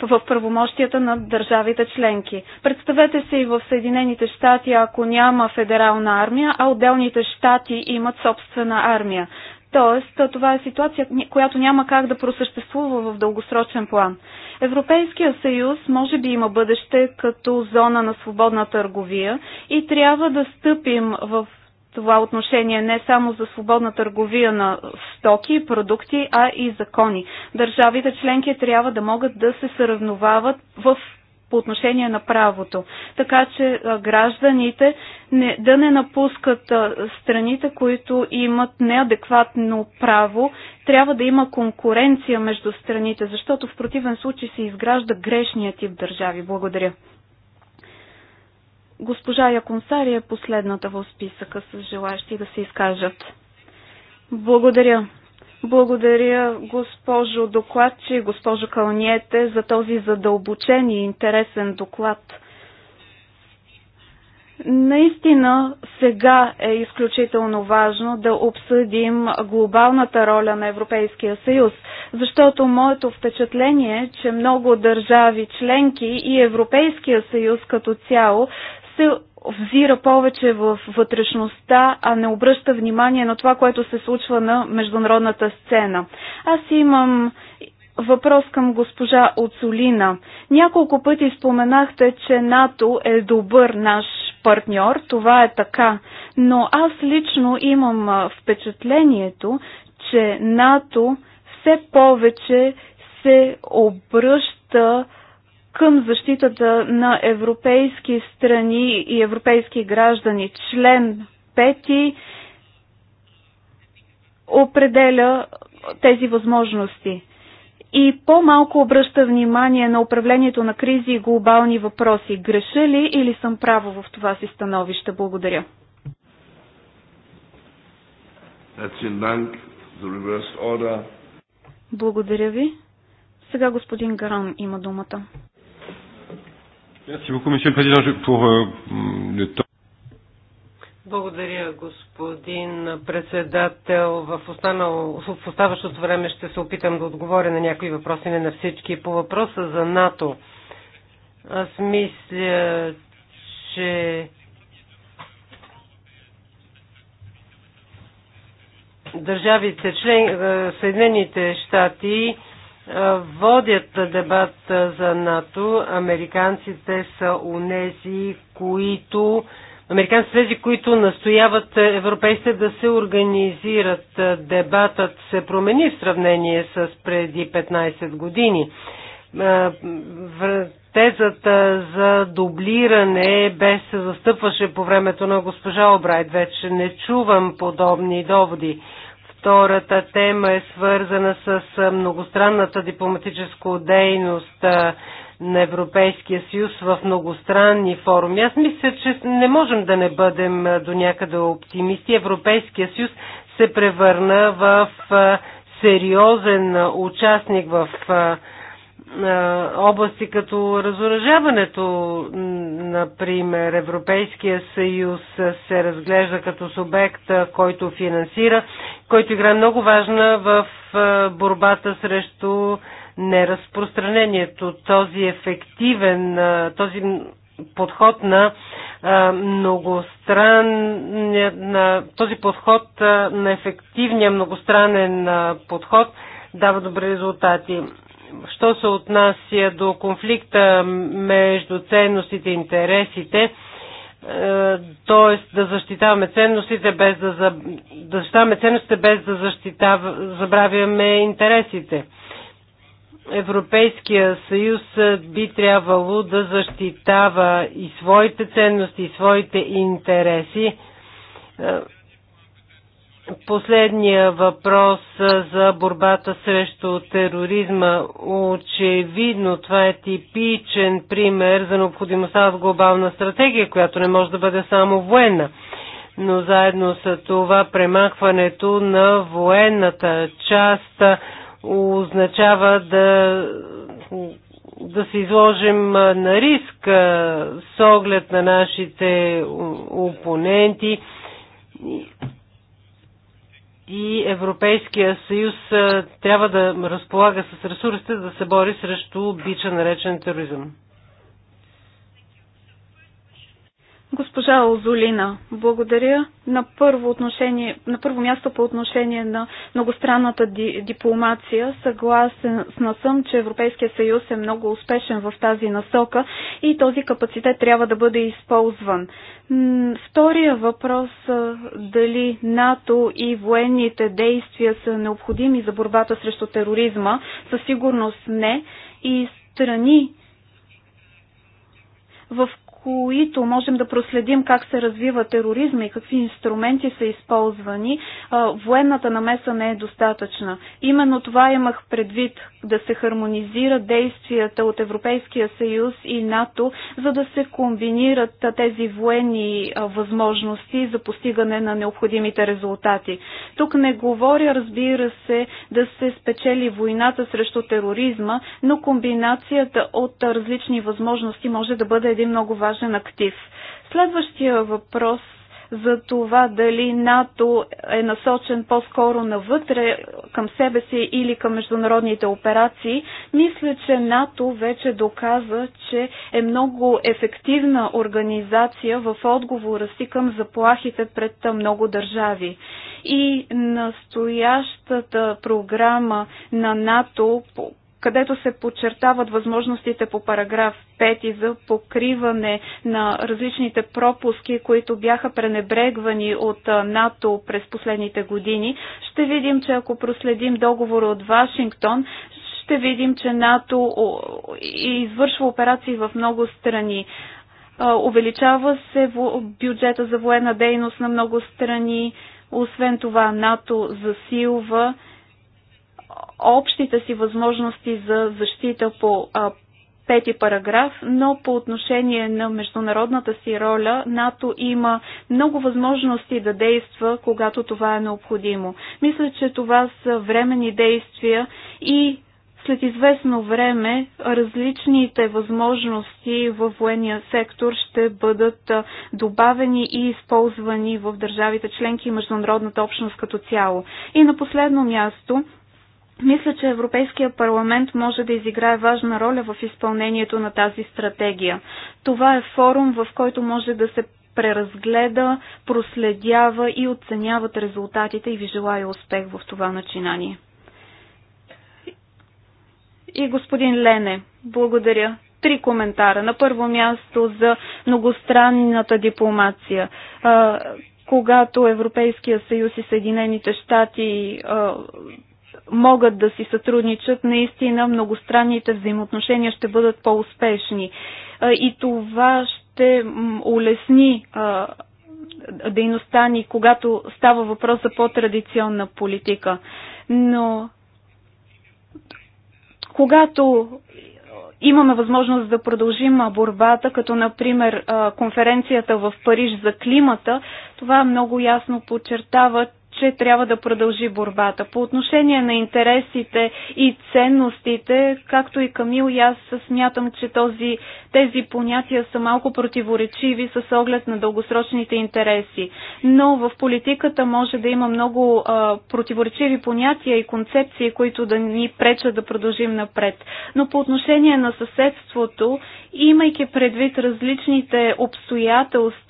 Speaker 4: в правомощията на държавите членки. Представете се и в Съединените щати, ако няма федерална армия, а отделните щати имат собствена армия. Тоест, това е ситуация, която няма как да просъществува в дългосрочен план. Европейския съюз може би има бъдеще като зона на свободна търговия и трябва да стъпим в това отношение не само за свободна търговия на стоки и продукти, а и закони. Държавите членки трябва да могат да се съревновават в по отношение на правото. Така че гражданите не, да не напускат страните, които имат неадекватно право, трябва да има конкуренция между страните, защото в противен случай се изгражда грешния тип държави. Благодаря. Госпожа Яконсари е последната в списъка с желащи да се изкажат. Благодаря. Благодаря, госпожо докладчи, госпожо Калниете, за този задълбочен и интересен доклад. Наистина сега е изключително важно да обсъдим глобалната роля на Европейския съюз, защото моето впечатление е, че много държави членки и Европейския съюз като цяло се взира повече в вътрешността, а не обръща внимание на това, което се случва на международната сцена. Аз имам въпрос към госпожа Оцолина. Няколко пъти споменахте, че НАТО е добър наш партньор. Това е така. Но аз лично имам впечатлението, че НАТО все повече се обръща към защитата на европейски страни и европейски граждани. Член 5 определя тези възможности и по-малко обръща внимание на управлението на кризи и глобални въпроси. Греша ли или съм право в това си становище? Благодаря. Благодаря ви. Сега господин Гаран има думата.
Speaker 3: Merci beaucoup, Monsieur le Président, pour euh, le temps. Благодаря, господин председател. В, останал, в оставащото време ще се опитам да отговоря на някои въпроси, не на всички. По въпроса за НАТО, аз мисля, че държавите член, е, Съединените щати водят дебат за НАТО. Американците са унези, които Американците тези, които настояват европейците да се организират. Дебатът се промени в сравнение с преди 15 години. Тезата за дублиране без се застъпваше по времето на госпожа Обрайт. Вече не чувам подобни доводи. Втората тема е свързана с многостранната дипломатическа дейност на Европейския съюз в многостранни форуми. Аз мисля, че не можем да не бъдем до някъде оптимисти. Европейския съюз се превърна в сериозен участник в области като разоръжаването, например, Европейския съюз се разглежда като субект, който финансира, който играе много важна в борбата срещу неразпространението. Този ефективен, този подход на многостран, този подход на ефективния многостранен подход дава добри резултати. Що се отнася до конфликта между ценностите и интересите, т.е. да защитаваме ценностите без да, за... да защитаваме ценностите без да защитав... забравяме интересите. Европейския съюз би трябвало да защитава и своите ценности, и своите интереси е, Последния въпрос за борбата срещу тероризма. Очевидно, това е типичен пример за необходимостта от глобална стратегия, която не може да бъде само военна. Но заедно с това премахването на военната част означава да, да се изложим на риск с оглед на нашите опоненти и Европейския съюз трябва да разполага с ресурсите да се бори срещу бича наречен тероризъм.
Speaker 4: Госпожа Озолина, благодаря на първо, отношение, на първо място по отношение на многостранната ди, дипломация. Съгласен съм, че Европейския съюз е много успешен в тази насока и този капацитет трябва да бъде използван. Втория въпрос дали НАТО и военните действия са необходими за борбата срещу тероризма, със сигурност не. И страни в които можем да проследим как се развива тероризма и какви инструменти са използвани, военната намеса не е достатъчна. Именно това имах предвид да се хармонизира действията от Европейския съюз и НАТО, за да се комбинират тези военни възможности за постигане на необходимите резултати. Тук не говоря, разбира се, да се спечели войната срещу тероризма, но комбинацията от различни възможности може да бъде един много важен важен актив. Следващия въпрос за това дали НАТО е насочен по-скоро навътре към себе си или към международните операции, мисля, че НАТО вече доказа, че е много ефективна организация в отговора си към заплахите пред много държави. И настоящата програма на НАТО където се подчертават възможностите по параграф 5 за покриване на различните пропуски, които бяха пренебрегвани от НАТО през последните години, ще видим, че ако проследим договора от Вашингтон, ще видим, че НАТО извършва операции в много страни. Увеличава се бюджета за военна дейност на много страни. Освен това, НАТО засилва общите си възможности за защита по пети параграф, но по отношение на международната си роля НАТО има много възможности да действа, когато това е необходимо. Мисля, че това са времени действия и след известно време различните възможности в военния сектор ще бъдат добавени и използвани в държавите членки и международната общност като цяло. И на последно място мисля, че Европейския парламент може да изиграе важна роля в изпълнението на тази стратегия. Това е форум, в който може да се преразгледа, проследява и оценяват резултатите и ви желая успех в това начинание. И господин Лене, благодаря. Три коментара. На първо място за многостранната дипломация. Когато Европейския съюз и Съединените щати могат да си сътрудничат, наистина многостранните взаимоотношения ще бъдат по-успешни. И това ще улесни дейността ни, когато става въпрос за по-традиционна политика. Но когато имаме възможност да продължим борбата, като например конференцията в Париж за климата, това много ясно подчертава, че трябва да продължи борбата. По отношение на интересите и ценностите, както и Камил, и аз смятам, че този, тези понятия са малко противоречиви с оглед на дългосрочните интереси. Но в политиката може да има много а, противоречиви понятия и концепции, които да ни пречат да продължим напред. Но по отношение на съседството, имайки предвид различните обстоятелства,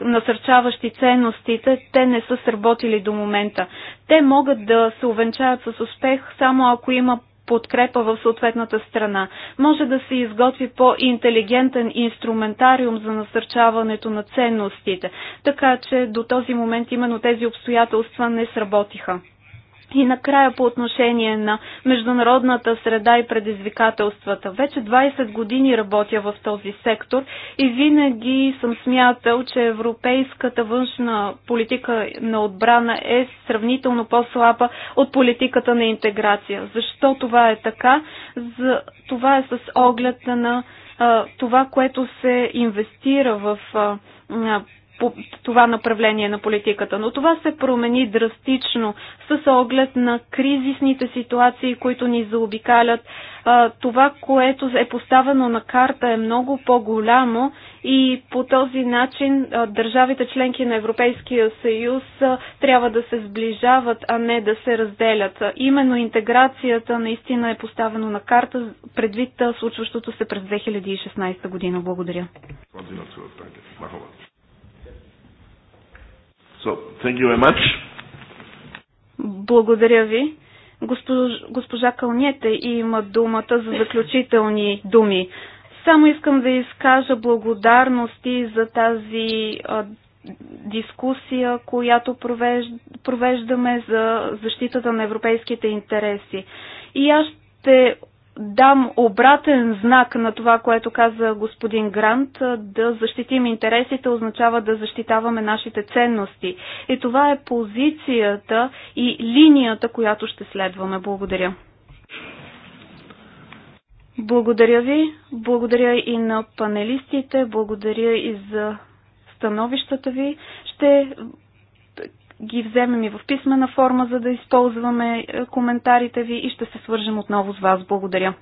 Speaker 4: насърчаващи ценностите, те не са сработили до момента. Те могат да се увенчаят с успех само ако има подкрепа в съответната страна. Може да се изготви по-интелигентен инструментариум за насърчаването на ценностите, така че до този момент именно тези обстоятелства не сработиха. И накрая по отношение на международната среда и предизвикателствата. Вече 20 години работя в този сектор и винаги съм смятал, че европейската външна политика на отбрана е сравнително по-слаба от политиката на интеграция. Защо това е така? За... Това е с оглед на а, това, което се инвестира в а, по това направление на политиката. Но това се промени драстично с оглед на кризисните ситуации, които ни заобикалят. Това, което е поставено на карта е много по-голямо и по този начин държавите членки на Европейския съюз трябва да се сближават, а не да се разделят. Именно интеграцията наистина е поставено на карта предвид случващото се през 2016 година. Благодаря.
Speaker 2: So, thank you very much.
Speaker 4: Благодаря ви. Госпож... Госпожа Кълнете има думата за заключителни думи. Само искам да изкажа благодарности за тази а, дискусия, която провежд... провеждаме за защитата на европейските интереси. И аз ще дам обратен знак на това, което каза господин Грант. Да защитим интересите означава да защитаваме нашите ценности. И това е позицията и линията, която ще следваме. Благодаря. Благодаря ви. Благодаря и на панелистите. Благодаря и за становищата ви. Ще ги вземем и в писмена форма, за да използваме е, коментарите ви и ще се свържем отново с вас. Благодаря.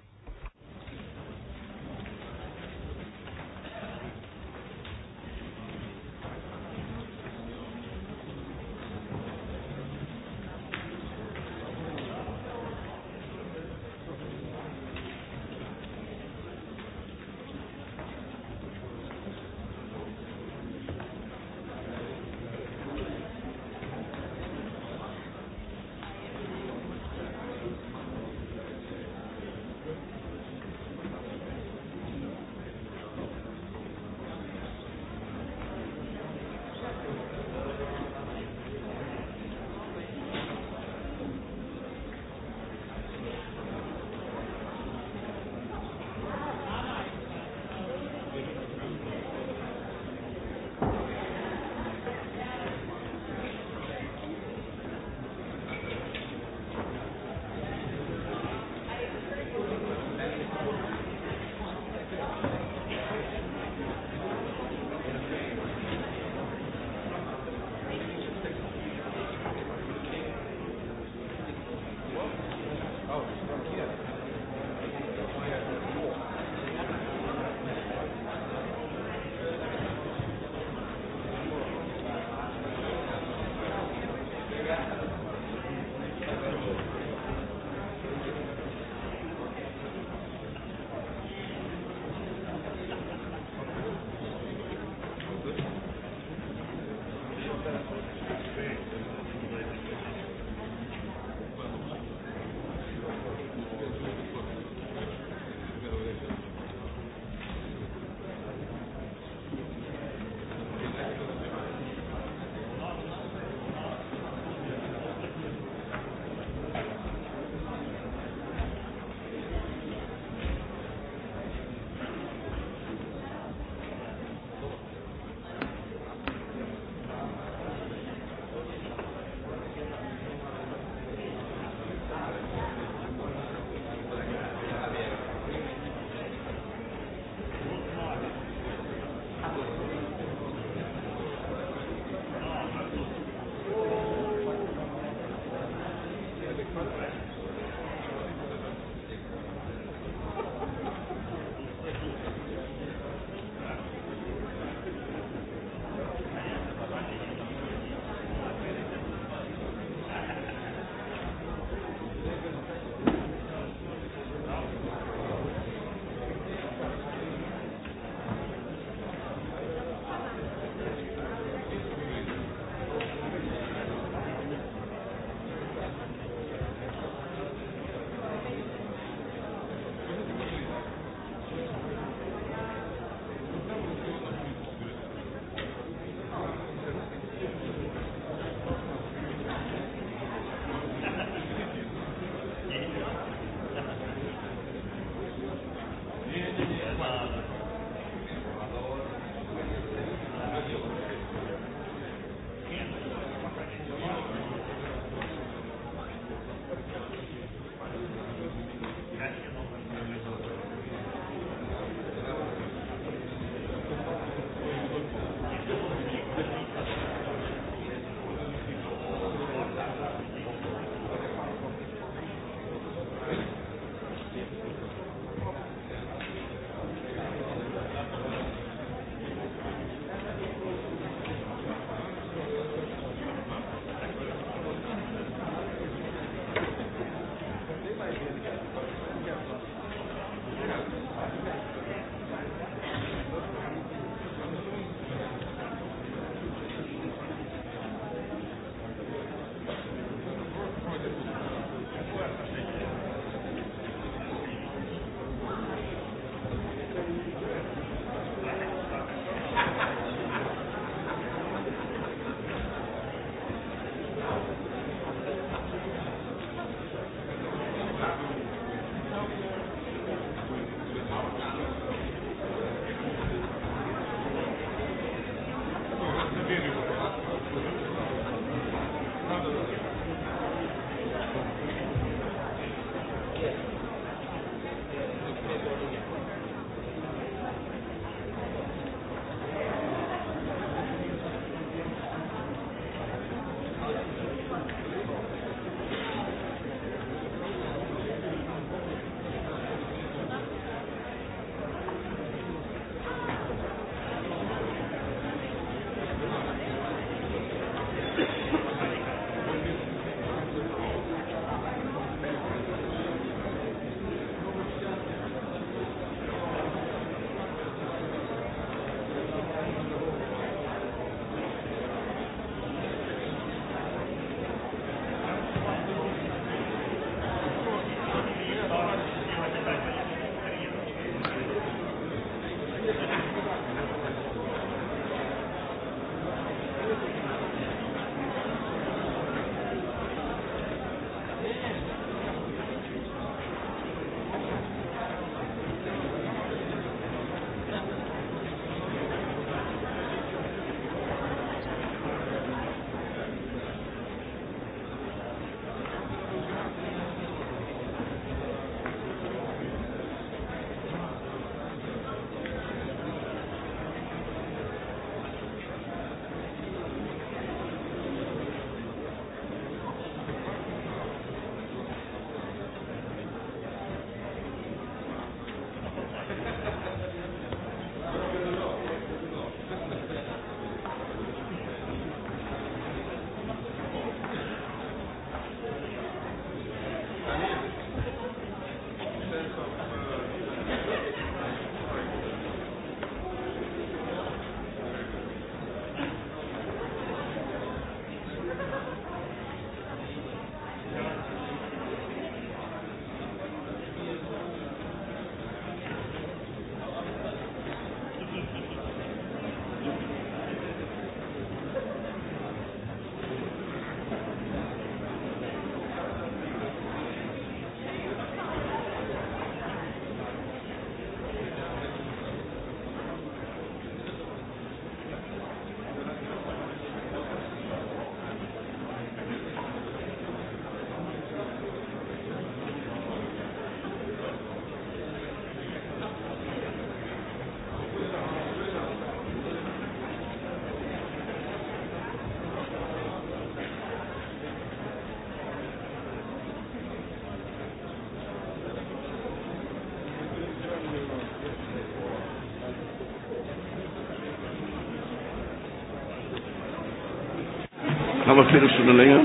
Speaker 1: Viertelstunde länger?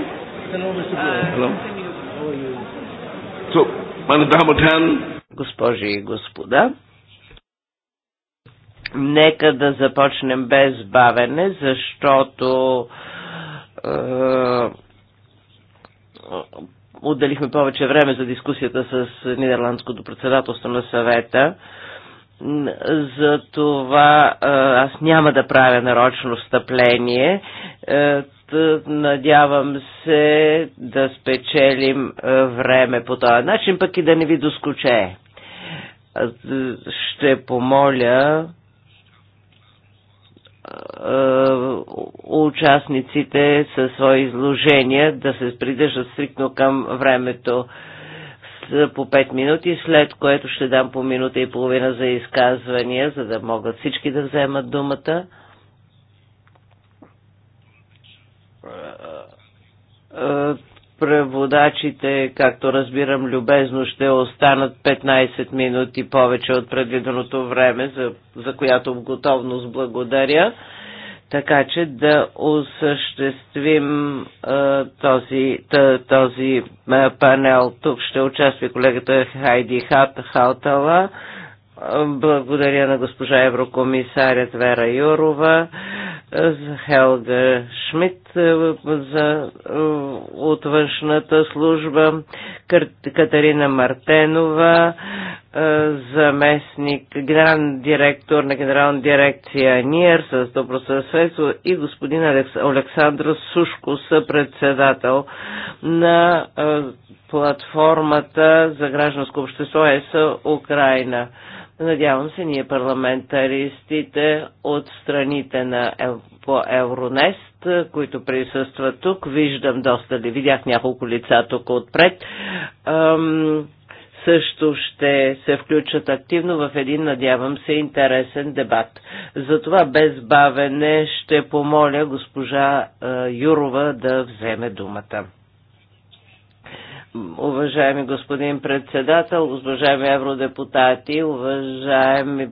Speaker 1: Hallo? So, Hello. So, und Herren. Госпожи и господа, нека да започнем без бавене, защото е, отделихме повече време за дискусията с Нидерландското председателство на съвета. За това е, аз няма да правя нарочно стъпление. Е, Надявам се да спечелим е, време по този начин, пък и да не ви доскоче. Ще помоля е, участниците със свои изложения да се придържат стрикно към времето по 5 минути, след което ще дам по минута и половина за изказвания, за да могат всички да вземат думата. Е, преводачите, както разбирам, любезно ще останат 15 минути повече от предвиденото време, за, за която в готовност благодаря, така че да осъществим а, е, този, тъ, този е, панел. Тук ще участва колегата Хайди Хат, Халтала. Благодаря на госпожа Еврокомисарят Вера Юрова, Хелга Шмидт е, за, е, от външната служба Катерина Мартенова, е, заместник, генерален директор на генерална дирекция НИЕР с добро съседство и господин Александър Сушко, съпредседател на платформата за гражданско общество ЕСА Украина. Надявам се, ние парламентаристите от страните на, по Евронест които присъстват тук. Виждам доста да видях няколко лица тук отпред. Ам, също ще се включат активно в един, надявам се, интересен дебат. Затова без бавене ще помоля госпожа Юрова да вземе думата уважаеми господин председател, уважаеми евродепутати, уважаеми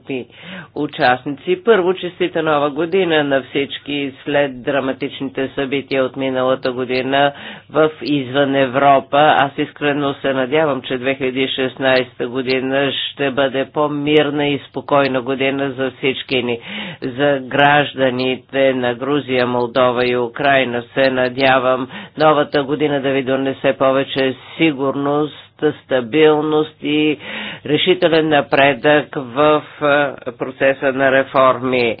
Speaker 1: участници. Първо, честита нова година на всички след драматичните събития от миналата година в извън Европа. Аз искрено се надявам, че 2016 година ще бъде по-мирна и спокойна година за всички ни. За гражданите на Грузия, Молдова и Украина се надявам новата година да ви донесе повече сигурност, стабилност и решителен напредък в процеса на реформи.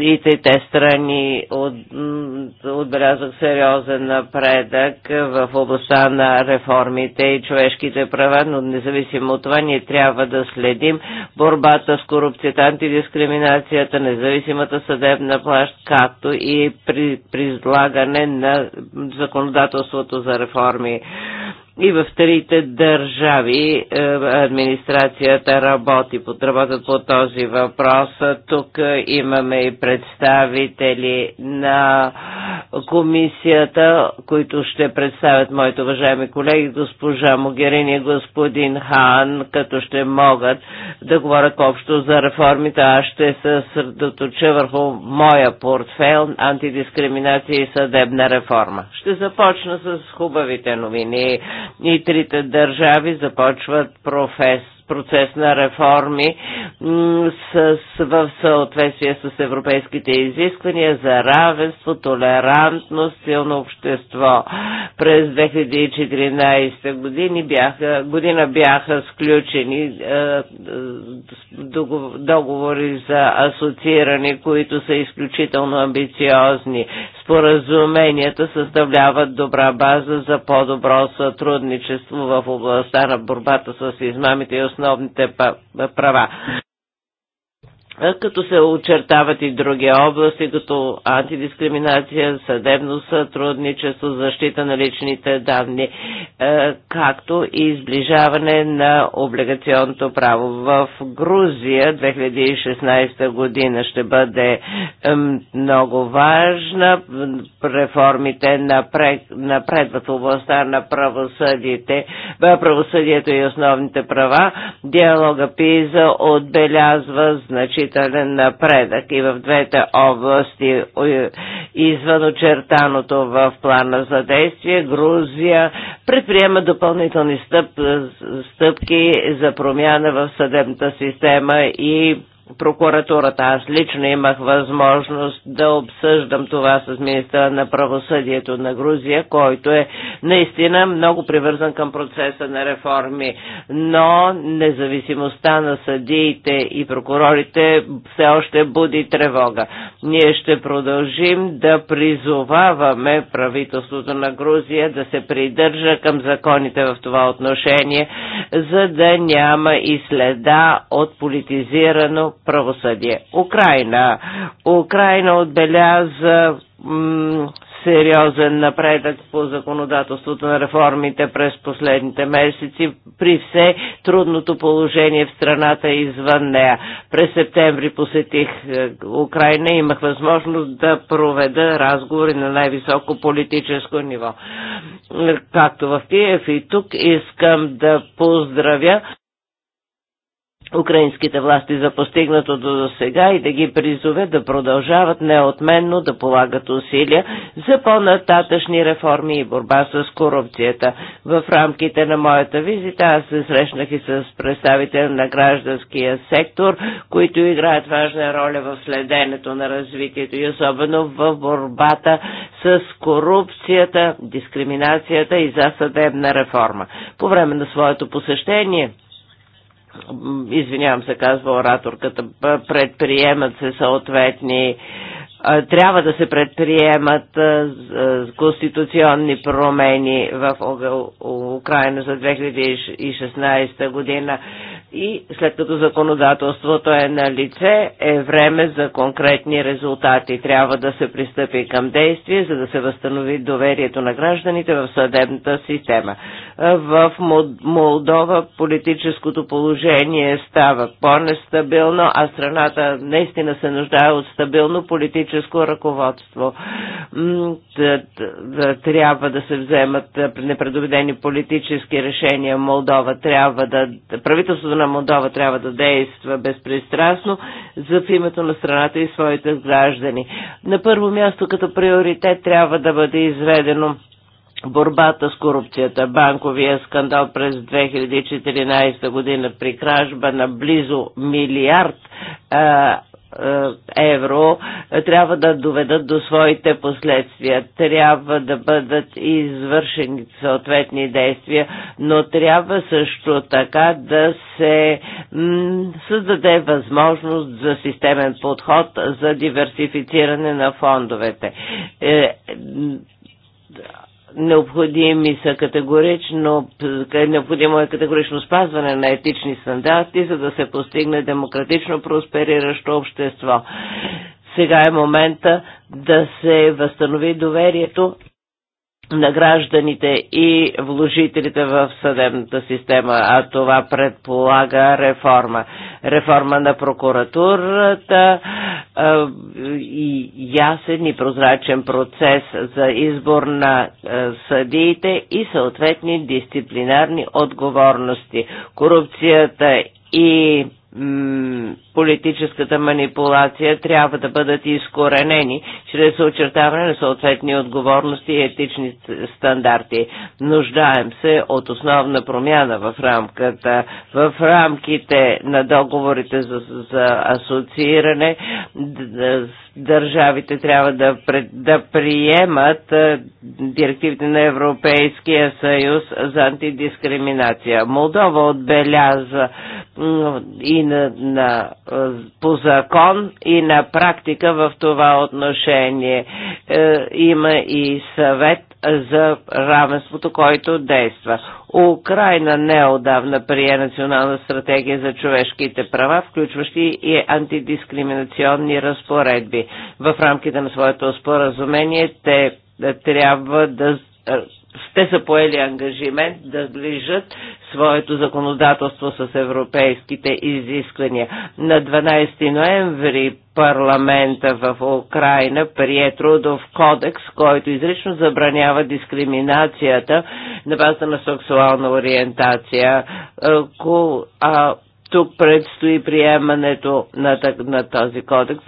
Speaker 1: И те страни отбелязах сериозен напредък в областта на реформите и човешките права, но независимо от това ние трябва да следим борбата с корупцията, антидискриминацията, независимата съдебна плащ, както и при, при излагане на законодателството за реформи. И в трите държави е, администрацията работи, подработят по този въпрос. Тук е, имаме и представители на комисията, които ще представят моите уважаеми колеги, госпожа Могерини и господин Хан, като ще могат да говорят общо за реформите. Аз ще се съсредоточа върху моя портфел антидискриминация и съдебна реформа. Ще започна с хубавите новини и трите държави започват профес, процес на реформи с, в съответствие с европейските изисквания за равенство, толерантност, силно общество. През 2014 години бяха, година бяха сключени е, договори за асоцииране, които са изключително амбициозни. Споразуменията съставляват добра база за по-добро сътрудничество в областта на борбата с измамите и основните права като се очертават и други области, като антидискриминация, съдебно сътрудничество, защита на личните данни, е, както и сближаване на облигационното право. В Грузия 2016 година ще бъде много важна. Реформите напред, напредват в областта на правосъдите, е, правосъдието и основните права. Диалога ПИЗА отбелязва значително значителен напредък и в двете области извън очертаното в плана за действие. Грузия предприема допълнителни стъп, стъпки за промяна в съдебната система и прокуратурата. Аз лично имах възможност да обсъждам това с министра на правосъдието на Грузия, който е наистина много привързан към процеса на реформи. Но независимостта на съдиите и прокурорите все още буди тревога. Ние ще продължим да призоваваме правителството на Грузия да се придържа към законите в това отношение, за да няма и следа от политизирано правосъдие. Украина. Украина отбеляза сериозен напредък по законодателството на реформите през последните месеци, при все трудното положение в страната и извън нея. През септември посетих е, Украина и имах възможност да проведа разговори на най-високо политическо ниво. Е, както в Киев и тук искам да поздравя украинските власти за постигнатото до сега и да ги призове да продължават неотменно да полагат усилия за по-нататъчни реформи и борба с корупцията. В рамките на моята визита аз се срещнах и с представител на гражданския сектор, които играят важна роля в следенето на развитието и особено в борбата с корупцията, дискриминацията и за съдебна реформа. По време на своето посещение извинявам се, казва ораторката, предприемат се съответни трябва да се предприемат конституционни промени в Украина за 2016 година и след като законодателството е на лице, е време за конкретни резултати. Трябва да се пристъпи към действие, за да се възстанови доверието на гражданите в съдебната система. В Молдова политическото положение става по-нестабилно, а страната наистина се нуждае от стабилно политическо политическо ръководство. Трябва да се вземат непредобедени политически решения. Молдова трябва да, правителството на Молдова трябва да действа безпристрастно за в името на страната и своите граждани. На първо място като приоритет трябва да бъде изведено борбата с корупцията, банковия скандал през 2014 година при кражба на близо милиард е, евро е, трябва да доведат до своите последствия. Трябва да бъдат извършени съответни действия, но трябва също така да се създаде възможност за системен подход за диверсифициране на фондовете е, Необходими са категорично, необходимо е категорично спазване на етични стандарти, за да се постигне демократично проспериращо общество. Сега е момента да се възстанови доверието на гражданите и вложителите в съдебната система, а това предполага реформа. Реформа на прокуратурата и ясен и прозрачен процес за избор на съдиите и съответни дисциплинарни отговорности. Корупцията и политическата манипулация трябва да бъдат изкоренени чрез очертаване на съответни отговорности и етични стандарти. Нуждаем се от основна промяна в рамката, в рамките на договорите за, за асоцииране. Държавите трябва да, да приемат директивите на Европейския съюз за антидискриминация. Молдова отбеляза и на, на е, по закон и на практика в това отношение е, има и съвет за равенството, който действа. Украина неодавна прие национална стратегия за човешките права, включващи и антидискриминационни разпоредби. В рамките на своето споразумение те е, трябва да сте са поели ангажимент да сближат своето законодателство с европейските изисквания. На 12 ноември парламента в Украина прие трудов кодекс, който изрично забранява дискриминацията на база на сексуална ориентация. Е, а тук предстои приемането на, на този кодекс,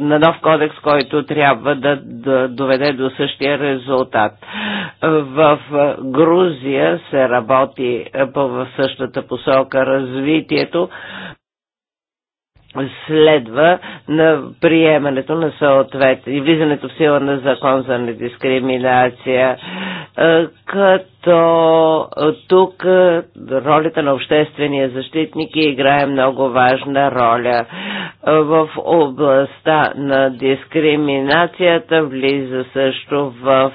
Speaker 1: на нов кодекс, който трябва да, да доведе до същия резултат. В Грузия се работи в същата посока развитието следва на приемането на съответ и влизането в сила на закон за недискриминация, е, като тук е, ролята на обществения защитник играе много важна роля. Е, в областта на дискриминацията влиза също в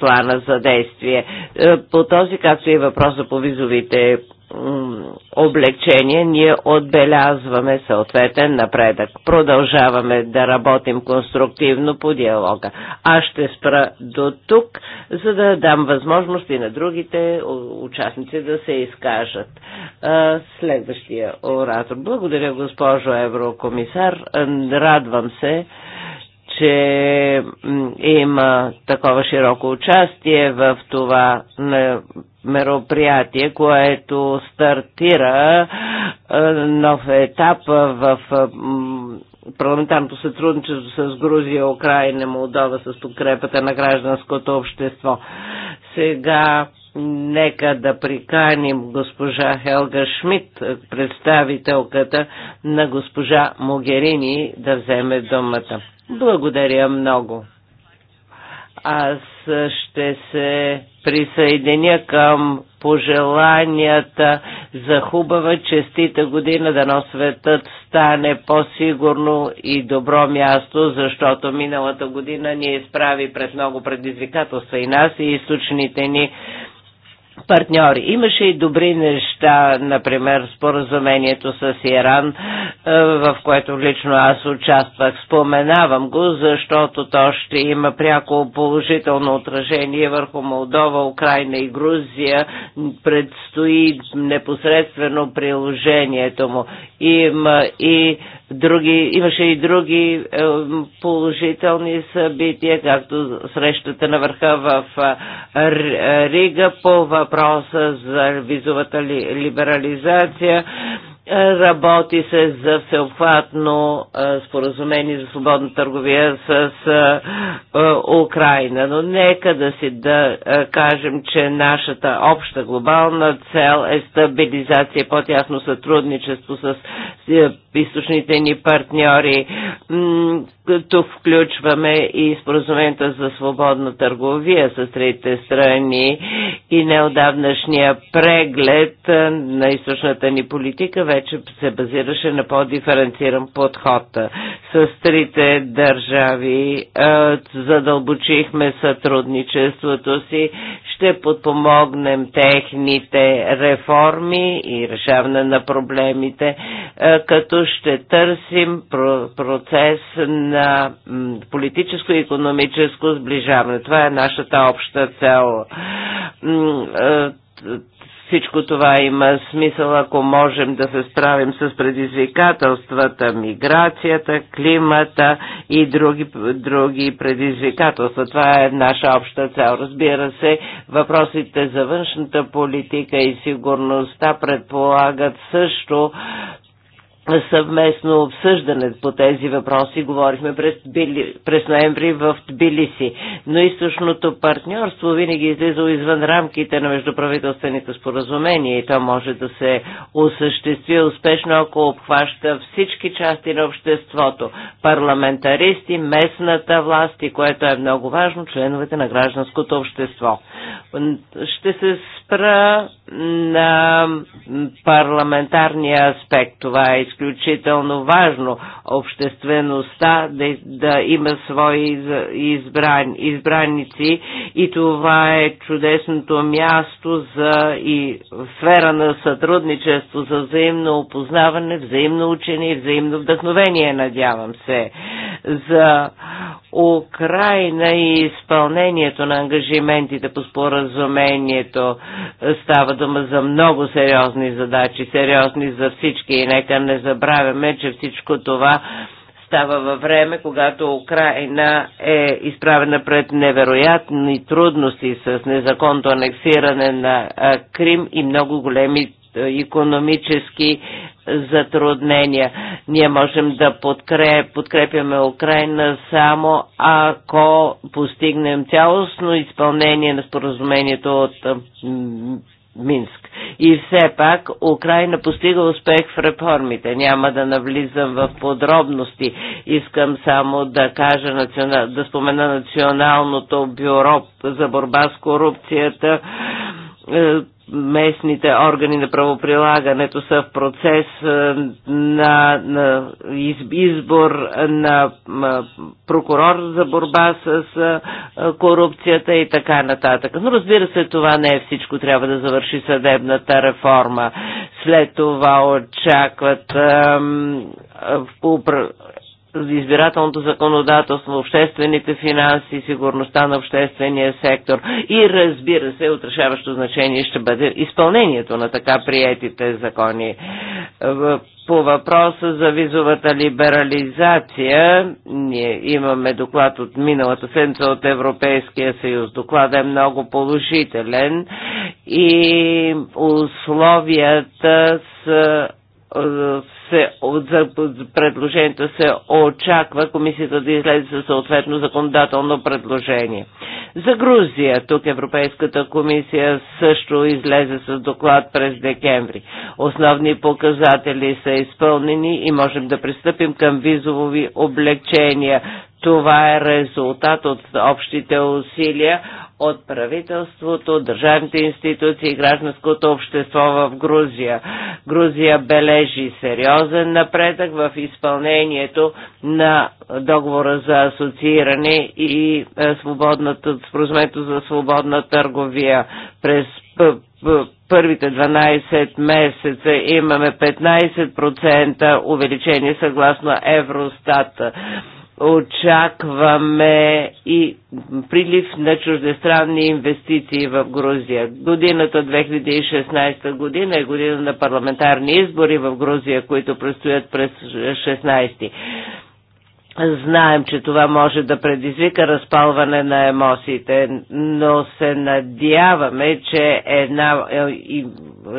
Speaker 1: плана за действие. По този, както и въпроса по визовите облегчение, ние отбелязваме съответен напредък. Продължаваме да работим конструктивно по диалога. Аз ще спра до тук, за да дам възможност и на другите участници да се изкажат. Следващия оратор. Благодаря, госпожо Еврокомисар. Радвам се, че има такова широко участие в това мероприятие, което стартира нов етап в парламентарното сътрудничество с Грузия, Украина, Молдова, с подкрепата на гражданското общество. Сега нека да приканим госпожа Хелга Шмидт, представителката на госпожа Могерини, да вземе думата. Благодаря много. Аз ще се присъединя към пожеланията за хубава, честита година, да но светът стане по-сигурно и добро място, защото миналата година ни изправи пред много предизвикателства и нас и източните ни партньори. Имаше и добри неща, например споразумението с Иран, е, в което лично аз участвах. Споменавам го, защото то ще има пряко положително отражение върху Молдова, Украина и Грузия. Предстои непосредствено приложението му. Има и други, имаше и други е, положителни събития, както срещата на върха в е, Рига по въпроса за визовата ли, либерализация, Работи се за всеобхватно споразумение за свободна търговия с Украина, но нека да си да кажем, че нашата обща глобална цел е стабилизация по-тясно сътрудничество с източните ни партньори тук включваме и споразумента за свободна търговия с трите страни и неодавнашния преглед на източната ни политика вече се базираше на по-диференциран подход. С трите държави задълбочихме сътрудничеството си, ще подпомогнем техните реформи и решаване на проблемите, като ще търсим процес на на политическо и економическо сближаване. Това е нашата обща цел е, всичко това има смисъл, ако можем да се справим с предизвикателствата, миграцията, климата и други, други предизвикателства. Това е наша обща цел. Разбира се, въпросите за външната политика и сигурността предполагат също съвместно обсъждане по тези въпроси. Говорихме през, Били, през ноември в Тбилиси. Но източното партньорство винаги излиза извън рамките на междуправителствените споразумения и то може да се осъществи успешно, ако обхваща всички части на обществото. Парламентаристи, местната власт и което е много важно, членовете на гражданското общество. Ще се спра на парламентарния аспект. Това е изключително важно обществеността да, да има свои избран, избраници и това е чудесното място за и сфера на сътрудничество за взаимно опознаване, взаимно учение и взаимно вдъхновение, надявам се. За Украина и изпълнението на ангажиментите по споразумението е, става дума за много сериозни задачи, сериозни за всички и нека не забравяме, че всичко това става във време, когато Украина е изправена пред невероятни трудности с незаконно анексиране на Крим и много големи економически затруднения. Ние можем да подкрепяме Украина само ако постигнем цялостно изпълнение на споразумението от Минск. И все пак Украина постига успех в реформите. Няма да навлизам в подробности. Искам само да кажа, да спомена Националното бюро за борба с корупцията е, местните органи на правоприлагането са в процес е, на, на избор на прокурор за борба с е, корупцията и така нататък. Но разбира се, това не е всичко. Трябва да завърши съдебната реформа. След това очакват избирателното законодателство, обществените финанси, сигурността на обществения сектор и разбира се, отрешаващо значение ще бъде изпълнението на така приятите закони. По въпроса за визовата либерализация, ние имаме доклад от миналата седмица от Европейския съюз. Докладът е много положителен и условията са се, за предложението се очаква комисията да излезе със съответно законодателно предложение. За Грузия, тук Европейската комисия също излезе с доклад през декември. Основни показатели са изпълнени и можем да пристъпим към визови облегчения. Това е резултат от общите усилия от правителството, държавните институции и гражданското общество в Грузия. Грузия бележи сериозен напредък в изпълнението на договора за асоцииране и е, споразумението за свободна търговия. През първите 12 месеца имаме 15% увеличение съгласно Евростат очакваме и прилив на чуждестранни инвестиции в Грузия. Годината 2016 година е година на парламентарни избори в Грузия, които предстоят през 16. Знаем, че това може да предизвика разпалване на емоциите, но се надяваме, че една е,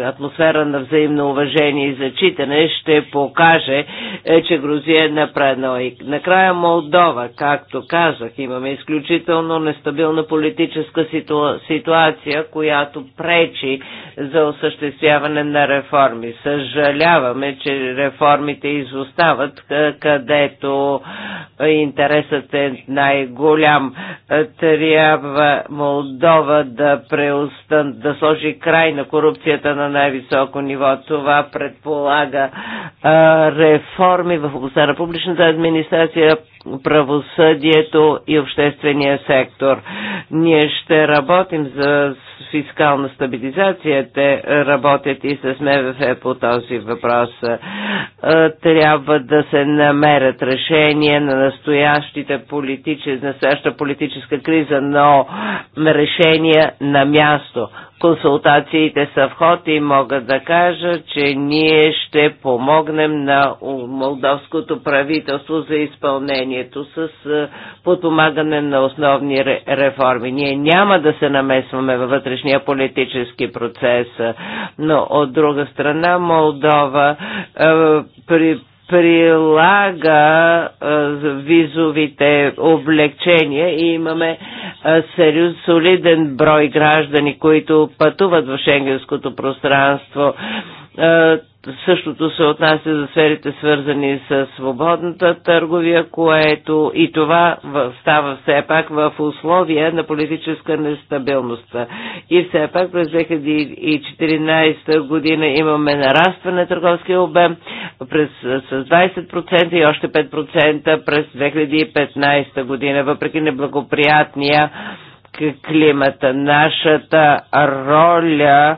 Speaker 1: атмосфера на взаимно уважение и зачитане ще покаже, е, че Грузия е напредна. И накрая Молдова, както казах, имаме изключително нестабилна политическа ситуация, която пречи за осъществяване на реформи. Съжаляваме, че реформите изостават, където Интересът е най-голям. Трябва Молдова да преустан, да сложи край на корупцията на най-високо ниво. Това предполага а, реформи в областта на публичната администрация, правосъдието и обществения сектор. Ние ще работим за фискална стабилизация. Те работят и с МВФ по този въпрос. Е, трябва да се намерят решения на настоящите политически, настояща политическа криза, но решения на място. Консултациите са в ход и мога да кажа, че ние ще помогнем на молдовското правителство за изпълнението с е, подпомагане на основни реформи. Ние няма да се намесваме във вътрешния политически процес, е, но от друга страна Молдова е, при прилага визовите облегчения и имаме сериоз, солиден брой граждани, които пътуват в шенгенското пространство Същото се отнася за сферите свързани с свободната търговия, което и това става все пак в условия на политическа нестабилност. И все пак през 2014 година имаме нарастване на търговския обем през, с 20% и още 5% през 2015 година, въпреки неблагоприятния климата. Нашата роля е,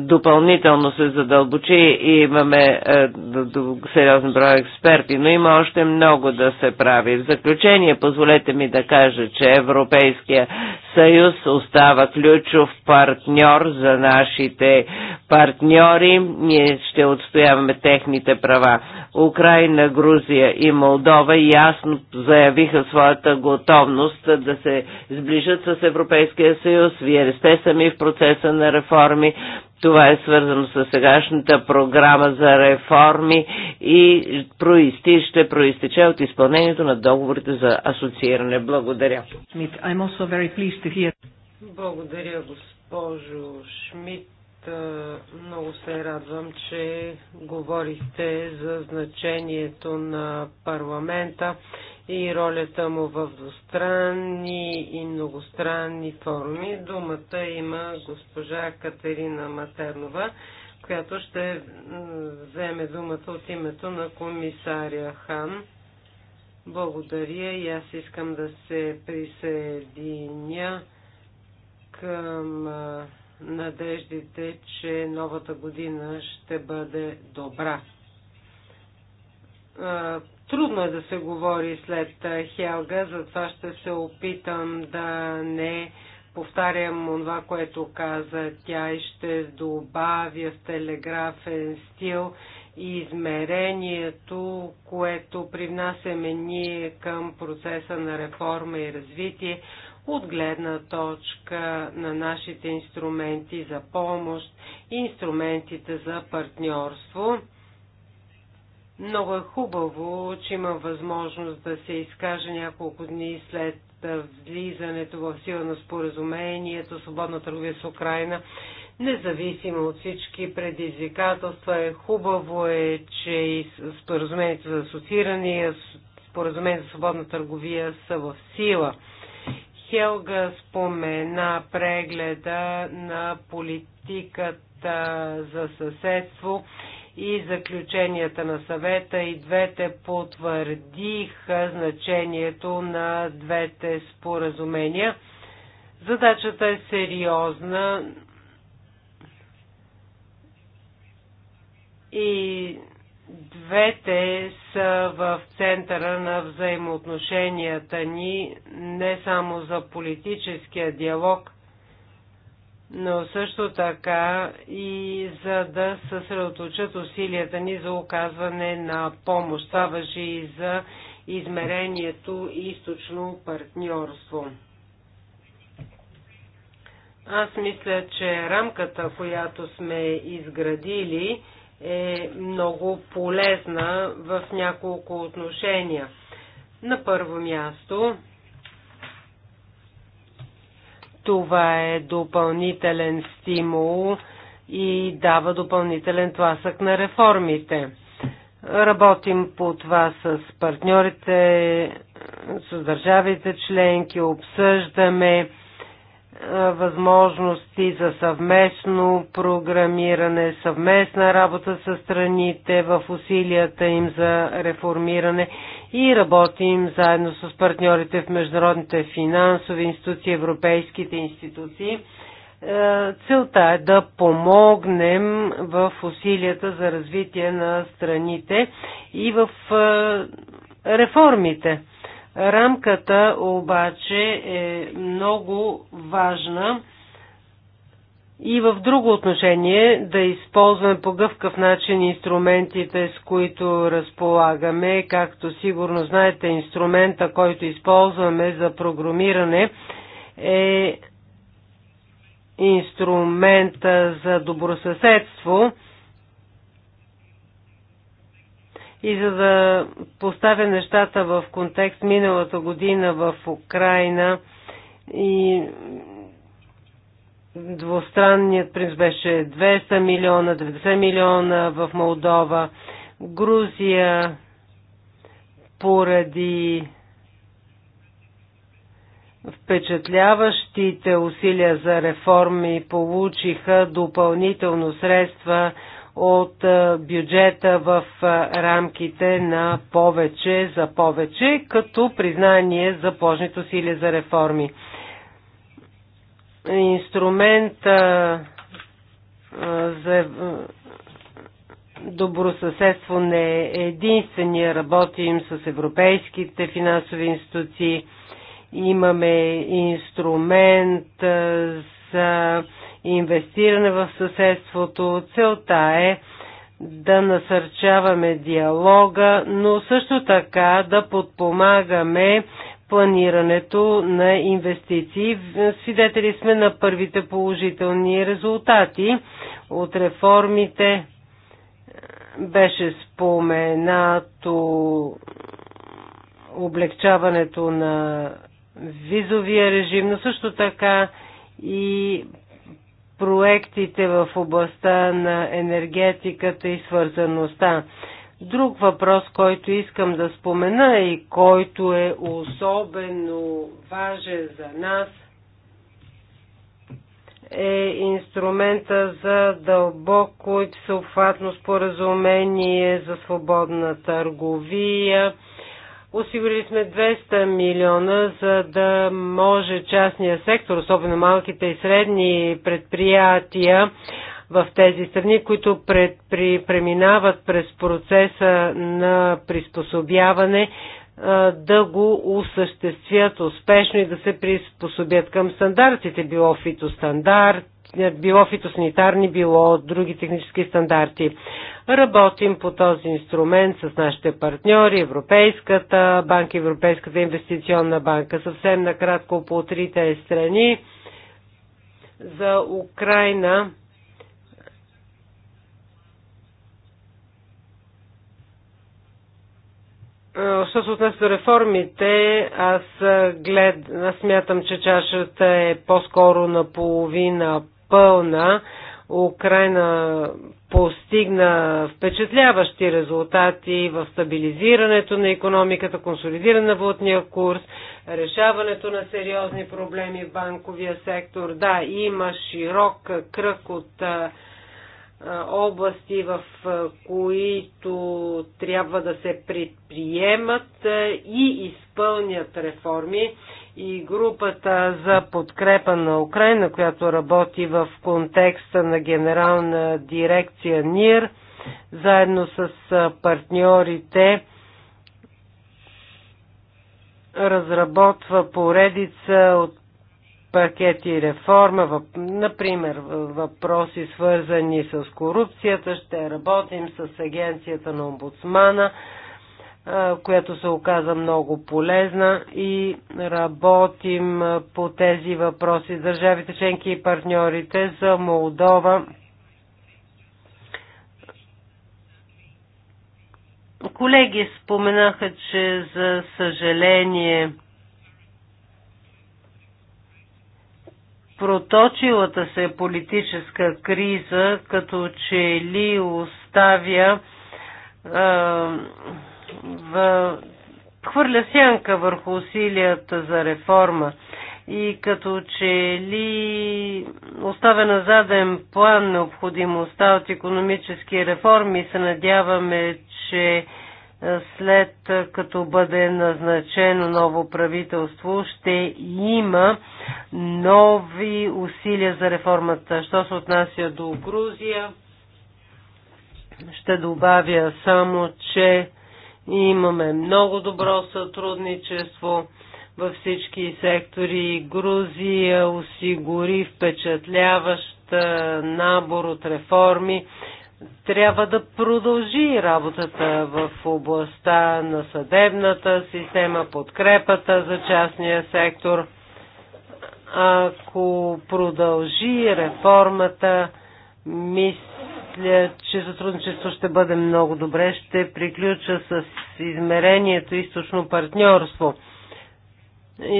Speaker 1: допълнително се задълбочи и имаме е, сериозен брой експерти, но има още много да се прави. В заключение, позволете ми да кажа, че Европейския съюз остава ключов партньор за нашите партньори. Ние ще отстояваме техните права. Украина, Грузия и Молдова ясно заявиха своята готовност да се сближат с Европейския съюз. Вие сте сами в процеса на реформи. Това е свързано с сегашната програма за реформи и происти, ще проистече от изпълнението на договорите за асоцииране. Благодаря.
Speaker 3: Благодаря, госпожо Шмидт. Много се радвам, че говорихте за значението на парламента и ролята му в двустранни и многостранни форуми. Думата има госпожа Катерина Матернова, която ще вземе думата от името на комисаря Хан. Благодаря и аз искам да се присъединя към надеждите, че новата година ще бъде добра Трудно е да се говори след Хелга, затова ще се опитам да не повтарям това, което каза тя и ще добавя в телеграфен стил и измерението, което привнасяме ние към процеса на реформа и развитие от гледна точка на нашите инструменти за помощ и инструментите за партньорство. Много е хубаво, че имам възможност да се изкаже няколко дни след влизането в сила на споразумението, свободна търговия с Украина, независимо от всички предизвикателства. Е хубаво е, че и споразумението за асоцииране, споразумението за свободна търговия са в сила. Хелга спомена прегледа на политиката за съседство и заключенията на съвета и двете потвърдиха значението на двете споразумения. Задачата е сериозна и двете са в центъра на взаимоотношенията ни не само за политическия диалог – но също така и за да съсредоточат усилията ни за оказване на помощ. Това въжи и за измерението и източно партньорство. Аз мисля, че рамката, която сме изградили, е много полезна в няколко отношения. На първо място, това е допълнителен стимул и дава допълнителен тласък на реформите. Работим по това с партньорите, с държавите членки, обсъждаме възможности за съвместно програмиране, съвместна работа с страните в усилията им за реформиране и работим заедно с партньорите в международните финансови институции, европейските институции. Целта е да помогнем в усилията за развитие на страните и в реформите. Рамката обаче е много важна и в друго отношение да използваме по гъвкав начин инструментите, с които разполагаме. Както сигурно знаете, инструмента, който използваме за програмиране е инструмента за добросъседство – И за да поставя нещата в контекст, миналата година в Украина и двустранният принц беше 200 милиона, 90 милиона в Молдова, Грузия поради впечатляващите усилия за реформи получиха допълнително средства от бюджета в рамките на повече за повече, като признание за положените усилия за реформи. Инструмент за добро съседство не е единствения. Работим с европейските финансови институции. Имаме инструмент за инвестиране в съседството. Целта е да насърчаваме диалога, но също така да подпомагаме планирането на инвестиции. Свидетели сме на първите положителни резултати от реформите. Беше споменато облегчаването на визовия режим, но също така и проектите в областта на енергетиката и свързаността. Друг въпрос, който искам да спомена и който е особено важен за нас, е инструмента за дълбоко и всеобхватно споразумение за свободна търговия – Осигурили сме 200 милиона, за да може частния сектор, особено малките и средни предприятия в тези страни, които пред, при, преминават през процеса на приспособяване, да го осъществят успешно и да се приспособят към стандартите, било фитостандарт, било фитосанитарни, било други технически стандарти. Работим по този инструмент с нашите партньори, Европейската банка, Европейската инвестиционна банка. Съвсем накратко по трите страни. За Украина е, Що се отнесе до реформите, аз, глед, аз смятам, че чашата е по-скоро наполовина пълна, Украина постигна впечатляващи резултати в стабилизирането на економиката, консолидиране на вътния курс, решаването на сериозни проблеми в банковия сектор. Да, има широк кръг от области, в които трябва да се предприемат и изпълнят реформи и групата за подкрепа на Украина, която работи в контекста на генерална дирекция НИР, заедно с партньорите, разработва поредица от пакети реформа, въп, например въпроси свързани с корупцията, ще работим с агенцията на омбудсмана, която се оказа много полезна и работим по тези въпроси с държавите членки и партньорите за Молдова. Колеги споменаха, че за съжаление проточилата се политическа криза като че ли оставя е, в, хвърля сянка върху усилията за реформа и като че ли оставя на заден план необходимостта от економически реформи. Се надяваме, че след като бъде назначено ново правителство, ще има нови усилия за реформата. Що се отнася до Грузия, ще добавя само, че имаме много добро сътрудничество във всички сектори. Грузия осигури впечатляващ набор от реформи трябва да продължи работата в областта на съдебната система, подкрепата за частния сектор. Ако продължи реформата, мисля, че сътрудничество ще бъде много добре. Ще приключа с измерението източно партньорство.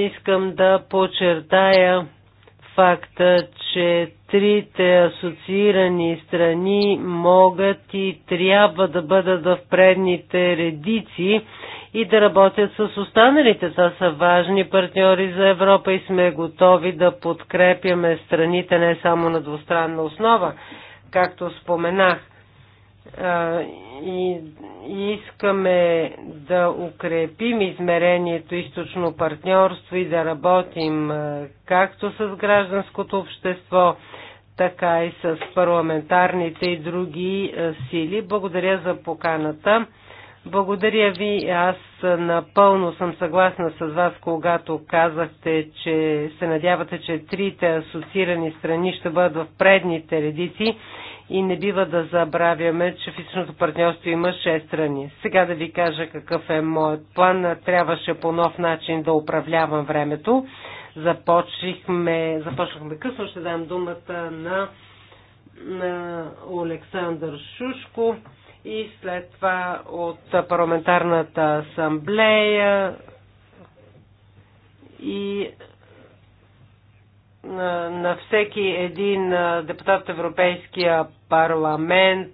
Speaker 3: Искам да подчертая факта, че трите асоциирани страни могат и трябва да бъдат в предните редици и да работят с останалите. Това са важни партньори за Европа и сме готови да подкрепяме страните не само на двустранна основа, както споменах и искаме да укрепим измерението източно партньорство и да работим както с гражданското общество, така и с парламентарните и други сили. Благодаря за поканата. Благодаря ви. Аз напълно съм съгласна с вас, когато казахте, че се надявате, че трите асоциирани страни ще бъдат в предните редици и не бива да забравяме, че физичното партньорство има 6 страни. Сега да ви кажа какъв е моят план. Трябваше по нов начин да управлявам времето. Започнахме, започнахме късно, ще дам думата на, на Олександър Шушко и след това от парламентарната асамблея и на всеки един депутат от Европейския парламент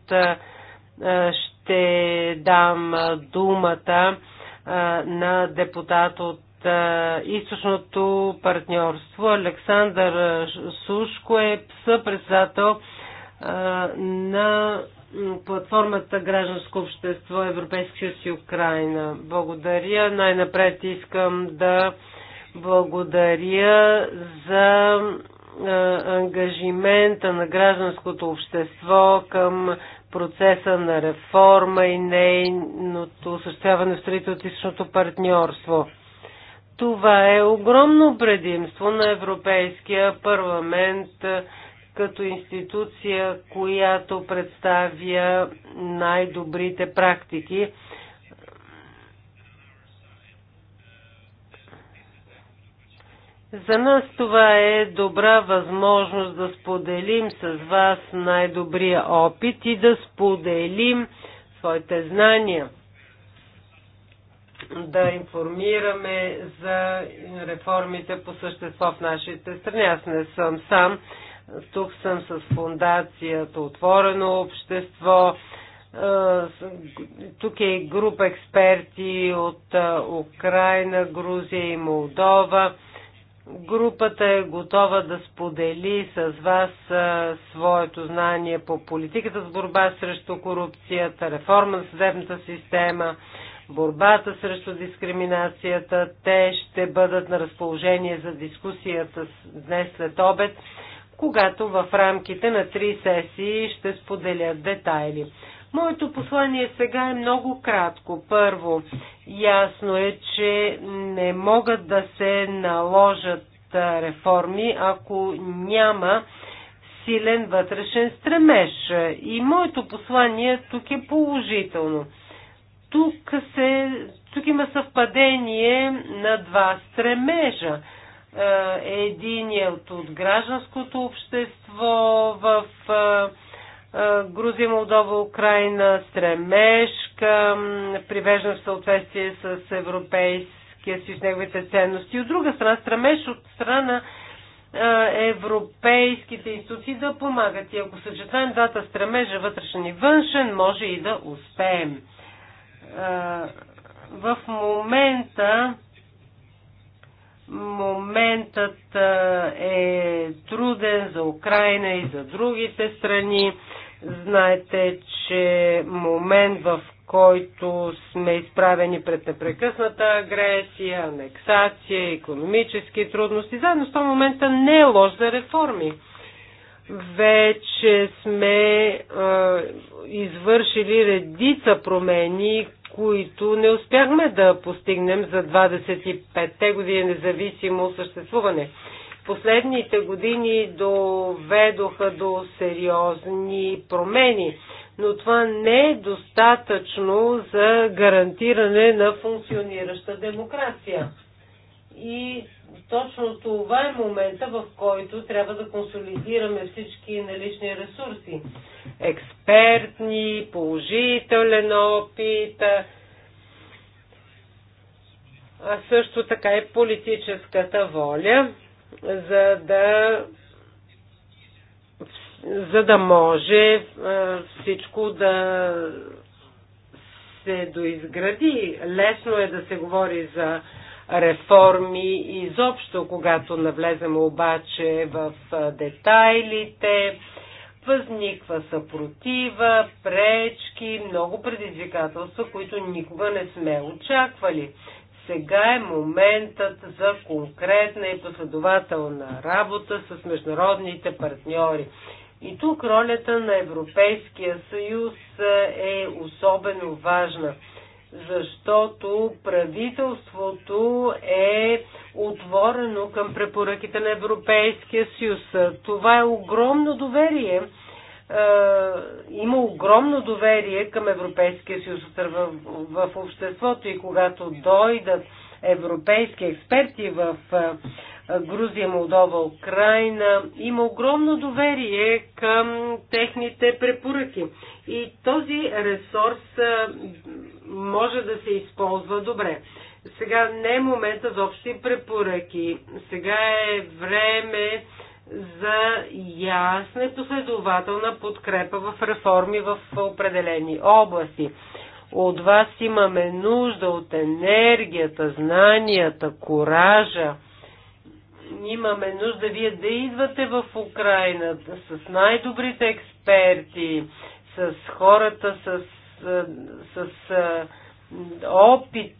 Speaker 3: ще дам думата на депутат от източното партньорство. Александър Сушко е съпредседател на платформата Гражданско общество Европейски съюз и Украина. Благодаря. Най-напред искам да благодаря за ангажимента на гражданското общество към процеса на реформа и нейното осъществяване в строително партньорство. Това е огромно предимство на Европейския парламент като институция, която представя най-добрите практики За нас това е добра възможност да споделим с вас най-добрия опит и да споделим своите знания, да информираме за реформите по същество в нашите страни. Аз не съм сам. Тук съм с фундацията Отворено общество. Тук е група експерти от Украина, Грузия и Молдова Групата е готова да сподели с вас своето знание по политиката с борба срещу корупцията, реформа на съдебната система, борбата срещу дискриминацията. Те ще бъдат на разположение за дискусията днес след обед, когато в рамките на три сесии ще споделят детайли. Моето послание сега е много кратко. Първо, ясно е, че не могат да се наложат реформи, ако няма силен вътрешен стремеж. И моето послание тук е положително. Тук, се, тук има съвпадение на два стремежа. Единият от гражданското общество в е, Грузия, Молдова, Украина, стремеж към привеждане в съответствие с Европейския съюз, неговите ценности. От друга страна, стремеж от страна на е, европейските институции да помагат. И ако съчетаем двата стремежа, вътрешен и външен, може и да успеем. Е, в момента моментът е труден за Украина и за другите страни. Знаете, че момент в който сме изправени пред непрекъсната агресия, анексация, економически трудности. Заедно с този момента не е лош за реформи. Вече сме е, извършили редица промени, които не успяхме да постигнем за 25-те години независимо съществуване последните години доведоха до сериозни промени, но това не е достатъчно за гарантиране на функционираща демокрация. И точно това е момента, в който трябва да консолидираме всички налични ресурси. Експертни, положителен опит, а също така и политическата воля за да за да може е, всичко да се доизгради. Лесно е да се говори за реформи изобщо, когато навлезем обаче в е, детайлите, възниква съпротива, пречки, много предизвикателства, които никога не сме очаквали. Сега е моментът за конкретна и последователна работа с международните партньори. И тук ролята на Европейския съюз е, е особено важна, защото правителството е отворено към препоръките на Европейския съюз. Това е огромно доверие е, има огромно доверие към Европейския съюз в, в обществото и когато дойдат европейски експерти в е, Грузия, Молдова, Украина, има огромно доверие към техните препоръки. И този ресурс е, може да се използва добре. Сега не е момента за общи препоръки. Сега е време за ясна и последователна подкрепа в реформи в определени области. От вас имаме нужда от енергията, знанията, коража. Имаме нужда вие да идвате в Украина с най-добрите експерти, с хората с, с, с опит,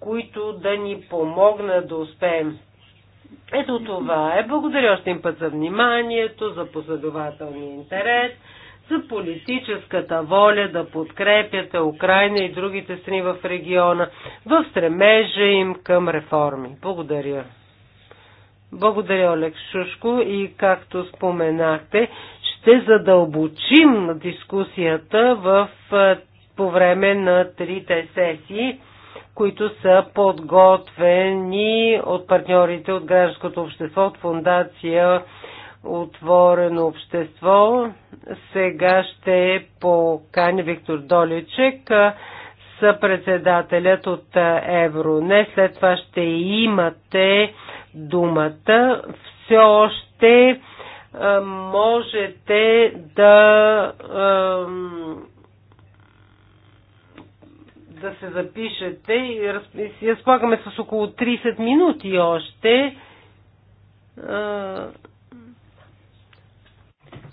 Speaker 3: които да ни помогнат да успеем. Ето това е. Благодаря още им път за вниманието, за последователния интерес, за политическата воля да подкрепяте Украина и другите страни в региона в стремежа им към реформи. Благодаря. Благодаря, Олег Шушко. И както споменахте, ще задълбочим дискусията в, по време на трите сесии които са подготвени от партньорите от гражданското общество, от фундация Отворено общество. Сега ще покани Виктор Доличек, съпредседателят от Евроне. След това ще имате думата. Все още можете да да се запишете и разполагаме с около 30 минути още.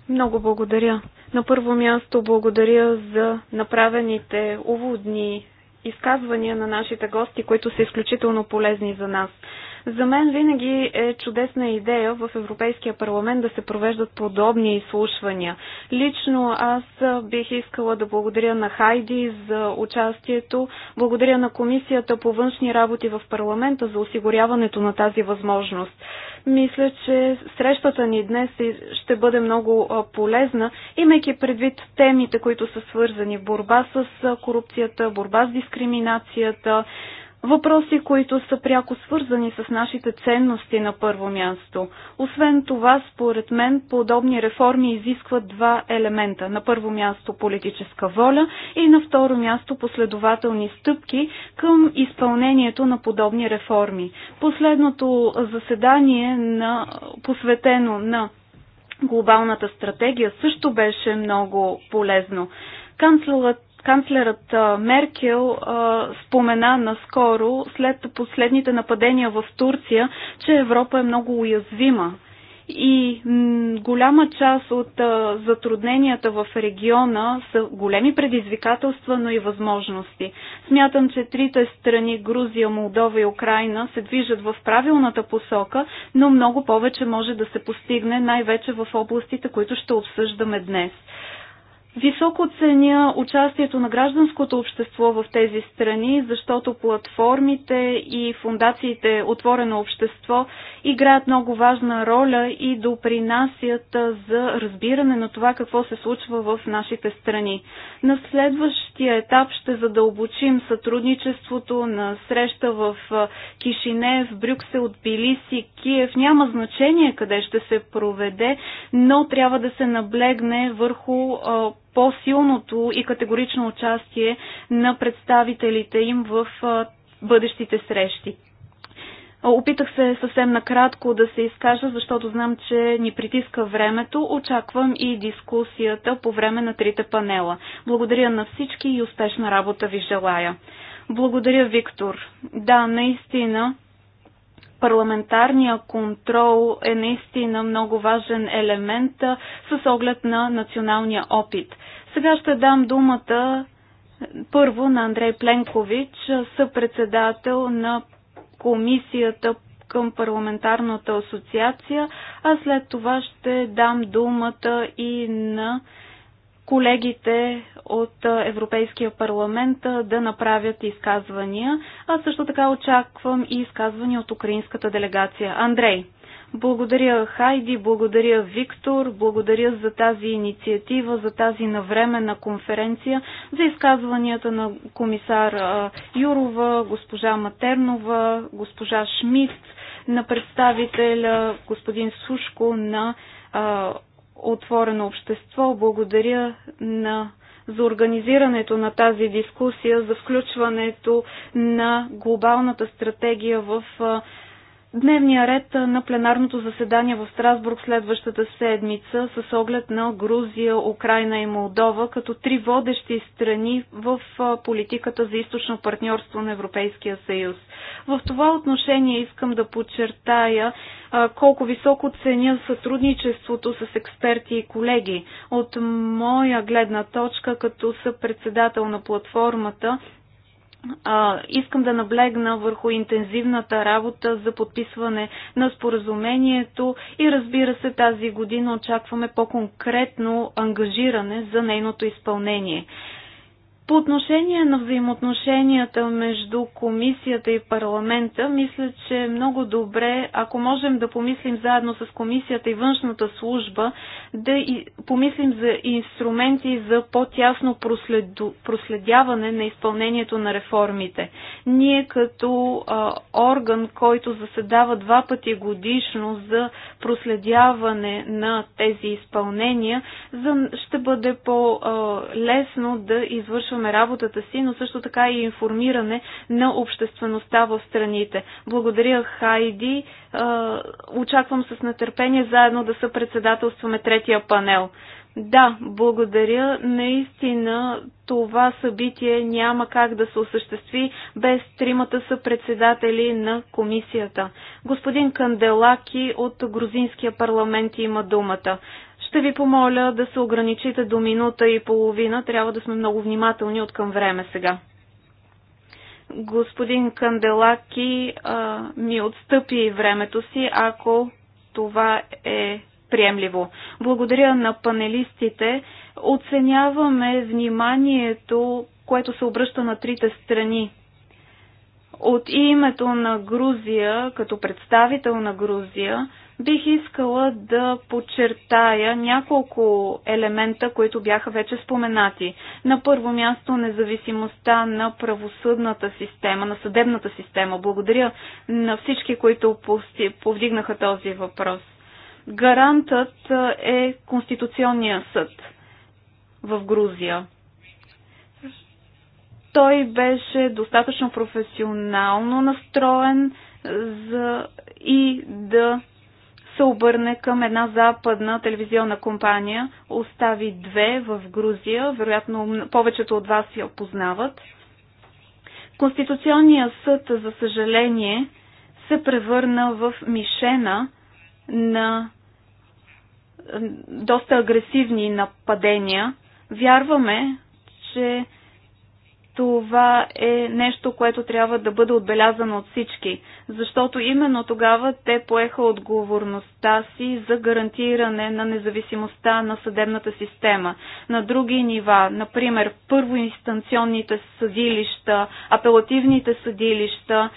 Speaker 4: Много благодаря. На първо място благодаря за направените уводни изказвания на нашите гости, които са изключително полезни за нас. За мен винаги е чудесна идея в Европейския парламент да се провеждат подобни изслушвания. Лично аз бих искала да благодаря на Хайди за участието, благодаря на Комисията по външни работи в парламента за осигуряването на тази възможност. Мисля, че срещата ни днес е- ще бъде много полезна, имайки предвид темите, които са свързани борба с корупцията, борба с дискриминацията, Въпроси, които са пряко свързани с нашите ценности на първо място. Освен това, според мен, подобни реформи изискват два елемента. На първо място политическа воля и на второ място последователни стъпки към изпълнението на подобни реформи. Последното заседание на, посветено на глобалната стратегия също беше много полезно. Канцлерът канцлерът Меркел спомена наскоро, след последните нападения в Турция, че Европа е много уязвима. И голяма част от затрудненията в региона са големи предизвикателства, но и възможности. Смятам, че трите страни Грузия, Молдова и Украина се движат в правилната посока, но много повече може да се постигне най-вече в областите, които ще обсъждаме днес. Високо ценя участието на гражданското общество в тези страни, защото платформите и фундациите Отворено общество играят много важна роля и допринасят за разбиране на това какво се случва в нашите страни. На следващия етап ще задълбочим сътрудничеството на среща в Кишинев, Брюксел, Тбилиси, Киев. Няма значение къде ще се проведе, но трябва да се наблегне върху по-силното и категорично участие на представителите им в бъдещите срещи. Опитах се съвсем накратко да се изкажа, защото знам, че ни притиска времето. Очаквам и дискусията по време на трите панела. Благодаря на всички и успешна работа ви желая. Благодаря, Виктор. Да, наистина парламентарния контрол е наистина много важен елемент с оглед на националния опит. Сега ще дам думата е, първо на Андрей Пленкович, е, съпредседател на комисията към парламентарната асоциация, а след това ще дам думата и на колегите от Европейския парламент да направят изказвания, а също така очаквам и изказвания от украинската делегация. Андрей, благодаря Хайди, благодаря Виктор, благодаря за тази инициатива, за тази навременна конференция, за изказванията на комисар Юрова, госпожа Матернова, госпожа Шмидт, на представителя господин Сушко на отворено общество. Благодаря на за организирането на тази дискусия, за включването на глобалната стратегия в дневния ред на пленарното заседание в Страсбург следващата седмица с оглед на Грузия, Украина и Молдова като три водещи страни в политиката за източно партньорство на Европейския съюз. В това отношение искам да подчертая колко високо ценя сътрудничеството с експерти и колеги. От моя гледна точка, като съпредседател на платформата, искам да наблегна върху интензивната работа за подписване на споразумението и разбира се тази година очакваме по-конкретно ангажиране за нейното изпълнение. По отношение на взаимоотношенията между комисията и парламента, мисля, че е много добре, ако можем да помислим заедно с комисията и външната служба, да помислим за инструменти за по-тясно проследяване на изпълнението на реформите. Ние като а, орган, който заседава два пъти годишно за проследяване на тези изпълнения, за, ще бъде по-лесно да извършваме насочваме работата си, но също така и информиране на обществеността в страните. Благодаря, Хайди. Е, очаквам с нетърпение заедно да съпредседателстваме третия панел. Да, благодаря. Наистина това събитие няма как да се осъществи без тримата са председатели на комисията. Господин Канделаки от Грузинския парламент има думата. Ще ви помоля да се ограничите до минута и половина. Трябва да сме много внимателни от към време сега. Господин Канделаки а, ми отстъпи времето си, ако това е приемливо. Благодаря на панелистите. Оценяваме вниманието, което се обръща на трите страни. От името на Грузия, като представител на Грузия, бих искала да подчертая няколко елемента, които бяха вече споменати. На първо място независимостта на правосъдната система, на съдебната система. Благодаря на всички, които повдигнаха този въпрос. Гарантът е Конституционния съд в Грузия. Той беше достатъчно професионално настроен за и да се обърне към една западна телевизионна компания. Остави две в Грузия, вероятно повечето от вас я познават. Конституционният съд, за съжаление, се превърна в мишена на доста агресивни нападения. Вярваме, че това е нещо, което трябва да бъде отбелязано от всички, защото именно тогава те поеха отговорността си за гарантиране на независимостта на съдебната система. На други нива, например първоинстанционните съдилища, апелативните съдилища,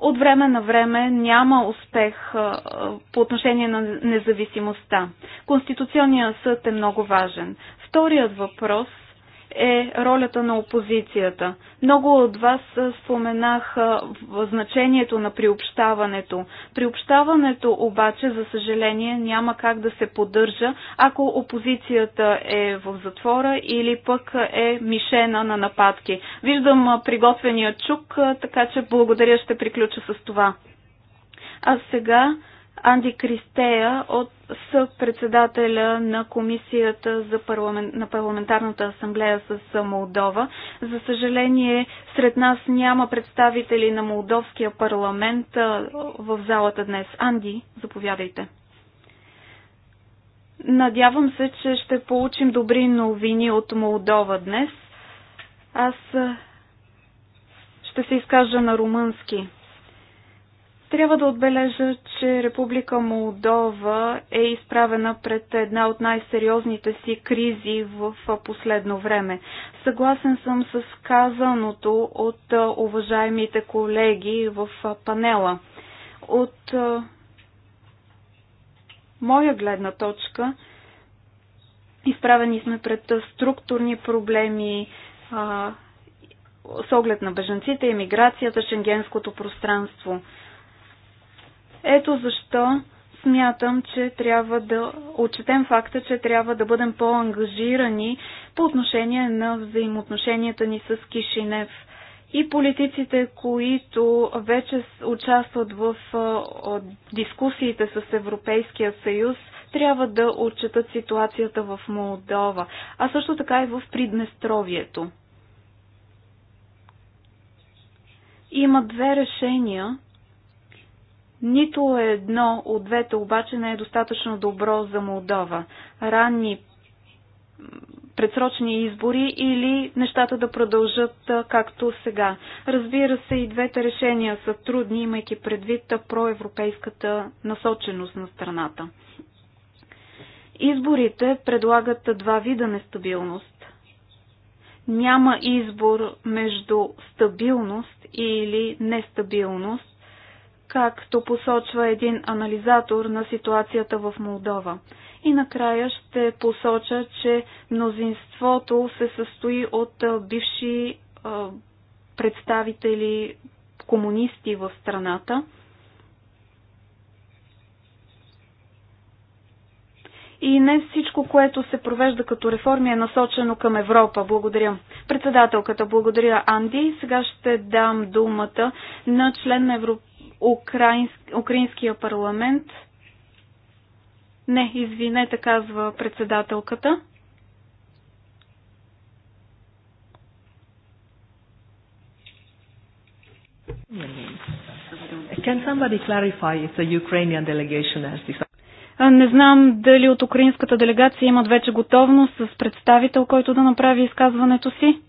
Speaker 4: от време на време няма успех по отношение на независимостта. Конституционният съд е много важен. Вторият въпрос – е ролята на опозицията. Много от вас споменах значението на приобщаването. Приобщаването обаче, за съжаление, няма как да се поддържа, ако опозицията е в затвора или пък е мишена на нападки. Виждам приготвения чук, така че благодаря, ще приключа с това. А сега Анди Кристея от съпредседателя на Комисията за парламент, на Парламентарната асамблея с Молдова. За съжаление, сред нас няма представители на Молдовския парламент в залата днес. Анди, заповядайте. Надявам се, че ще получим добри новини от Молдова днес. Аз ще се изкажа на румънски. Трябва да отбележа, че Република Молдова е изправена пред една от най-сериозните си кризи в последно време. Съгласен съм с казаното от уважаемите колеги в панела. От моя гледна точка, изправени сме пред структурни проблеми, с оглед на бежанците, емиграцията, шенгенското пространство. Ето защо смятам, че трябва да отчетем факта, че трябва да бъдем по-ангажирани по отношение на взаимоотношенията ни с Кишинев. И политиците, които вече участват в дискусиите с Европейския съюз, трябва да отчетат ситуацията в Молдова, а също така и в Приднестровието. Има две решения, нито едно от двете обаче не е достатъчно добро за Молдова. Ранни предсрочни избори или нещата да продължат както сега. Разбира се, и двете решения са трудни, имайки предвид проевропейската насоченост на страната. Изборите предлагат два вида нестабилност. Няма избор между стабилност или нестабилност, както посочва един анализатор на ситуацията в Молдова. И накрая ще посоча, че мнозинството се състои от бивши представители комунисти в страната. И не всичко, което се провежда като реформи е насочено към Европа. Благодаря. Председателката, благодаря Анди. Сега ще дам думата на член на Европа украинския парламент. Не, извинете, казва председателката. Can somebody clarify if the Ukrainian delegation has Не знам дали от украинската делегация имат вече готовност с представител, който да направи изказването си.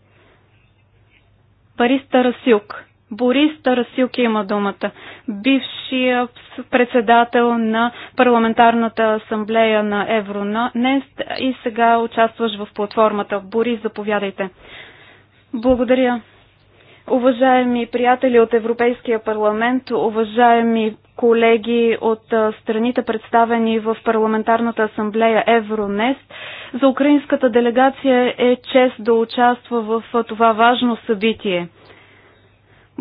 Speaker 4: Париста Расюк. Борис Тарасилки има думата, бившия председател на парламентарната асамблея на Евронест и сега участваш в платформата. Борис, заповядайте. Благодаря. Уважаеми приятели от Европейския парламент, уважаеми колеги от страните представени в парламентарната асамблея Евронест, за украинската делегация е чест да участва в това важно събитие –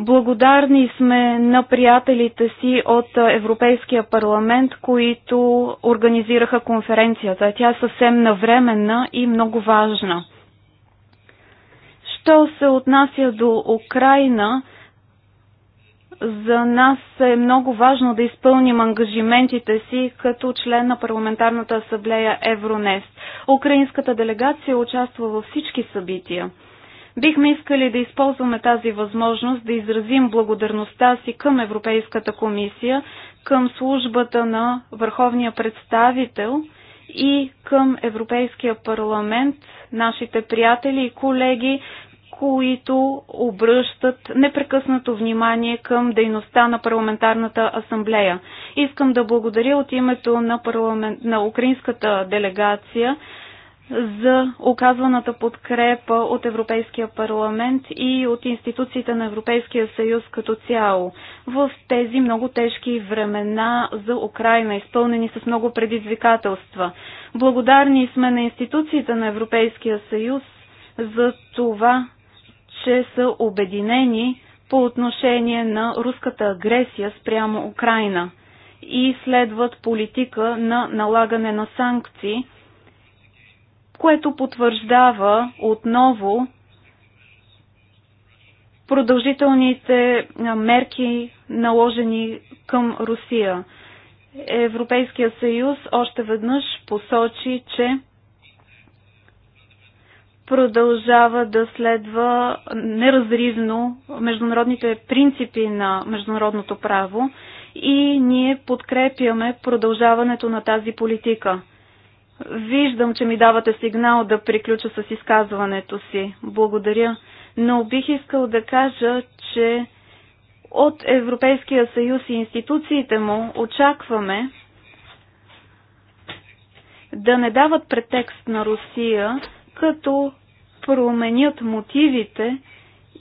Speaker 4: Благодарни сме на приятелите си от Европейския парламент, които организираха конференцията. Тя е съвсем навременна и много важна. Що се отнася до Украина, за нас е много важно да изпълним ангажиментите си като член на парламентарната асамблея Евронест. Украинската делегация участва във всички събития – Бихме искали да използваме тази възможност да изразим благодарността си към Европейската комисия, към службата на Върховния представител и към Европейския парламент, нашите приятели и колеги, които обръщат непрекъснато внимание към дейността на Парламентарната асамблея. Искам да благодаря от името на, парламент... на украинската делегация за оказваната подкрепа от Европейския парламент и от институциите на Европейския съюз като цяло в тези много тежки времена за Украина, изпълнени с много предизвикателства. Благодарни сме на институциите на Европейския съюз за това, че са обединени по отношение на руската агресия спрямо Украина и следват политика на налагане на санкции – което потвърждава отново продължителните мерки наложени към Русия. Европейския съюз още веднъж посочи, че продължава да следва неразривно международните принципи на международното право и ние подкрепяме продължаването на тази политика. Виждам, че ми давате сигнал да приключа с изказването си. Благодаря. Но бих искал да кажа, че от Европейския съюз и институциите му очакваме да не дават претекст на Русия, като променят мотивите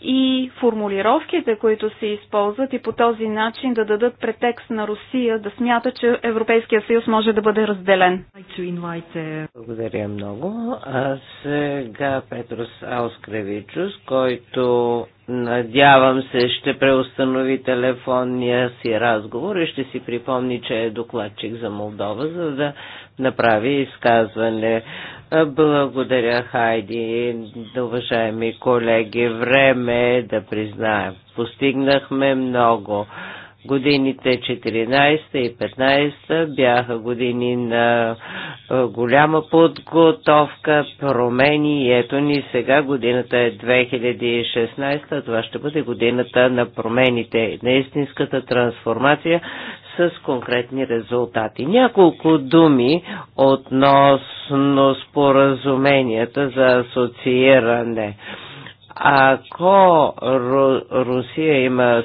Speaker 4: и формулировките, които се използват и по този начин да дадат претекст на Русия да смята, че Европейския съюз може да бъде разделен.
Speaker 1: Благодаря много. А сега Петрос Аускревичус, който Надявам се, ще преустанови телефонния си разговор и ще си припомни, че е докладчик за Молдова, за да направи изказване. Благодаря, Хайди, уважаеми колеги. Време е да признаем. Постигнахме много. Годините 14 и 15 бяха години на е, голяма подготовка, промени и ето ни сега годината е 2016, това ще бъде годината на промените, на истинската трансформация с конкретни резултати. Няколко думи относно споразуменията за асоцииране. Ако Русия има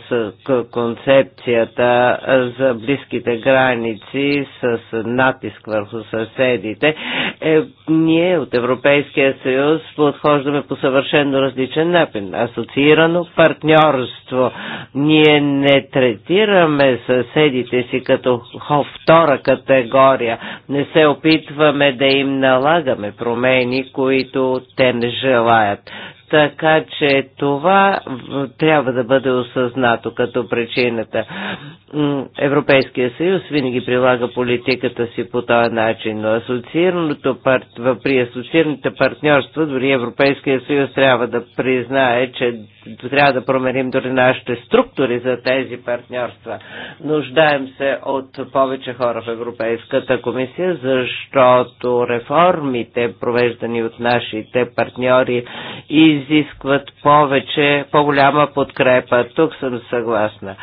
Speaker 1: концепцията за близките граници с натиск върху съседите, е, ние от Европейския съюз подхождаме по съвършенно различен начин. Асоциирано партньорство. Ние не третираме съседите си като втора категория. Не се опитваме да им налагаме промени, които те не желаят. Така че това трябва да бъде осъзнато като причината. Европейския съюз винаги прилага политиката си по този начин, но асоциираното парт... при асоциираните партньорства дори Европейския съюз трябва да признае, че трябва да променим дори нашите структури за тези партньорства. Нуждаем се от повече хора в Европейската комисия, защото реформите, провеждани от нашите партньори, изискват повече, по-голяма подкрепа. Тук съм съгласна.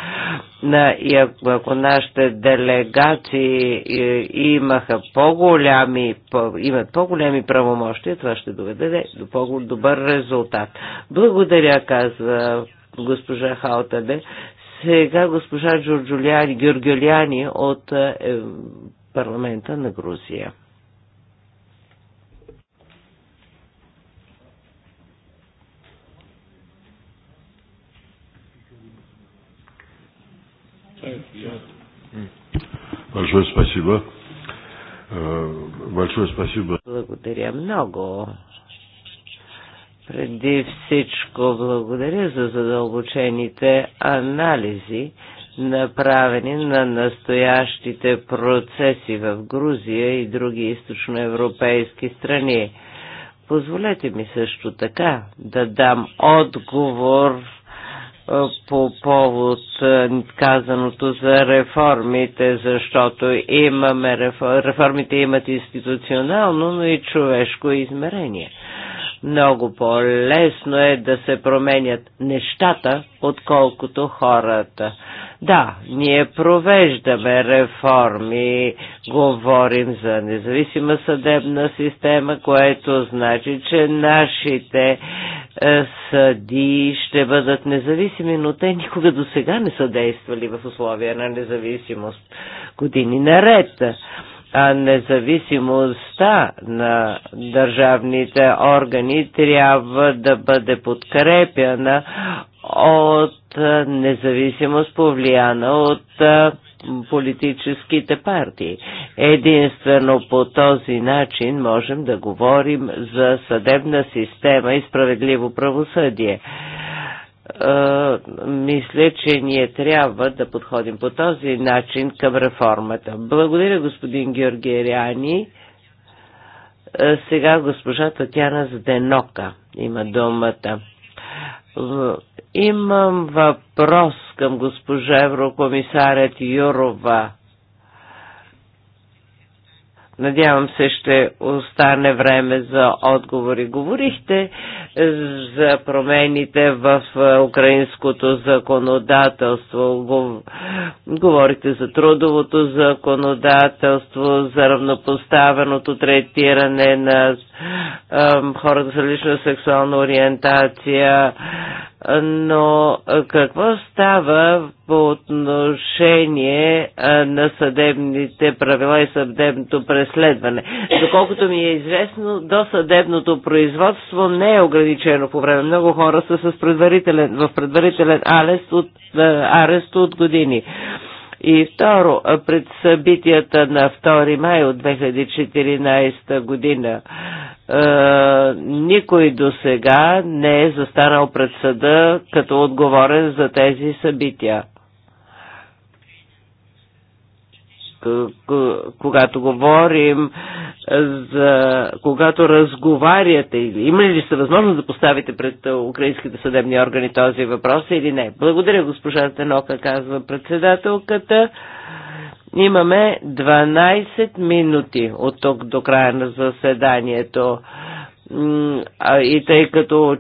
Speaker 1: И ако нашите делегации е, имаха по-голями, имат по-големи правомощия, това ще доведе до по-добър резултат. Благодаря, каза казва госпожа Халтабе. Сега госпожа Джорджуляни, Георгиоляни от е, парламента на Грузия.
Speaker 2: Большое спасибо. Э, большое спасибо.
Speaker 1: Благодаря много. Преди всичко благодаря за задълбочените анализи, направени на настоящите процеси в Грузия и други източноевропейски страни. Позволете ми също така да дам отговор по повод казаното за реформите, защото имаме реформите имат институционално, но и човешко измерение. Много по-лесно е да се променят нещата, отколкото хората. Да, ние провеждаме реформи, говорим за независима съдебна система, което значи, че нашите е, съди ще бъдат независими, но те никога до сега не са действали в условия на независимост. Години наред а независимостта на държавните органи трябва да бъде подкрепяна от независимост повлияна от политическите партии. Единствено по този начин можем да говорим за съдебна система и справедливо правосъдие. Е, мисля, че ние трябва да подходим по този начин към реформата. Благодаря, господин Риани. Е, сега госпожа Татяна Зденока има думата. Имам въпрос към госпожа Еврокомисарят Юрова. Надявам се, ще остане време за отговори. Говорихте е, за промените в е, украинското законодателство. Говорите за трудовото законодателство, за равнопоставеното третиране на Хора с различна сексуална ориентация, но какво става по отношение на съдебните правила и съдебното преследване? Доколкото ми е известно, до съдебното производство не е ограничено по време. Много хора са с предварителен, в предварителен арест от, арест от години. И второ, пред събитията на 2 май от 2014 година е, никой до сега не е застанал пред съда като отговорен за тези събития. когато говорим за когато разговаряте или има ли се възможност да поставите пред украинските съдебни органи този въпрос или не? Благодаря, госпожа Тенока, казва председателката. Имаме 12 минути от тук до края на заседанието и тъй като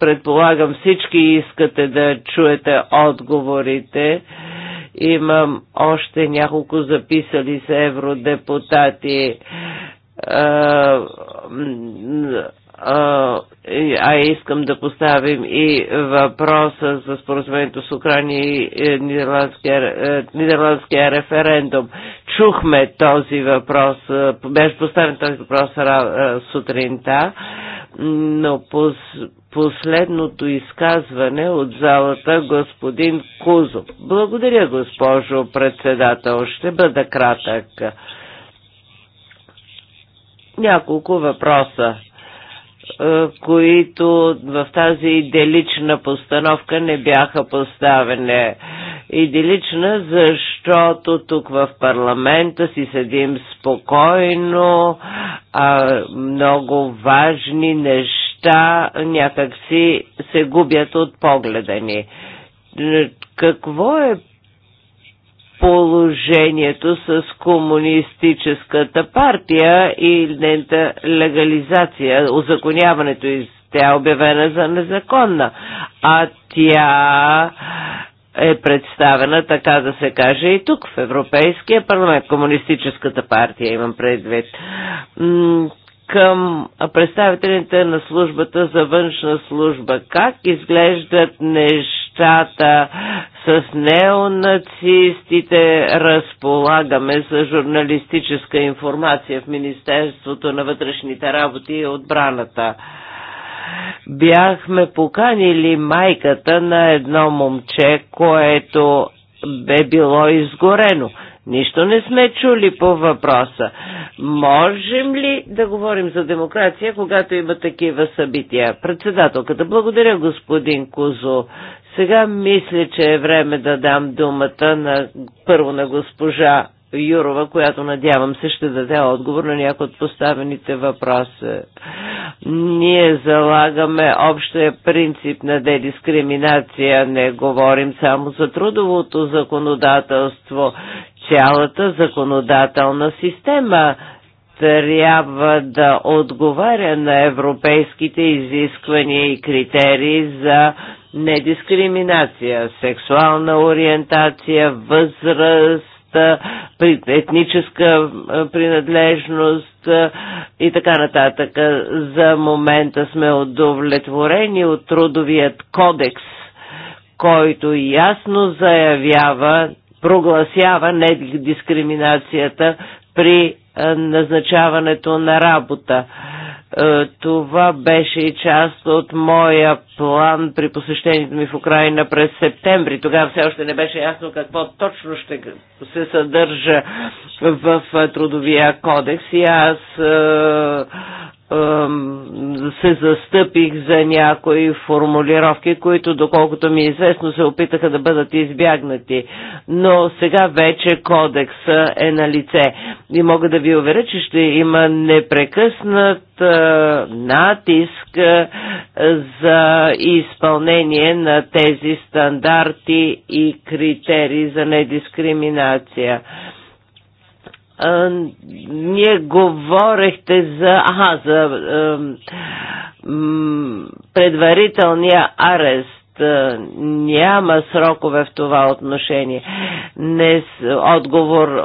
Speaker 1: предполагам всички искате да чуете отговорите, Имам още няколко записали се евродепутати. А, а искам да поставим и въпроса за споразумението с Украина и е, нидерландския, е, нидерландския референдум. Чухме този въпрос, е, беше поставен този въпрос сутринта, но по последното изказване от залата господин Кузов. Благодаря, госпожо председател. Ще бъда кратък. Няколко въпроса, е, които в тази идилична постановка не бяха поставени. Идилична, защото тук в парламента си седим спокойно, а много важни неща неща някакси се губят от погледа ни. Какво е положението с комунистическата партия и нейната легализация, озаконяването из тя е обявена за незаконна, а тя е представена, така да се каже, и тук, в Европейския парламент, Комунистическата партия имам предвид към представителите на службата за външна служба. Как изглеждат нещата с неонацистите? Разполагаме с журналистическа информация в Министерството на вътрешните работи и отбраната бяхме поканили майката на едно момче, което бе било изгорено. Нищо не сме чули по въпроса. Можем ли да говорим за демокрация, когато има такива събития? Председателката, благодаря господин Кузо. Сега мисля, че е време да дам думата на, първо на госпожа Юрова, която надявам се ще даде отговор на някои от поставените въпроси. Ние залагаме общия принцип на дедискриминация, не говорим само за трудовото законодателство цялата законодателна система трябва да отговаря на европейските изисквания и критерии за недискриминация, сексуална ориентация, възраст, етническа принадлежност и така нататък. За момента сме удовлетворени от трудовият кодекс, който ясно заявява прогласява недискриминацията при назначаването на работа. Това беше и част от моя план при посещението ми в Украина през септември. Тогава все още не беше ясно какво точно ще се съдържа в трудовия кодекс и аз се застъпих за някои формулировки, които, доколкото ми е известно, се опитаха да бъдат избягнати. Но сега вече кодекса е на лице. И мога да ви уверя, че ще има непрекъснат натиск за изпълнение на тези стандарти и критерии за недискриминация ние говорехте за, аха, за а, предварителния арест няма срокове в това отношение. Днес отговор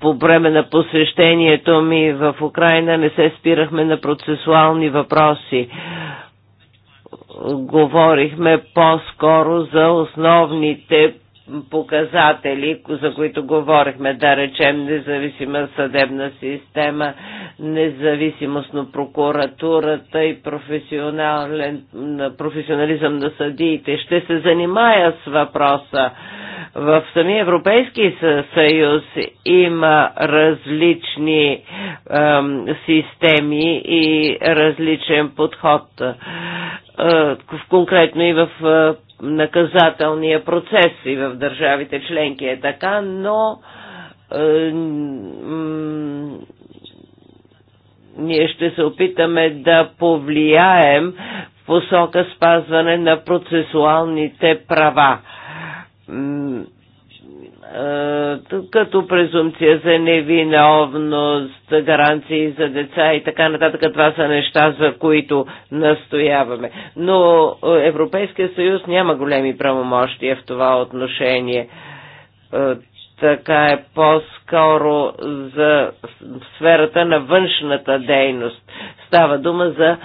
Speaker 1: по време на посвещението ми в Украина не се спирахме на процесуални въпроси. Говорихме по-скоро за основните показатели, за които говорихме, да речем независима съдебна система, независимост на прокуратурата и професионализъм на съдиите. Ще се занимая с въпроса. В самия Европейски съюз има различни ем, системи и различен подход конкретно и в наказателния процес и в държавите членки е така, но ние ще се опитаме да повлияем в посока спазване на процесуалните права е, като презумпция за невиновност, гаранции за деца и така нататък. Това са неща, за които настояваме. Но Европейския съюз няма големи правомощия в това отношение. Е, така е по-скоро за сферата на външната дейност. Става дума за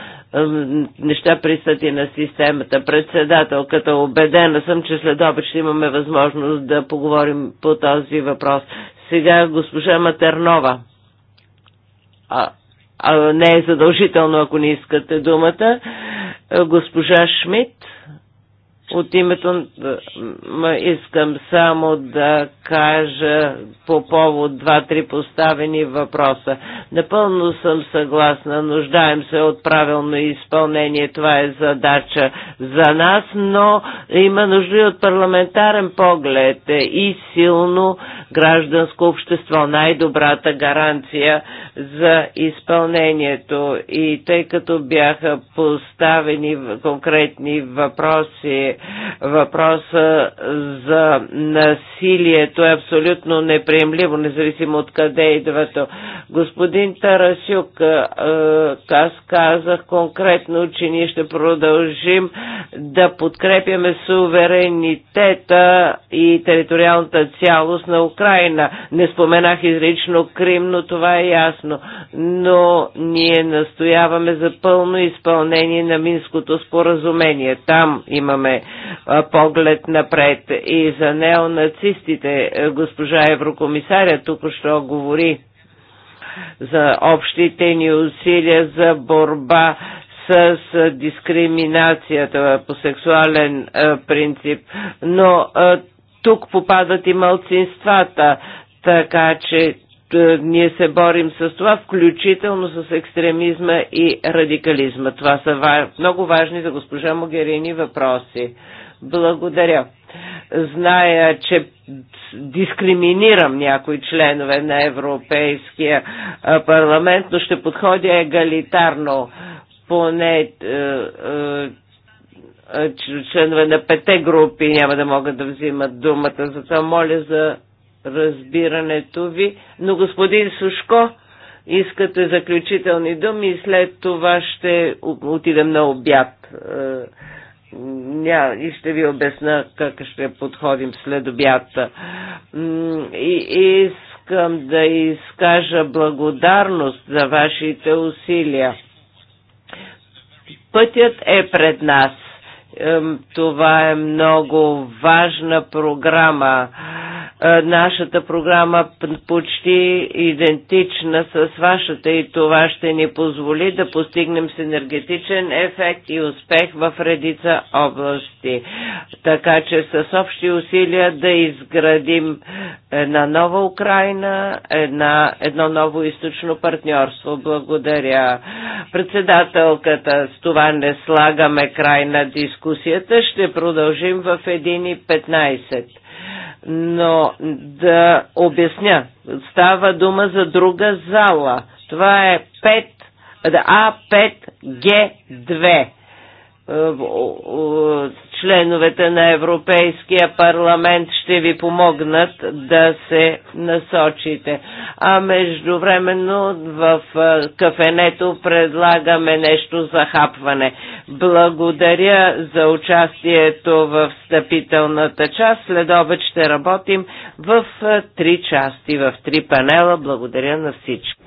Speaker 1: неща присъди на системата. Председателката, убедена съм, че след обед ще имаме възможност да поговорим по този въпрос. Сега госпожа Матернова. А, а не е задължително, ако не искате думата. Госпожа Шмидт. От името искам само да кажа по повод два-три поставени въпроса. Напълно съм съгласна, нуждаем се от правилно изпълнение, това е задача за нас, но има нужда и от парламентарен поглед и силно гражданско общество. Най-добрата гаранция за изпълнението и тъй като бяха поставени конкретни въпроси, въпроса за насилието е абсолютно неприемливо, независимо от къде идвато. Господин Тарасюк, аз казах конкретно, че ние ще продължим да подкрепяме суверенитета и териториалната цялост на Украина. Не споменах изрично Крим, но това е ясно ясно, но ние настояваме за пълно изпълнение на Минското споразумение. Там имаме поглед напред и за неонацистите. Госпожа Еврокомисаря тук-що говори за общите ни усилия за борба с дискриминацията по сексуален принцип. Но тук попадат и малцинствата, така че е, ние се борим с това, включително с екстремизма и радикализма. Това са ва... много важни за госпожа Могерини въпроси. Благодаря. Зная, че дискриминирам някои членове на Европейския парламент, но ще подходя егалитарно. Поне е, е, членове на пете групи няма да могат да взимат думата, затова моля за разбирането ви, но господин Сушко, искате заключителни думи и след това ще отидем на обяд. Е, ня, и ще ви обясна как ще подходим след обята. И искам да изкажа благодарност за вашите усилия. Пътят е пред нас това е много важна програма. Е, нашата програма почти идентична с вашата и това ще ни позволи да постигнем синергетичен ефект и успех в редица области. Така че с общи усилия да изградим една нова Украина, една, едно ново източно партньорство. Благодаря. Председателката, с това не слагаме край на дискусията дискусията. Ще продължим в 1.15. Но да обясня, става дума за друга зала. Това е 5, А5Г2. Е, членовете на Европейския парламент ще ви помогнат да се насочите. А междувременно в е, кафенето предлагаме нещо за хапване. Благодаря за участието в встъпителната част. След обед ще работим в е, три части, в три панела. Благодаря на всички.